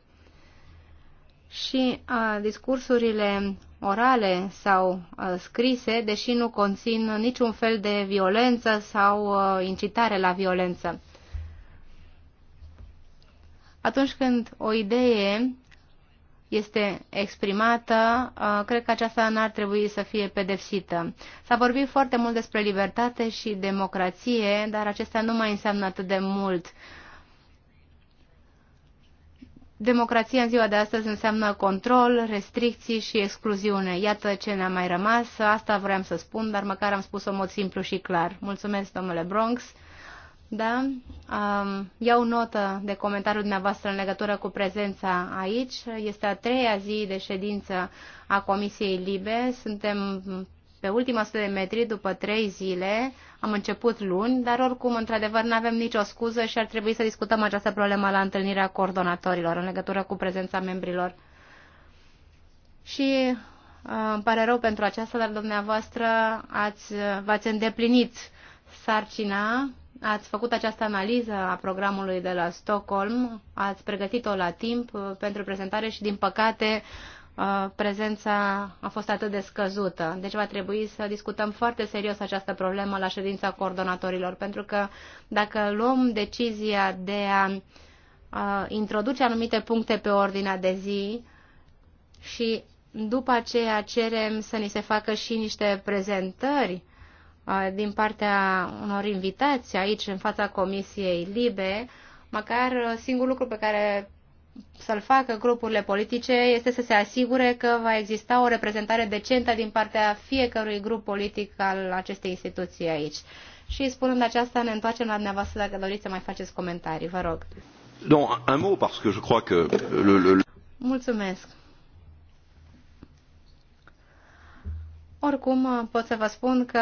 Și a, discursurile orale sau a, scrise, deși nu conțin niciun fel de violență sau a, incitare la violență. Atunci când o idee este exprimată, uh, cred că aceasta n-ar trebui să fie pedepsită. S-a vorbit foarte mult despre libertate și democrație, dar acestea nu mai înseamnă atât de mult. Democrația în ziua de astăzi înseamnă control, restricții și excluziune. Iată ce ne-a mai rămas, asta vreau să spun, dar măcar am spus-o în mod simplu și clar. Mulțumesc, domnule Bronx. Da? Um, iau notă de comentariul dumneavoastră în legătură cu prezența aici. Este a treia zi de ședință a Comisiei Libe. Suntem pe ultima 100 de metri după trei zile. Am început luni, dar oricum, într-adevăr, nu avem nicio scuză și ar trebui să discutăm această problemă la întâlnirea coordonatorilor în legătură cu prezența membrilor. Și uh, îmi pare rău pentru aceasta, dar dumneavoastră ați, v-ați îndeplinit sarcina Ați făcut această analiză a programului de la Stockholm, ați pregătit-o la timp uh, pentru prezentare și, din păcate, uh, prezența a fost atât de scăzută. Deci va trebui să discutăm foarte serios această problemă la ședința coordonatorilor, pentru că dacă luăm decizia de a uh, introduce anumite puncte pe ordinea de zi și după aceea cerem să ni se facă și niște prezentări din partea unor invitați aici în fața Comisiei Libe, măcar singurul lucru pe care să-l facă grupurile politice este să se asigure că va exista o reprezentare decentă din partea fiecărui grup politic al acestei instituții aici. Și spunând aceasta, ne întoarcem la dumneavoastră dacă doriți să mai faceți comentarii. Vă rog. un Mulțumesc. Oricum, pot să vă spun că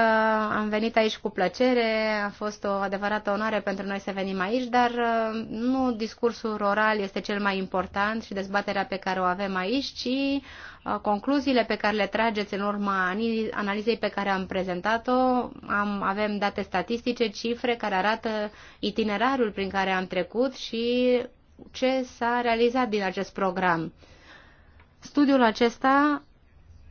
am venit aici cu plăcere, a fost o adevărată onoare pentru noi să venim aici, dar uh, nu discursul oral este cel mai important și dezbaterea pe care o avem aici, ci uh, concluziile pe care le trageți în urma analizei pe care am prezentat-o. Am, avem date statistice, cifre care arată itinerarul prin care am trecut și ce s-a realizat din acest program. Studiul acesta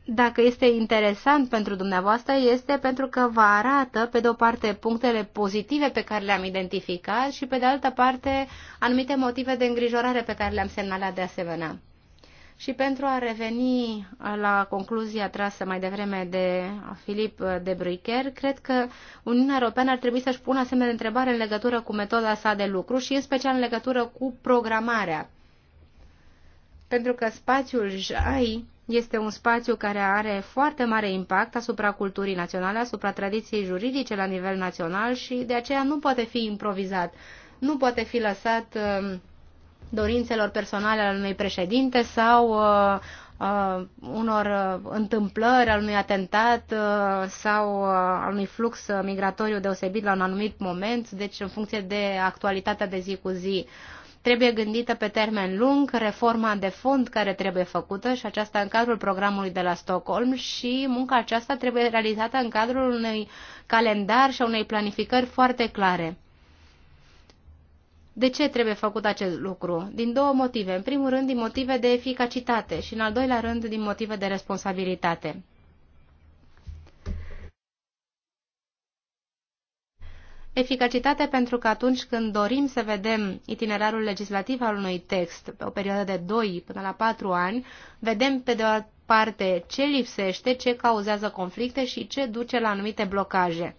dacă este interesant pentru dumneavoastră, este pentru că vă arată, pe de o parte, punctele pozitive pe care le-am identificat și, pe de altă parte, anumite motive de îngrijorare pe care le-am semnalat de asemenea. Și pentru a reveni la concluzia trasă mai devreme de Filip de Bruycher, cred că Uniunea Europeană ar trebui să-și pună asemenea întrebare în legătură cu metoda sa de lucru și în special în legătură cu programarea. Pentru că spațiul JAI este un spațiu care are foarte mare impact asupra culturii naționale, asupra tradiției juridice la nivel național și de aceea nu poate fi improvizat, nu poate fi lăsat um, dorințelor personale al unui președinte sau uh, uh, unor uh, întâmplări, al unui atentat sau al unui flux migratoriu deosebit la un anumit moment, deci în funcție de actualitatea de zi cu zi. Trebuie gândită pe termen lung reforma de fond care trebuie făcută și aceasta în cadrul programului de la Stockholm și munca aceasta trebuie realizată în cadrul unui calendar și a unei planificări foarte clare. De ce trebuie făcut acest lucru? Din două motive. În primul rând, din motive de eficacitate și, în al doilea rând, din motive de responsabilitate. Eficacitate pentru că atunci când dorim să vedem itinerarul legislativ al unui text pe o perioadă de 2 până la 4 ani, vedem pe de o parte ce lipsește, ce cauzează conflicte și ce duce la anumite blocaje.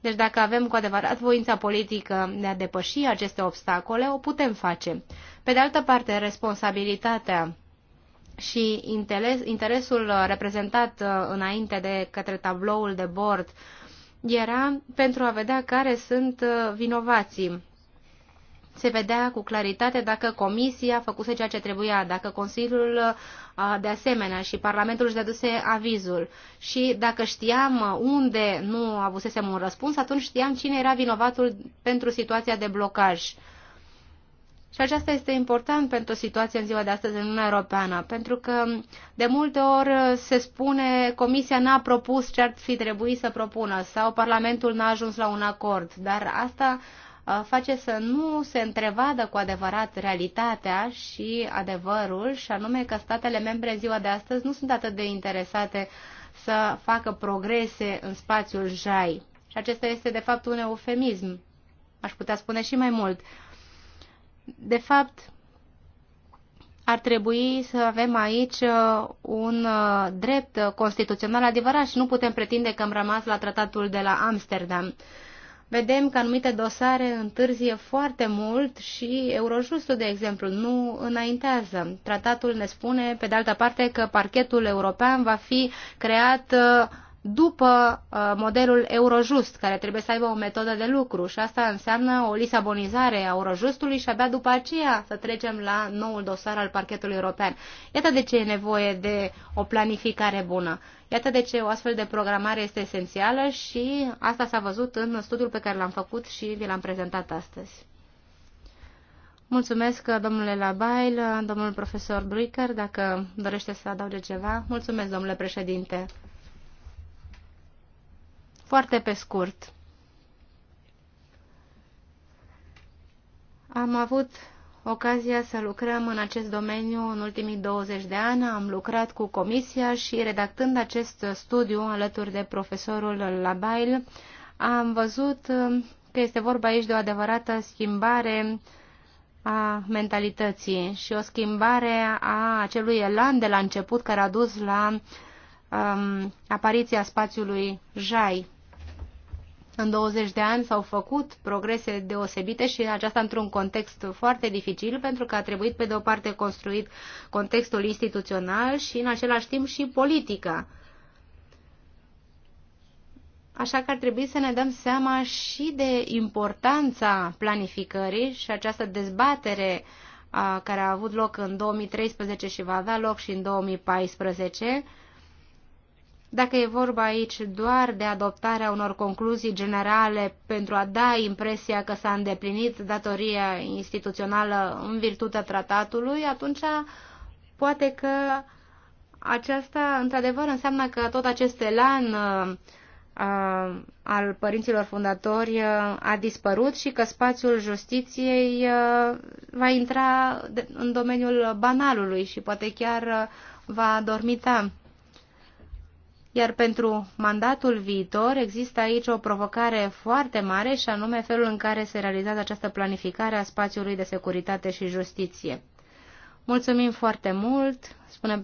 Deci dacă avem cu adevărat voința politică de a depăși aceste obstacole, o putem face. Pe de altă parte, responsabilitatea și interesul reprezentat uh, înainte de către tabloul de bord era pentru a vedea care sunt uh, vinovații. Se vedea cu claritate dacă comisia făcuse ceea ce trebuia, dacă Consiliul uh, de asemenea și Parlamentul își dăduse avizul. Și dacă știam unde nu avusesem un răspuns, atunci știam cine era vinovatul pentru situația de blocaj. Și aceasta este important pentru situația în ziua de astăzi în Uniunea Europeană, pentru că de multe ori se spune Comisia n-a propus ce ar fi trebuit să propună sau Parlamentul n-a ajuns la un acord, dar asta uh, face să nu se întrevadă cu adevărat realitatea și adevărul, și anume că statele membre în ziua de astăzi nu sunt atât de interesate să facă progrese în spațiul JAI. Și acesta este, de fapt, un eufemism. Aș putea spune și mai mult. De fapt, ar trebui să avem aici uh, un uh, drept constituțional adevărat și nu putem pretinde că am rămas la tratatul de la Amsterdam. Vedem că anumite dosare întârzie foarte mult și Eurojustul, de exemplu, nu înaintează. Tratatul ne spune, pe de altă parte, că parchetul european va fi creat uh, după uh, modelul Eurojust, care trebuie să aibă o metodă de lucru și asta înseamnă o lisabonizare a Eurojustului și abia după aceea să trecem la noul dosar al parchetului european. Iată de ce e nevoie de o planificare bună. Iată de ce o astfel de programare este esențială și asta s-a văzut în studiul pe care l-am făcut și vi l-am prezentat astăzi. Mulțumesc, domnule Labail, domnul profesor Bruiker, dacă dorește să adauge ceva. Mulțumesc, domnule președinte. Foarte pe scurt. Am avut ocazia să lucrăm în acest domeniu în ultimii 20 de ani. Am lucrat cu comisia și redactând acest studiu alături de profesorul Labail, am văzut uh, că este vorba aici de o adevărată schimbare a mentalității și o schimbare a acelui elan de la început care a dus la um, apariția spațiului JAI. În 20 de ani s-au făcut progrese deosebite și aceasta într-un context foarte dificil, pentru că a trebuit, pe de o parte, construit contextul instituțional și, în același timp, și politica. Așa că ar trebui să ne dăm seama și de importanța planificării și această dezbatere care a avut loc în 2013 și va avea loc și în 2014 dacă e vorba aici doar de adoptarea unor concluzii generale pentru a da impresia că s-a îndeplinit datoria instituțională în virtutea tratatului, atunci poate că aceasta, într-adevăr, înseamnă că tot acest elan uh, uh, al părinților fondatori uh, a dispărut și că spațiul justiției va intra în domeniul banalului și poate chiar va dormita. Iar pentru mandatul viitor există aici o provocare foarte mare și anume felul în care se realizează această planificare a spațiului de securitate și justiție. Mulțumim foarte mult, spune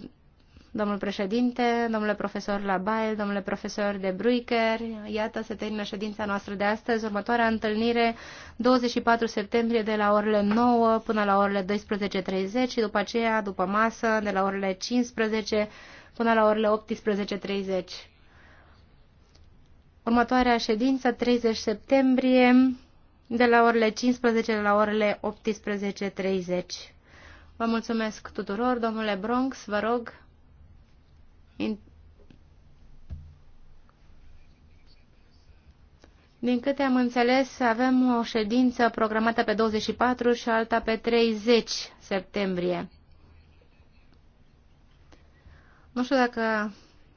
domnul președinte, domnule profesor Labail, domnule profesor de Bruiker. Iată, se termină ședința noastră de astăzi. Următoarea întâlnire, 24 septembrie, de la orele 9 până la orele 12.30 și după aceea, după masă, de la orele 15 până la orele 18.30. Următoarea ședință, 30 septembrie, de la orele 15 la orele 18.30. Vă mulțumesc tuturor, domnule Bronx, vă rog. Din câte am înțeles, avem o ședință programată pe 24 și alta pe 30 septembrie. Nu știu dacă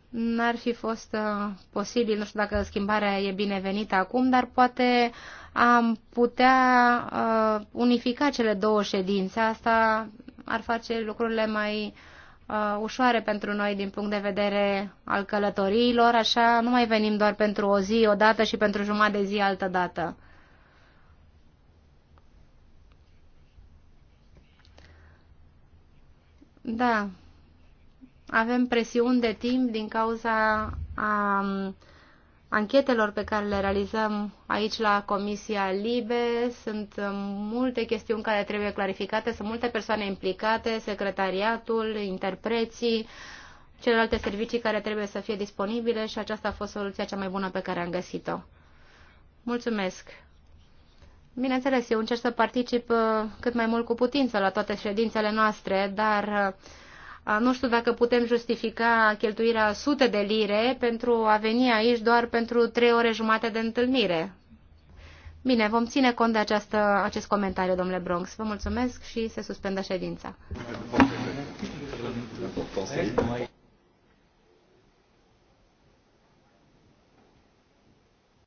n-ar fi fost uh, posibil, nu știu dacă schimbarea e binevenită acum, dar poate am putea uh, unifica cele două ședințe. Asta ar face lucrurile mai uh, ușoare pentru noi din punct de vedere al călătoriilor, așa nu mai venim doar pentru o zi o dată și pentru jumătate de zi altă dată. Da, avem presiuni de timp din cauza a um, anchetelor pe care le realizăm aici la Comisia Libe. Sunt um, multe chestiuni care trebuie clarificate, sunt multe persoane implicate, secretariatul, interpreții, celelalte servicii care trebuie să fie disponibile și aceasta a fost soluția cea mai bună pe care am găsit-o. Mulțumesc! Bineînțeles, eu încerc să particip uh, cât mai mult cu putință la toate ședințele noastre, dar uh, nu știu dacă putem justifica cheltuirea sute de lire pentru a veni aici doar pentru trei ore jumate de întâlnire. Bine, vom ține cont de această, acest comentariu, domnule Bronx. Vă mulțumesc și se suspendă ședința.